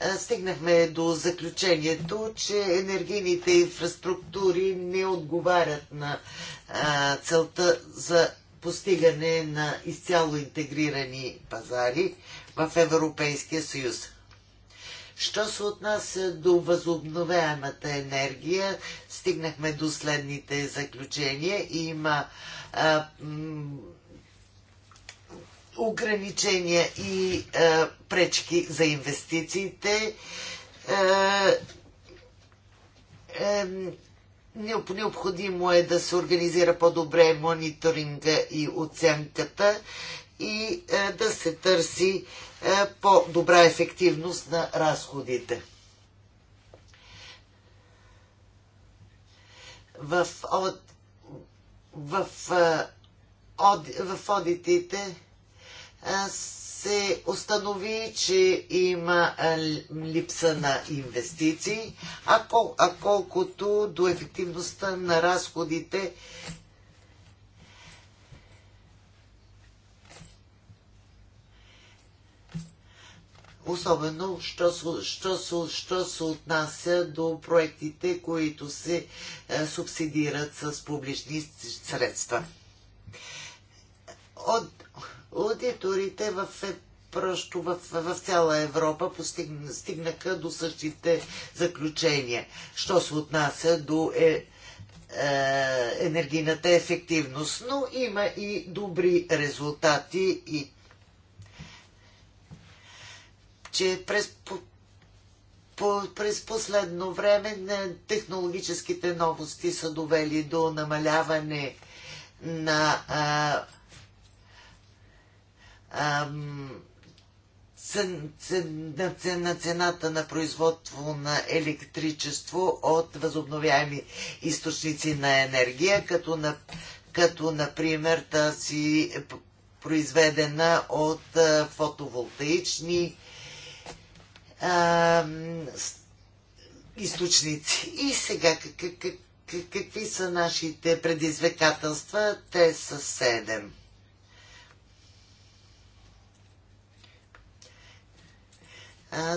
е, стигнахме до заключението, че енергийните инфраструктури не отговарят на е, целта за постигане на изцяло интегрирани пазари в Европейския съюз. Що се отнася до възобновяемата енергия, стигнахме до следните заключения. и Има а, ограничения и а, пречки за инвестициите. А, Необходимо е да се организира по-добре мониторинга и оценката и е, да се търси е, по-добра ефективност на разходите. В, от, в, е, в одитите се установи, че има липса на инвестиции, а, кол, а колкото до ефективността на разходите, особено що, що, що, що се отнася до проектите, които се е, субсидират с публични средства. От аудиторите в е, просто в, в цяла Европа постигна, стигнаха до същите заключения, що се отнася до е, е, енергийната ефективност. Но има и добри резултати и че през по, през последно време е, технологическите новости са довели до намаляване на а, е, цен, на, цената на производство на електричество от възобновяеми източници на енергия, като, на, като например тази произведена от а, фотоволтаични а, източници. И сега как, как, как, какви са нашите предизвикателства? Те са седем.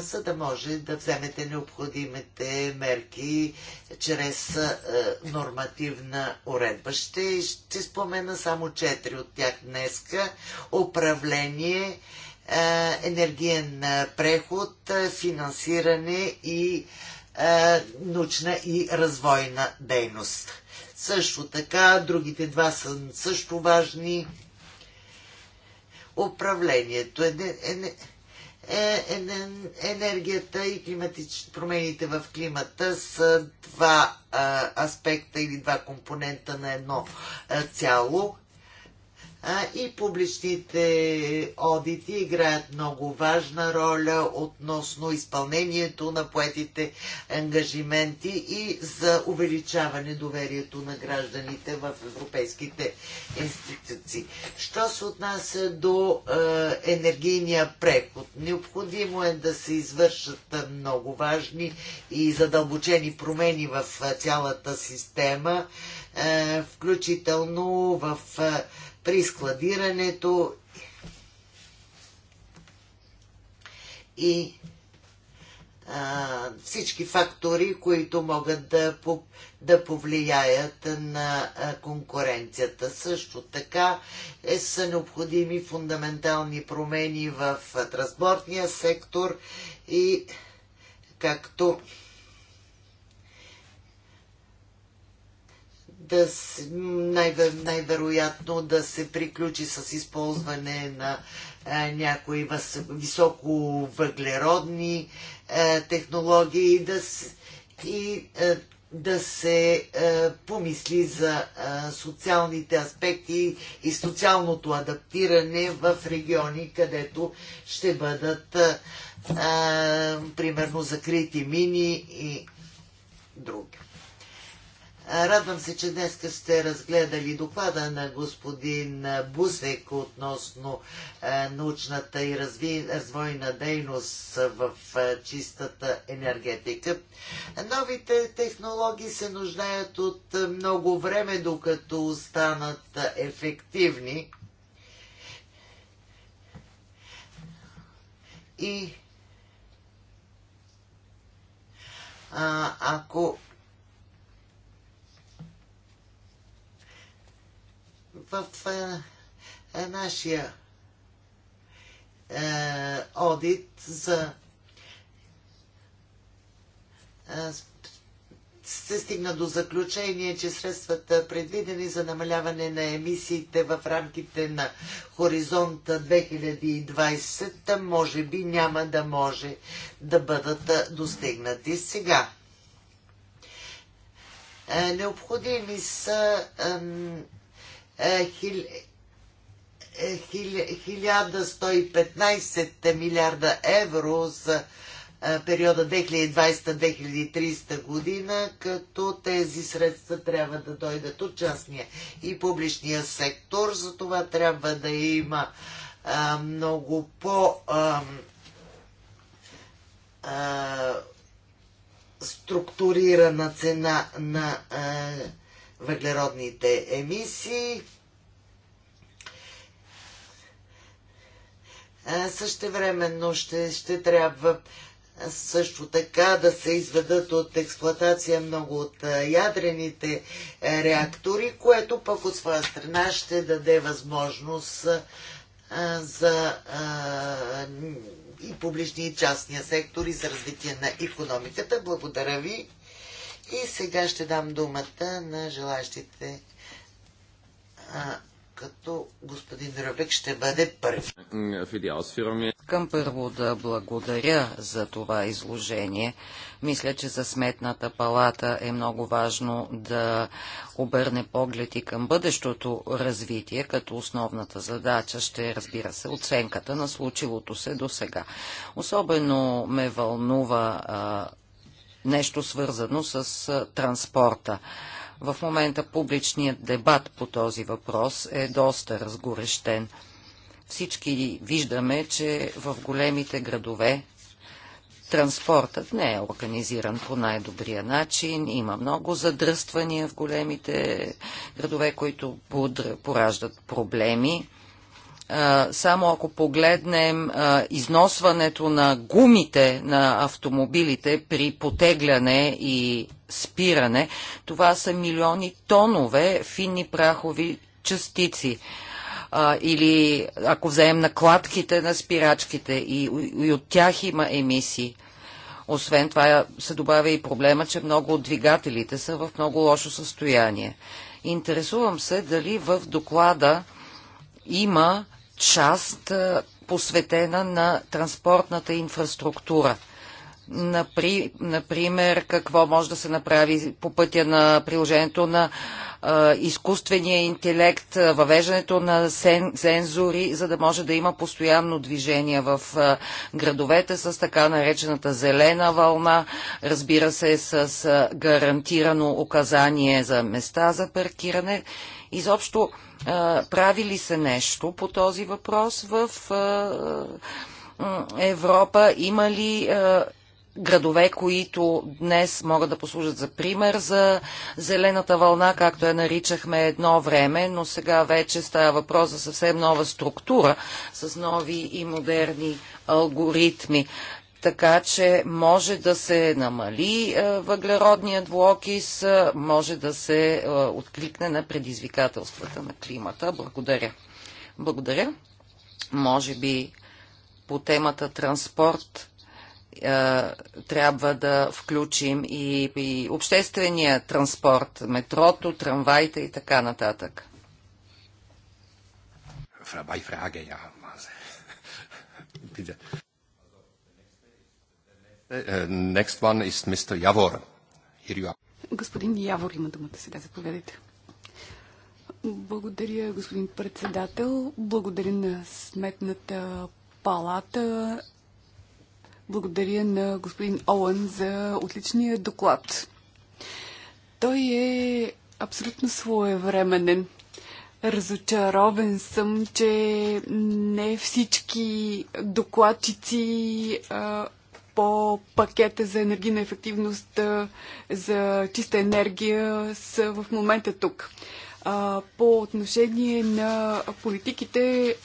за да може да вземете необходимите мерки чрез нормативна уредба. Ще, ще спомена само четири от тях днеска. Управление, енергиен преход, финансиране и научна и развойна дейност. Също така, другите два са също важни. Управлението е, е, е е енергията и климатичните промените в климата са два аспекта или два компонента на едно цяло и публичните одити играят много важна роля относно изпълнението на поетите ангажименти и за увеличаване доверието на гражданите в европейските институции. Що се отнася до енергийния преход? Необходимо е да се извършат много важни и задълбочени промени в цялата система, включително в при складирането и а, всички фактори, които могат да, да повлияят на конкуренцията. Също така е, са необходими фундаментални промени в транспортния сектор и както да най-вероятно най да се приключи с използване на а, е, някои въз, високо въглеродни а, е, технологии да, и а, е, да се а, помисли за а, социалните аспекти и социалното адаптиране в региони, където ще бъдат а, а, примерно закрити мини и други. Радвам се, че днес сте разгледали доклада на господин Бусек относно е, научната и разви... развойна дейност в е, чистата енергетика. Новите технологии се нуждаят от много време, докато станат ефективни. И а, ако в е, е, нашия е, одит за се стигна до заключение, че средствата предвидени за намаляване на емисиите в рамките на хоризонта 2020 може би няма да може да бъдат достигнати сега. Необходими са 1115 е, е, милиарда евро за е, периода 2020-2030 година, като тези средства трябва да дойдат от частния и публичния сектор. За това трябва да има много по структурирана цена на а, въглеродните емисии. Същевременно ще, ще трябва също така да се изведат от експлоатация много от ядрените е, реактори, което пък от своя страна ще даде възможност за и публичния и частния сектор и за развитие на економиката. Благодаря ви. И сега ще дам думата на желащите. А, като господин Ръбек ще бъде първи. Към първо да благодаря за това изложение. Мисля, че за Сметната палата е много важно да обърне поглед и към бъдещото развитие, като основната задача ще е, разбира се, оценката на случилото се до сега. Особено ме вълнува нещо свързано с транспорта. В момента публичният дебат по този въпрос е доста разгорещен. Всички виждаме, че в големите градове транспортът не е организиран по най-добрия начин. Има много задръствания в големите градове, които пораждат проблеми само ако погледнем износването на гумите на автомобилите при потегляне и спиране, това са милиони тонове финни прахови частици. Или ако вземем накладките на спирачките и, и от тях има емисии. Освен това се добавя и проблема, че много от двигателите са в много лошо състояние. Интересувам се дали в доклада има част посветена на транспортната инфраструктура. Например, какво може да се направи по пътя на приложението на изкуствения интелект, въвеждането на сен, сензори, за да може да има постоянно движение в градовете с така наречената зелена вълна, разбира се с гарантирано указание за места за паркиране Изобщо прави ли се нещо по този въпрос в Европа? Има ли градове, които днес могат да послужат за пример за зелената вълна, както я наричахме едно време, но сега вече става въпрос за съвсем нова структура с нови и модерни алгоритми така че може да се намали е, въглеродният двуокис, е, може да се е, откликне на предизвикателствата на климата. Благодаря. Благодаря. Може би по темата транспорт трябва да включим и, и обществения транспорт, метрото, трамвайта и така нататък. Фрабай фраге, я. Е, е, next one is Mr. Господин Явор има думата сега, заповядайте. Благодаря, господин председател. Благодаря на Сметната палата. Благодаря на господин Олън за отличния доклад. Той е абсолютно своевременен. Разочарован съм, че не всички докладчици а, по пакета за енергийна ефективност за чиста енергия са в момента тук. По отношение на политиките,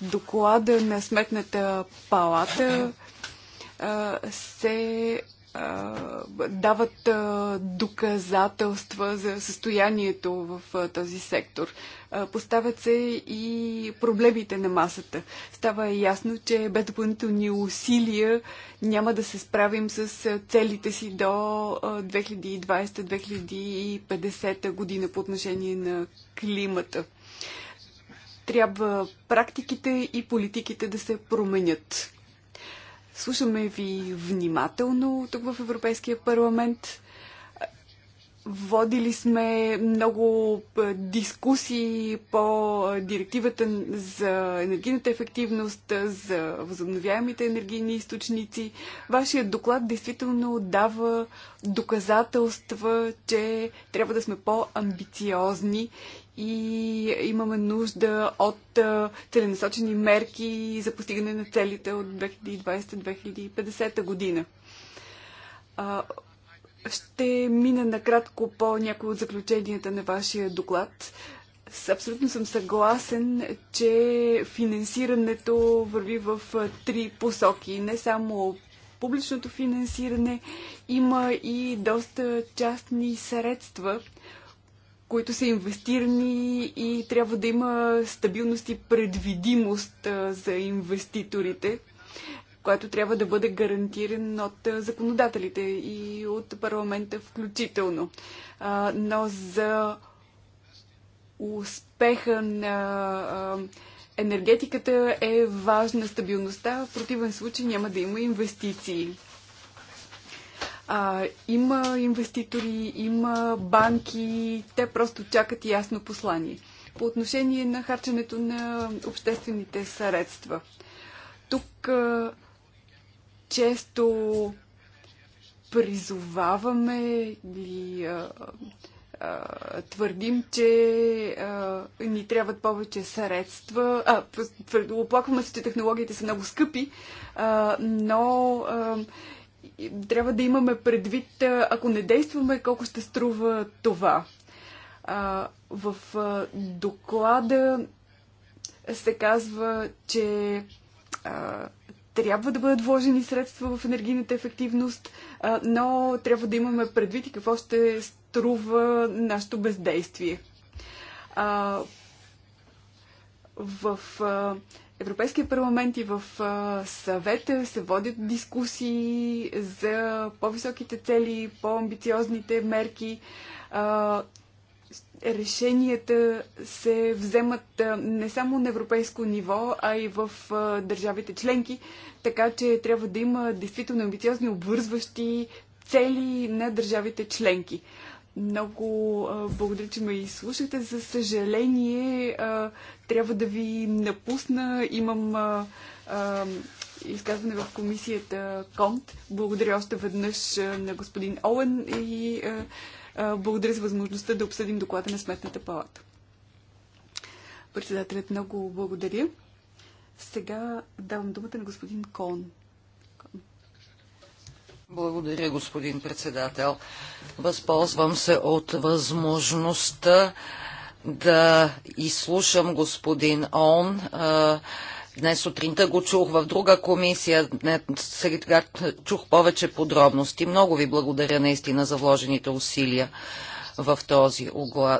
доклада на Сметната палата се дават доказателства за състоянието в този сектор. Поставят се и проблемите на масата. Става ясно, че без допълнителни усилия няма да се справим с целите си до 2020-2050 година по отношение на климата. Трябва практиките и политиките да се променят Слушаме ви внимателно тук в Европейския парламент. Водили сме много е, дискусии по директивата за енергийната ефективност, за възобновяемите енергийни източници. Вашият доклад действително дава доказателства, че трябва да сме по-амбициозни и имаме нужда от целенасочени мерки за постигане на целите от 2020-2050 година. Ще мина накратко по някои от заключенията на вашия доклад. Абсолютно съм съгласен, че финансирането върви в три посоки. Не само публичното финансиране, има и доста частни средства – които са инвестирани и трябва да има стабилност и предвидимост за инвеститорите, която трябва да бъде гарантиран от законодателите и от парламента включително. Но за успеха на енергетиката е важна стабилността, в противен случай няма да има инвестиции. А, има инвеститори, има банки, те просто чакат ясно послание. По отношение на харченето на обществените средства. Тук а, често призоваваме или твърдим, че а, ни трябват повече средства. А, твърдо, оплакваме се, че технологиите са много скъпи, а, но а, трябва да имаме предвид, ако не действаме, колко ще струва това. А, в а, доклада се казва, че а, трябва да бъдат вложени средства в енергийната ефективност, а, но трябва да имаме предвид и какво ще струва нашето бездействие. А, в а, Европейския парламент и в съвета се водят дискусии за по-високите цели, по-амбициозните мерки. Решенията се вземат не само на европейско ниво, а и в държавите членки, така че трябва да има действително амбициозни обвързващи цели на държавите членки. Много а, благодаря, че ме изслушахте. За съжаление, а, трябва да ви напусна. Имам а, а, изказване в комисията Конт. Благодаря още веднъж а, на господин Олен и а, а, благодаря за възможността да обсъдим доклада на Сметната палата. Председателят много благодаря. Сега давам думата на господин Кон. Благодаря, господин председател. Възползвам се от възможността да изслушам господин Он. Днес сутринта го чух в друга комисия, сега чух повече подробности. Много ви благодаря наистина за вложените усилия в този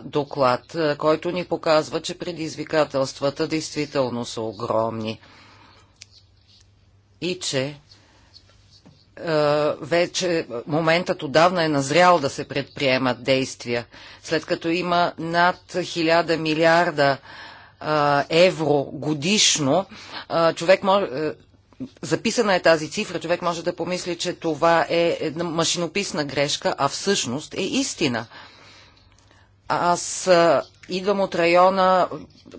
доклад, който ни показва, че предизвикателствата действително са огромни и че е, вече моментът отдавна е назрял да се предприемат действия. След като има над 1000 милиарда е, евро годишно, е, човек може, записана е тази цифра, човек може да помисли, че това е една машинописна грешка, а всъщност е истина. Аз Идвам от района,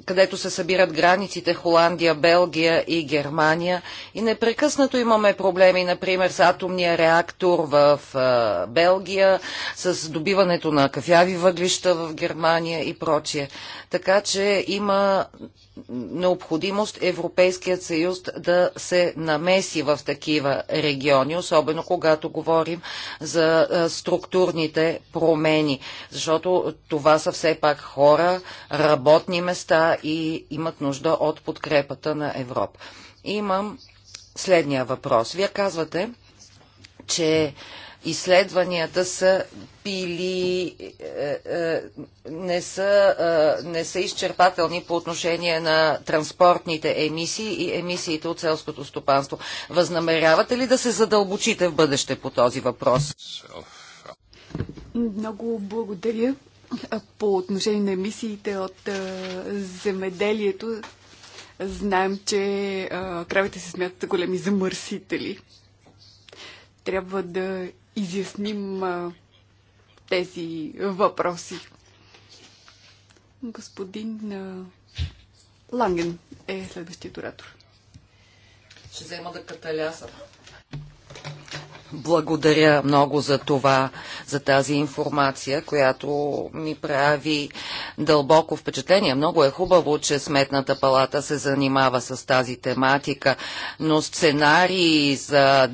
където се събират границите Холандия, Белгия и Германия и непрекъснато имаме проблеми, например с атомния реактор в Белгия, с добиването на кафяви въглища в Германия и прочие. Така че има необходимост Европейският съюз да се намеси в такива региони, особено когато говорим за структурните промени, защото това са все пак хора, работни места и имат нужда от подкрепата на Европа. Имам следния въпрос. Вие казвате, че изследванията са били, е, е, не, са, е, не са изчерпателни по отношение на транспортните емисии и емисиите от селското стопанство. Възнамерявате ли да се задълбочите в бъдеще по този въпрос? Много благодаря. По отношение на емисиите от земеделието, знаем, че кравите се смятат големи замърсители трябва да изясним а, тези въпроси. Господин а, Ланген е следващият оратор. Ще взема да каталясам. Благодаря много за това, за тази информация, която ми прави дълбоко впечатление. Много е хубаво, че Сметната палата се занимава с тази тематика, но сценарии за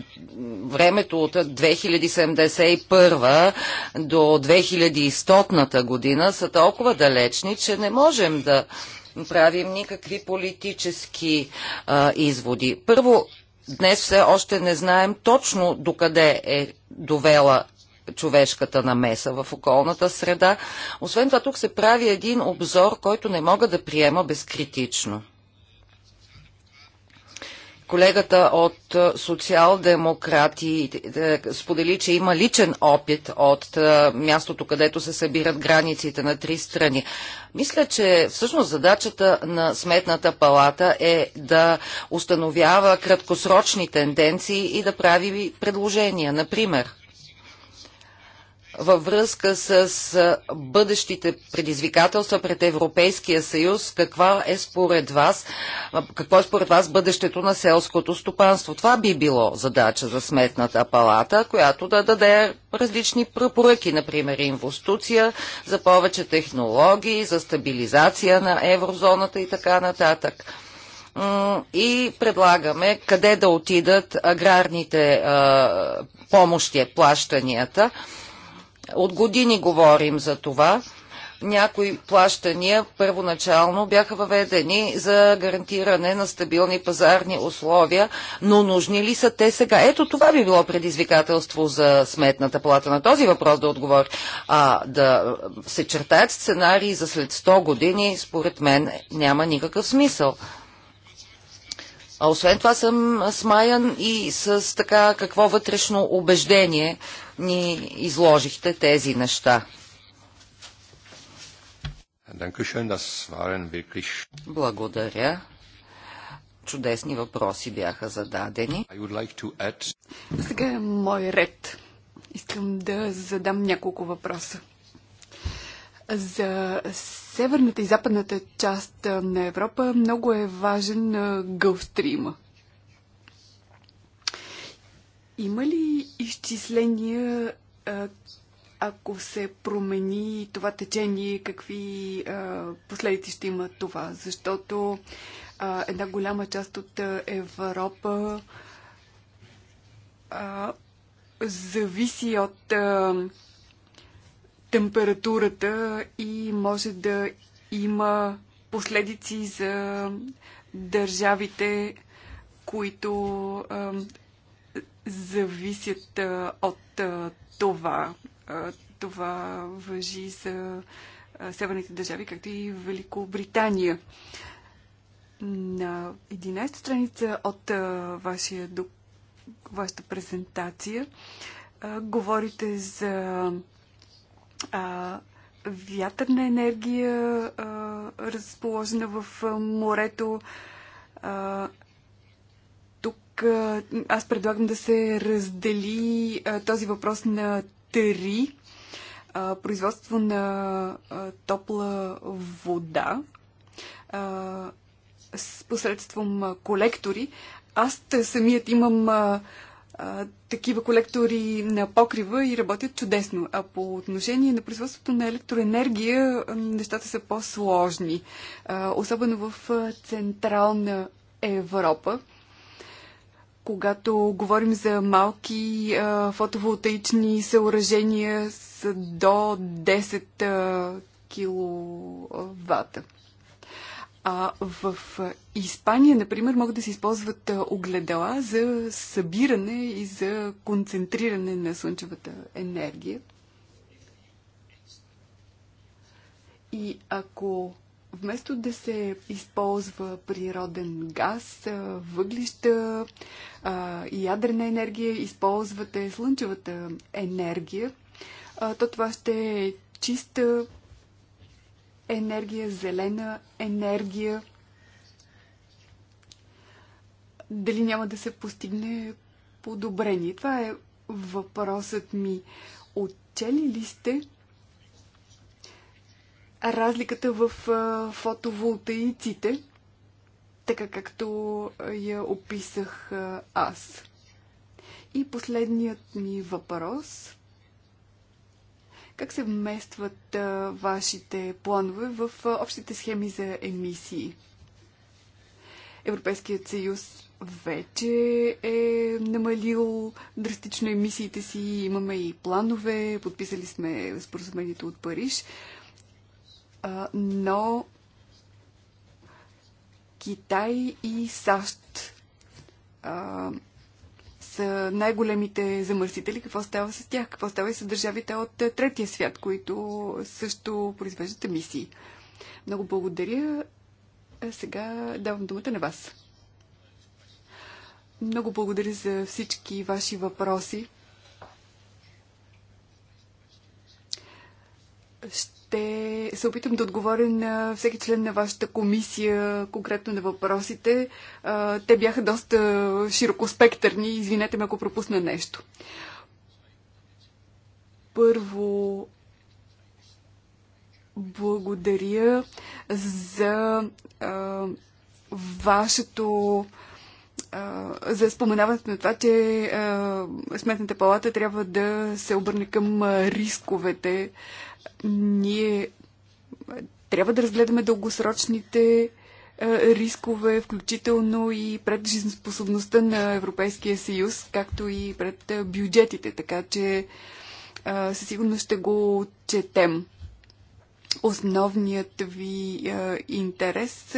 времето от 2071 до 2100 година са толкова далечни, че не можем да правим никакви политически а, изводи. Първо, днес все още не знаем точно докъде е довела човешката намеса в околната среда. Освен това, тук се прави един обзор, който не мога да приема безкритично. Колегата от е, социал-демократи е, сподели, че има личен опит от е, мястото, където се събират границите на три страни. Мисля, че всъщност задачата на Сметната палата е да установява краткосрочни тенденции и да прави предложения. Например, във връзка с бъдещите предизвикателства пред Европейския съюз, каква е според вас, какво е според вас бъдещето на селското стопанство? Това би било задача за сметната палата, която да даде различни препоръки, например инвестиция за повече технологии, за стабилизация на еврозоната и така нататък и предлагаме къде да отидат аграрните а, помощи, плащанията. От години говорим за това. Някои плащания първоначално бяха въведени за гарантиране на стабилни пазарни условия, но нужни ли са те сега? Ето това би било предизвикателство за сметната плата на този въпрос да отговори. А да се чертаят сценарии за след 100 години, според мен няма никакъв смисъл. А освен това съм смаян и с така какво вътрешно убеждение ни изложихте тези неща. Благодаря. Чудесни въпроси бяха зададени. Сега е мой ред. Искам да задам няколко въпроса. За северната и западната част на Европа много е важен гълстрима. Има ли изчисления, ако се промени това течение, какви последици ще има това? Защото една голяма част от Европа зависи от температурата и може да има последици за държавите, които а, зависят а, от а, това. А, това въжи за а, северните държави, както и Великобритания. На 11 страница от а, вашия, вашата презентация а, говорите за а, вятърна енергия, а, разположена в морето. А, тук а, аз предлагам да се раздели а, този въпрос на три. А, производство на а, топла вода а, с посредством колектори. Аз самият имам а, такива колектори на покрива и работят чудесно. А по отношение на производството на електроенергия, нещата са по-сложни, особено в Централна Европа. Когато говорим за малки а, фотоволтаични съоръжения с до 10 киловата. А в Испания, например, могат да се използват огледала за събиране и за концентриране на слънчевата енергия. И ако вместо да се използва природен газ, въглища, ядрена енергия, използвате слънчевата енергия, то това ще е чиста енергия, зелена енергия. Дали няма да се постигне подобрение? Това е въпросът ми. Отчели ли сте разликата в фотоволтаиците, така както я описах аз? И последният ми въпрос – как се вместват а, вашите планове в а, общите схеми за емисии? Европейският съюз вече е намалил драстично емисиите си. Имаме и планове, подписали сме споразумението от Париж. А, но Китай и САЩ а, най-големите замърсители, какво става с тях, какво става и с държавите от е, третия свят, които също произвеждат емисии. Много благодаря. Сега давам думата на вас. Много благодаря за всички ваши въпроси. Ще ще се опитам да отговоря на всеки член на вашата комисия, конкретно на въпросите. Те бяха доста широкоспектърни. Извинете ме, ако пропусна нещо. Първо, благодаря за а, вашето за споменаването на това, че Сметната палата трябва да се обърне към рисковете ние трябва да разгледаме дългосрочните рискове, включително и пред жизнеспособността на Европейския съюз, както и пред бюджетите, така че със сигурност ще го четем. Основният ви интерес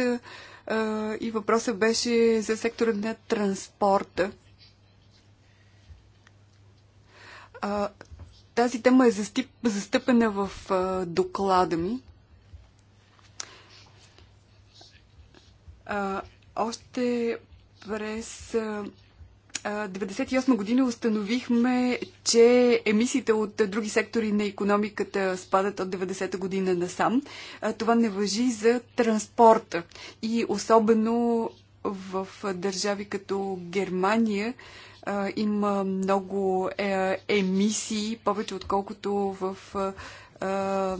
и въпросът беше за сектора на транспорта тази тема е застъпена в доклада ми. още през 1998 година установихме, че емисиите от други сектори на економиката спадат от 90-та година насам. Това не въжи за транспорта и особено в държави като Германия а, има много е, емисии, повече отколкото в а,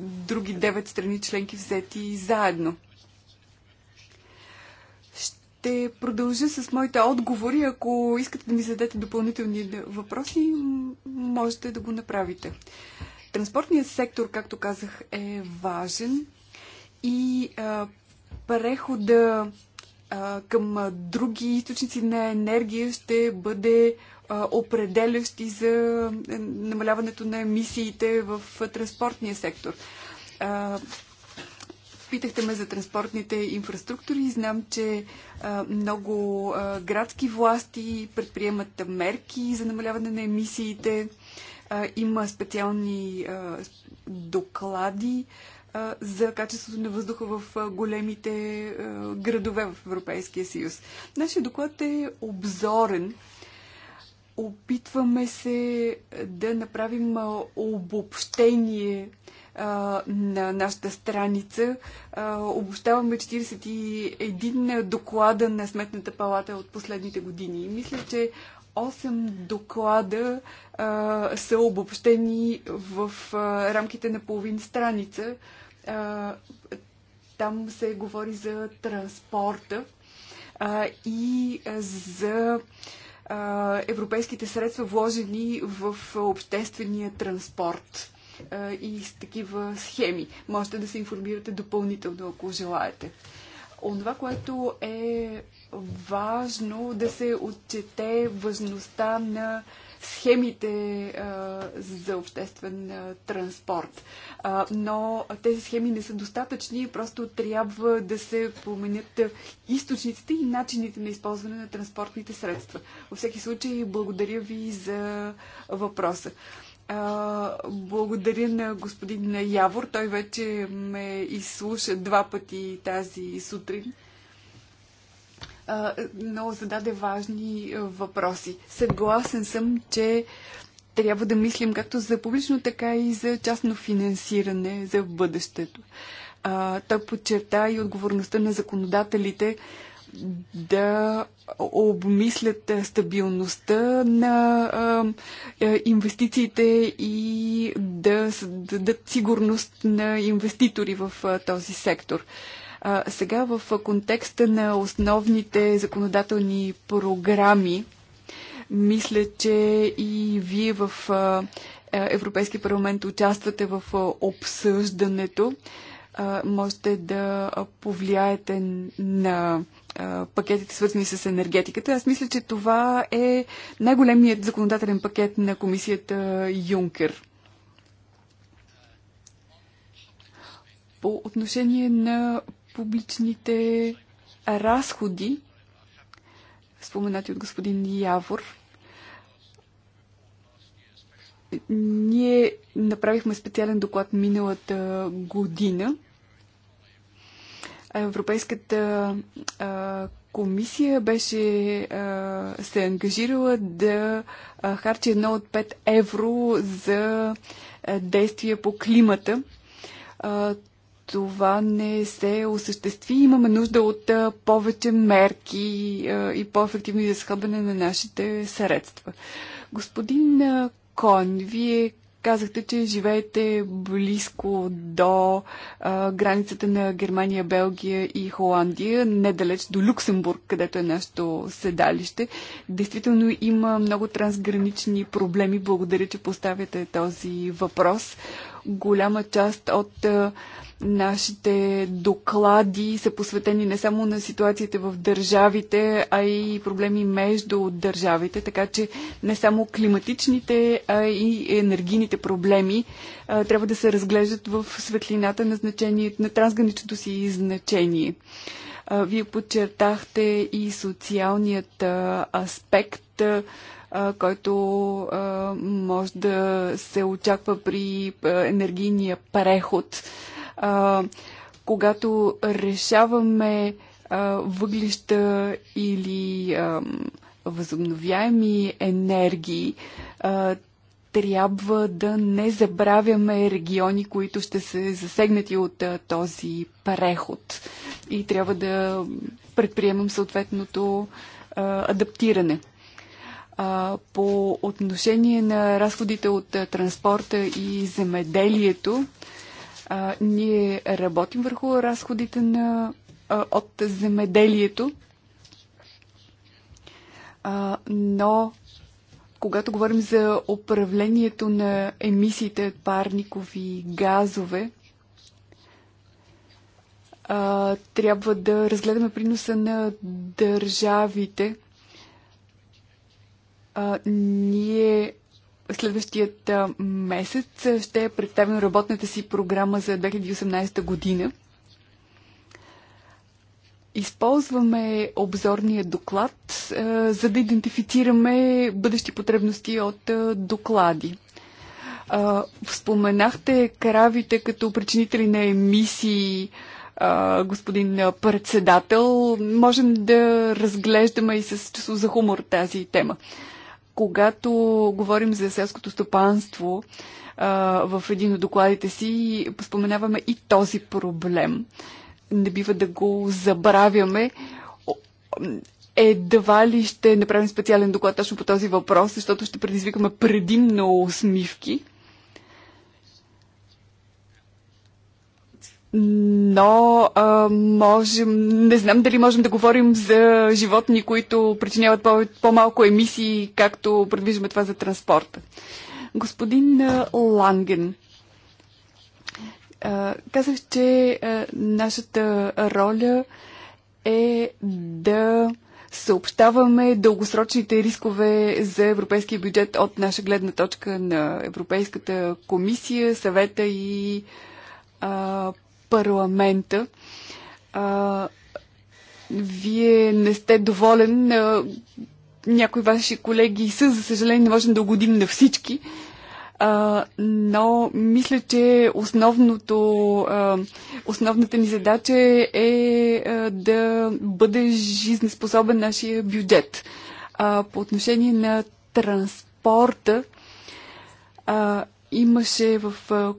други девет страни членки взети заедно. Ще продължа с моите отговори. Ако искате да ми зададете допълнителни въпроси, можете да го направите. Транспортният сектор, както казах, е важен и а, прехода към други източници на енергия ще бъде определящи за е, намаляването на емисиите в транспортния сектор. Питахте ме за транспортните инфраструктури. Знам, че много градски власти предприемат мерки за намаляване на емисиите. Има специални доклади за качеството на въздуха в големите градове в Европейския съюз. Нашия доклад е обзорен. Опитваме се да направим обобщение на нашата страница. Обобщаваме 41 доклада на Сметната палата от последните години. И мисля, че 8 доклада а, са обобщени в а, рамките на половин страница, там се говори за транспорта и за европейските средства, вложени в обществения транспорт и с такива схеми. Можете да се информирате допълнително, ако желаете. Онова, което е важно да се отчете важността на схемите а, за обществен а, транспорт. А, но тези схеми не са достатъчни, просто трябва да се поменят източниците и начините на използване на транспортните средства. Във всеки случай, благодаря ви за въпроса. А, благодаря на господин Явор. Той вече ме изслуша два пъти тази сутрин но зададе важни въпроси. Съгласен съм, че трябва да мислим както за публично, така и за частно финансиране за бъдещето. А, той подчерта и отговорността на законодателите да обмислят стабилността на а, инвестициите и да дадат сигурност на инвеститори в а, този сектор. А, сега в контекста на основните законодателни програми, мисля, че и вие в е, Европейски парламент участвате в обсъждането. Можете да повлияете на пакетите, свързани с енергетиката. Аз мисля, че това е най-големият законодателен пакет на комисията Юнкер. По отношение на публичните разходи, споменати от господин Явор. Ние направихме специален доклад миналата година. Европейската а, комисия беше а, се ангажирала да а, харчи едно от 5 евро за а, действия по климата. А, това не се осъществи. Имаме нужда от повече мерки и по-ефективно изразходване на нашите средства. Господин Кон, вие казахте, че живеете близко до а, границата на Германия, Белгия и Холандия, недалеч до Люксембург, където е нашето седалище. Действително има много трансгранични проблеми. Благодаря, че поставяте този въпрос голяма част от е, нашите доклади са посветени не само на ситуациите в държавите, а и проблеми между държавите, така че не само климатичните, а и енергийните проблеми а, е, трябва да се разглеждат в светлината на, значение, на трансграничното си значение. А, е, вие подчертахте и социалният а, аспект който може да се очаква при енергийния преход. Когато решаваме въглища или възобновяеми енергии, трябва да не забравяме региони, които ще се засегнати от този преход. И трябва да предприемам съответното адаптиране. А, по отношение на разходите от транспорта и земеделието, а, ние работим върху разходите на, а, от земеделието, а, но когато говорим за управлението на емисиите парникови газове, а, трябва да разгледаме приноса на държавите а, ние следващият месец ще представим работната си програма за 2018 година. Използваме обзорния доклад, а, за да идентифицираме бъдещи потребности от а, доклади. А, споменахте кравите като причинители на емисии, а, господин председател. Можем да разглеждаме и с чувство за хумор тази тема. А, когато говорим за селското стопанство, в един от докладите си споменаваме и този проблем. Не бива да го забравяме. Едва ли ще направим специален доклад точно по този въпрос, защото ще предизвикаме предимно усмивки. но а, можем, не знам дали можем да говорим за животни, които причиняват по- по-малко емисии, както предвиждаме това за транспорта. Господин а, Ланген, а, казах, че а, нашата роля е да съобщаваме дългосрочните рискове за европейския бюджет от наша гледна точка на Европейската комисия, съвета и а, парламента. А, вие не сте доволен. А, някои ваши колеги са, за съжаление, не можем да угодим на всички. А, но мисля, че основното, а, основната ни задача е а, да бъде жизнеспособен нашия бюджет. А, по отношение на транспорта, а, Имаше в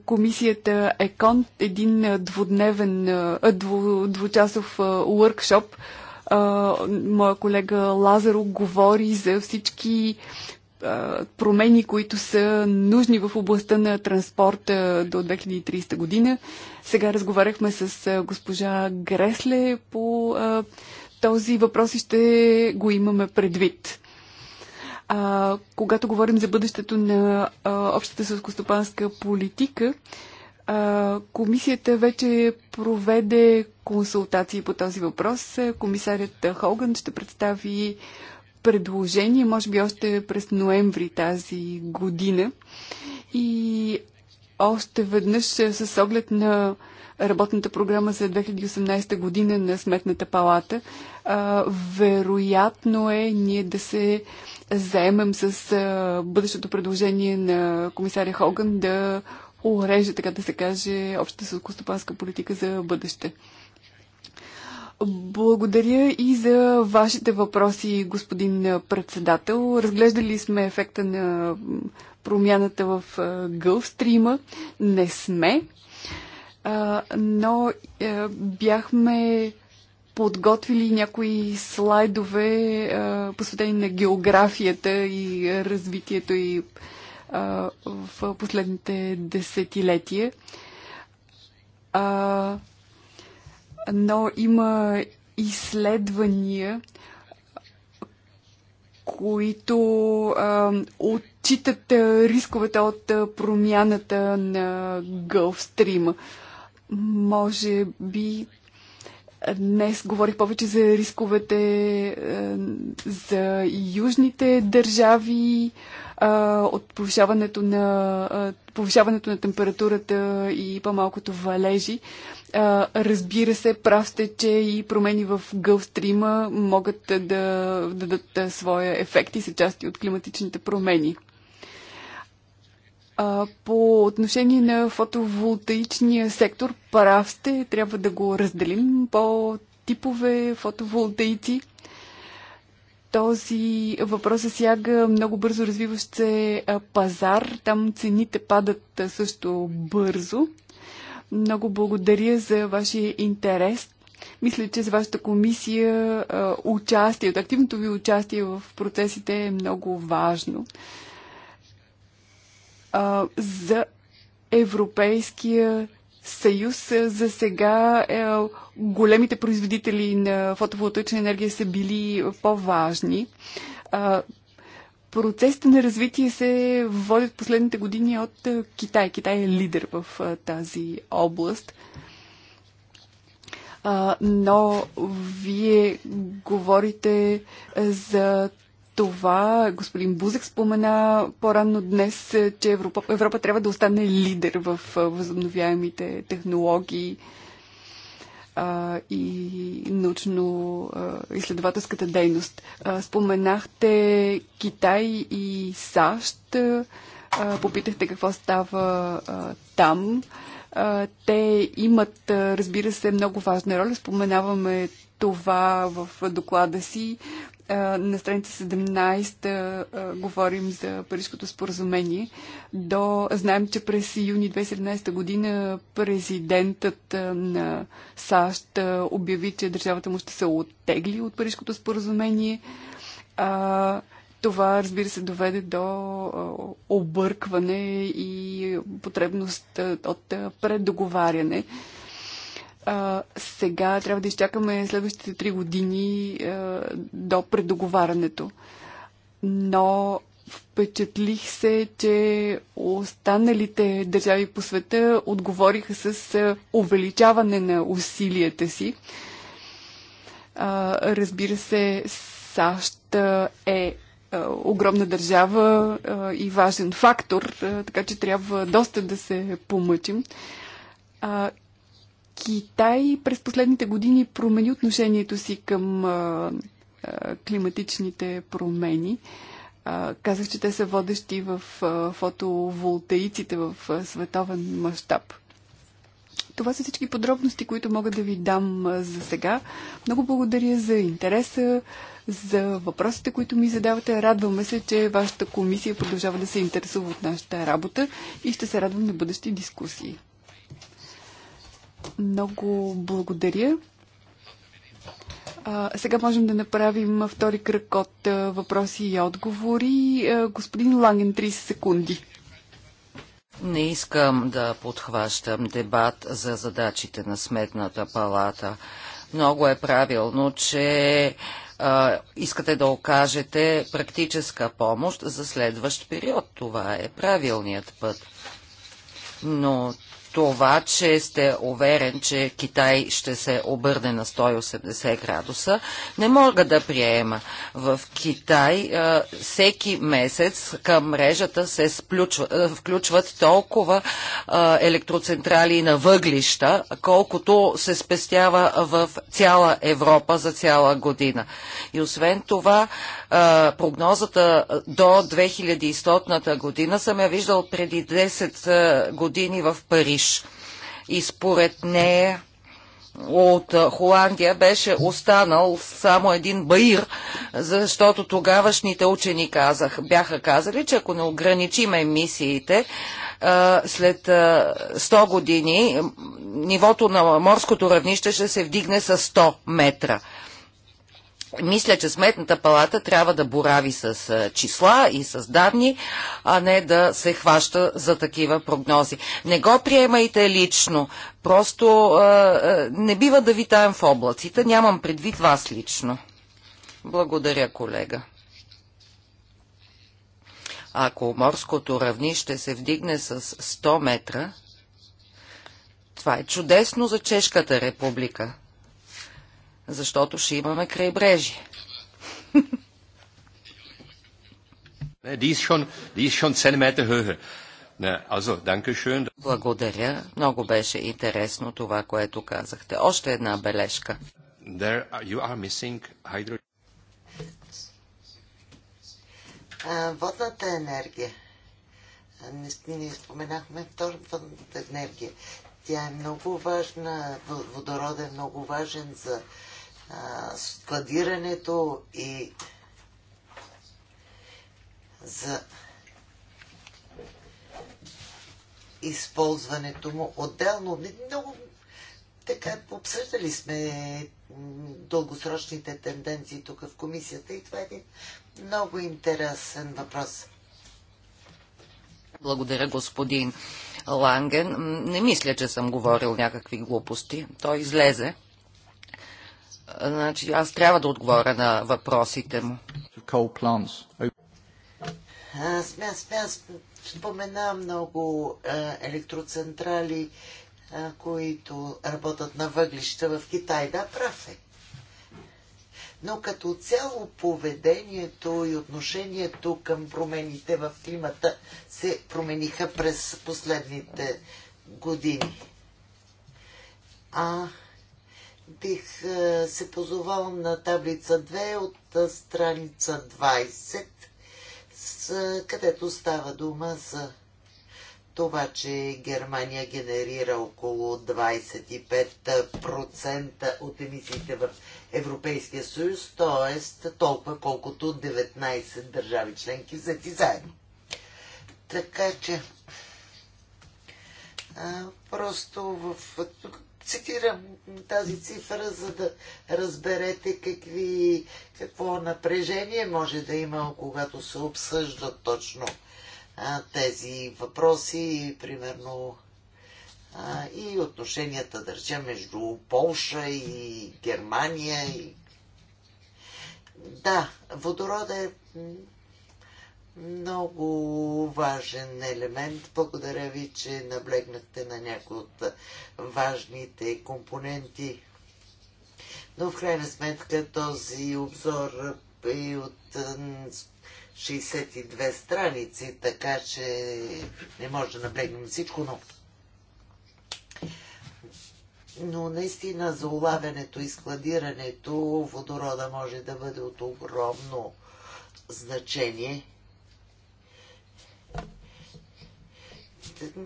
комисията ЕКОН един двудневен, дву, двучасов workshop. Моя колега Лазаро говори за всички промени, които са нужни в областта на транспорта до 2030 година. Сега разговаряхме с госпожа Гресле по този въпрос и ще го имаме предвид. А, когато говорим за бъдещето на а, общата сълскостопанска политика, а, комисията вече проведе консултации по този въпрос. Комисарят Холган ще представи предложение, може би още през ноември тази година. И още веднъж е, с оглед на работната програма за 2018 година на Сметната палата, а, вероятно е ние да се заемем с бъдещото предложение на комисаря Хоган да уреже, така да се каже, общата сълкостопанска политика за бъдеще. Благодаря и за вашите въпроси, господин председател. Разглеждали сме ефекта на промяната в Гълфстрима. Не сме, но бяхме подготвили някои слайдове, посветени на географията и развитието и в последните десетилетия. Но има изследвания, които отчитат рисковете от промяната на Гълфстрима. Може би Днес говорих повече за рисковете е, за южните държави е, от повишаването на, е, повишаването на температурата и по-малкото валежи. Разбира се, прав сте, че и промени в гълстрима могат да дадат своя ефект и са части от климатичните промени по отношение на фотоволтаичния сектор, прав сте, трябва да го разделим по типове фотоволтаици. Този въпрос засяга много бързо развиващ се пазар. Там цените падат също бързо. Много благодаря за вашия интерес. Мисля, че за вашата комисия участие, активното ви участие в процесите е много важно а, за Европейския съюз. За сега е, големите производители на фотоволтаична енергия са били по-важни. Процесите на развитие се водят последните години от Китай. Китай е лидер в тази област. Но вие говорите за това господин Бузек спомена по-рано днес, е, че Европа, Европа трябва да остане лидер в е, възобновяемите технологии а, и научно-изследователската дейност. А, споменахте Китай и САЩ. А, попитахте какво става а, там. А, те имат, разбира се, много важна роля. Споменаваме това в доклада си. На страница 17 говорим за Парижското споразумение. До, знаем, че през юни 2017 година президентът на САЩ обяви, че държавата му ще се оттегли от Парижското споразумение. Това, разбира се, доведе до объркване и потребност от преддоговаряне а, сега трябва да изчакаме следващите три години а, до предоговарането, Но впечатлих се, че останалите държави по света отговориха с увеличаване на усилията си. А, разбира се, САЩ е огромна държава и важен фактор, така че трябва доста да се помъчим. Китай през последните години промени отношението си към а, а, климатичните промени. А, казах, че те са водещи в а, фотоволтаиците в а, световен мащаб. Това са всички подробности, които мога да ви дам за сега. Много благодаря за интереса, за въпросите, които ми задавате. Радваме се, че вашата комисия продължава да се интересува от нашата работа и ще се радвам на бъдещи дискусии. Много благодаря. А, сега можем да направим втори кръг от а, въпроси и отговори. А, господин Ланген, 30 секунди. Не искам да подхващам дебат за задачите на Сметната палата. Много е правилно, че а, искате да окажете практическа помощ за следващ период. Това е правилният път. Но това, че сте уверен, че Китай ще се обърне на 180 градуса, не мога да приема. В Китай а, всеки месец към мрежата се сплючва, а, включват толкова а, електроцентрали на въглища, колкото се спестява в цяла Европа за цяла година. И освен това, прогнозата до 2100 година съм я виждал преди 10 години в Париж. Париж. и според нея от Холандия беше останал само един баир, защото тогавашните учени казах, бяха казали, че ако не ограничим емисиите, след 100 години нивото на морското равнище ще се вдигне с 100 метра мисля, че сметната палата трябва да борави с числа и с данни, а не да се хваща за такива прогнози. Не го приемайте лично. Просто а, не бива да витаем в облаците. Нямам предвид вас лично. Благодаря, колега. Ако морското равнище се вдигне с 100 метра, това е чудесно за Чешката република защото ще имаме крайбрежие. <laughs> Е, Благодаря. Много беше интересно това, което казахте. Още една бележка. водната енергия. Не, не споменахме втората енергия. Тя е много важна. Водород е много важен за складирането и за използването му отделно. Много така обсъждали сме дългосрочните тенденции тук в комисията и това е един много интересен въпрос. Благодаря, господин Ланген. Не мисля, че съм говорил някакви глупости. Той излезе Значи, аз трябва да отговоря на въпросите му. Аз, аз, аз много а, електроцентрали, а, които работят на въглища в Китай. Да, прав е. Но като цяло поведението и отношението към промените в климата се промениха през последните години. А бих е, се позовал на таблица 2 от е, страница 20, е, където става дума за това, че Германия генерира около 25% от емисиите в Европейския съюз, т.е. толкова колкото 19 държави членки взети заедно. Така че а, просто в, цитирам тази цифра, за да разберете какви, какво напрежение може да има, когато се обсъждат точно а, тези въпроси, примерно а, и отношенията, да речем, между Полша и Германия. И... Да, водорода е много важен елемент. Благодаря ви, че наблегнахте на някои от важните компоненти. Но в крайна сметка този обзор е от 62 страници, така че не може да наблегнем всичко, но но наистина за улавянето и складирането водорода може да бъде от огромно значение.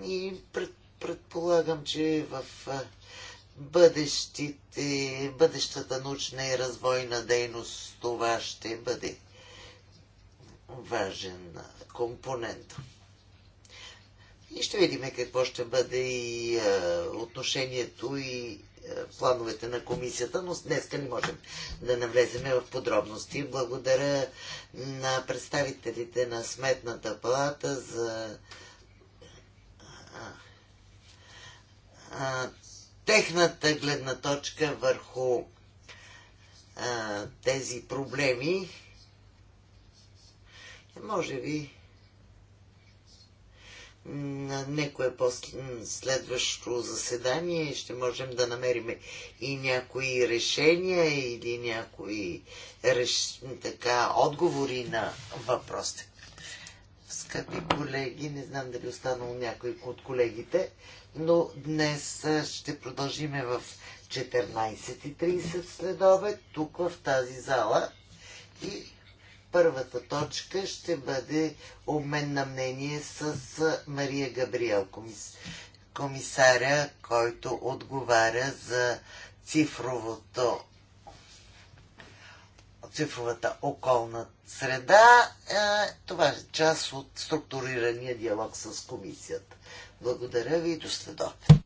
и пред, предполагам, че в бъдещите, бъдещата научна и развойна дейност това ще бъде важен компонент. И ще видим какво ще бъде и а, отношението и а, плановете на комисията, но днес не можем да навлеземе в подробности. Благодаря на представителите на Сметната палата за а, техната гледна точка върху а, тези проблеми. Е, може би на некое следващо заседание ще можем да намерим и някои решения или някои реш... така, отговори на въпросите скъпи колеги, не знам дали е останал някой от колегите, но днес ще продължиме в 14.30 следове тук в тази зала. И първата точка ще бъде обмен на мнение с Мария Габриел, комис... комисаря, който отговаря за цифровото цифровата околната среда. Е, това е част от структурирания диалог с комисията. Благодаря ви и до следобед.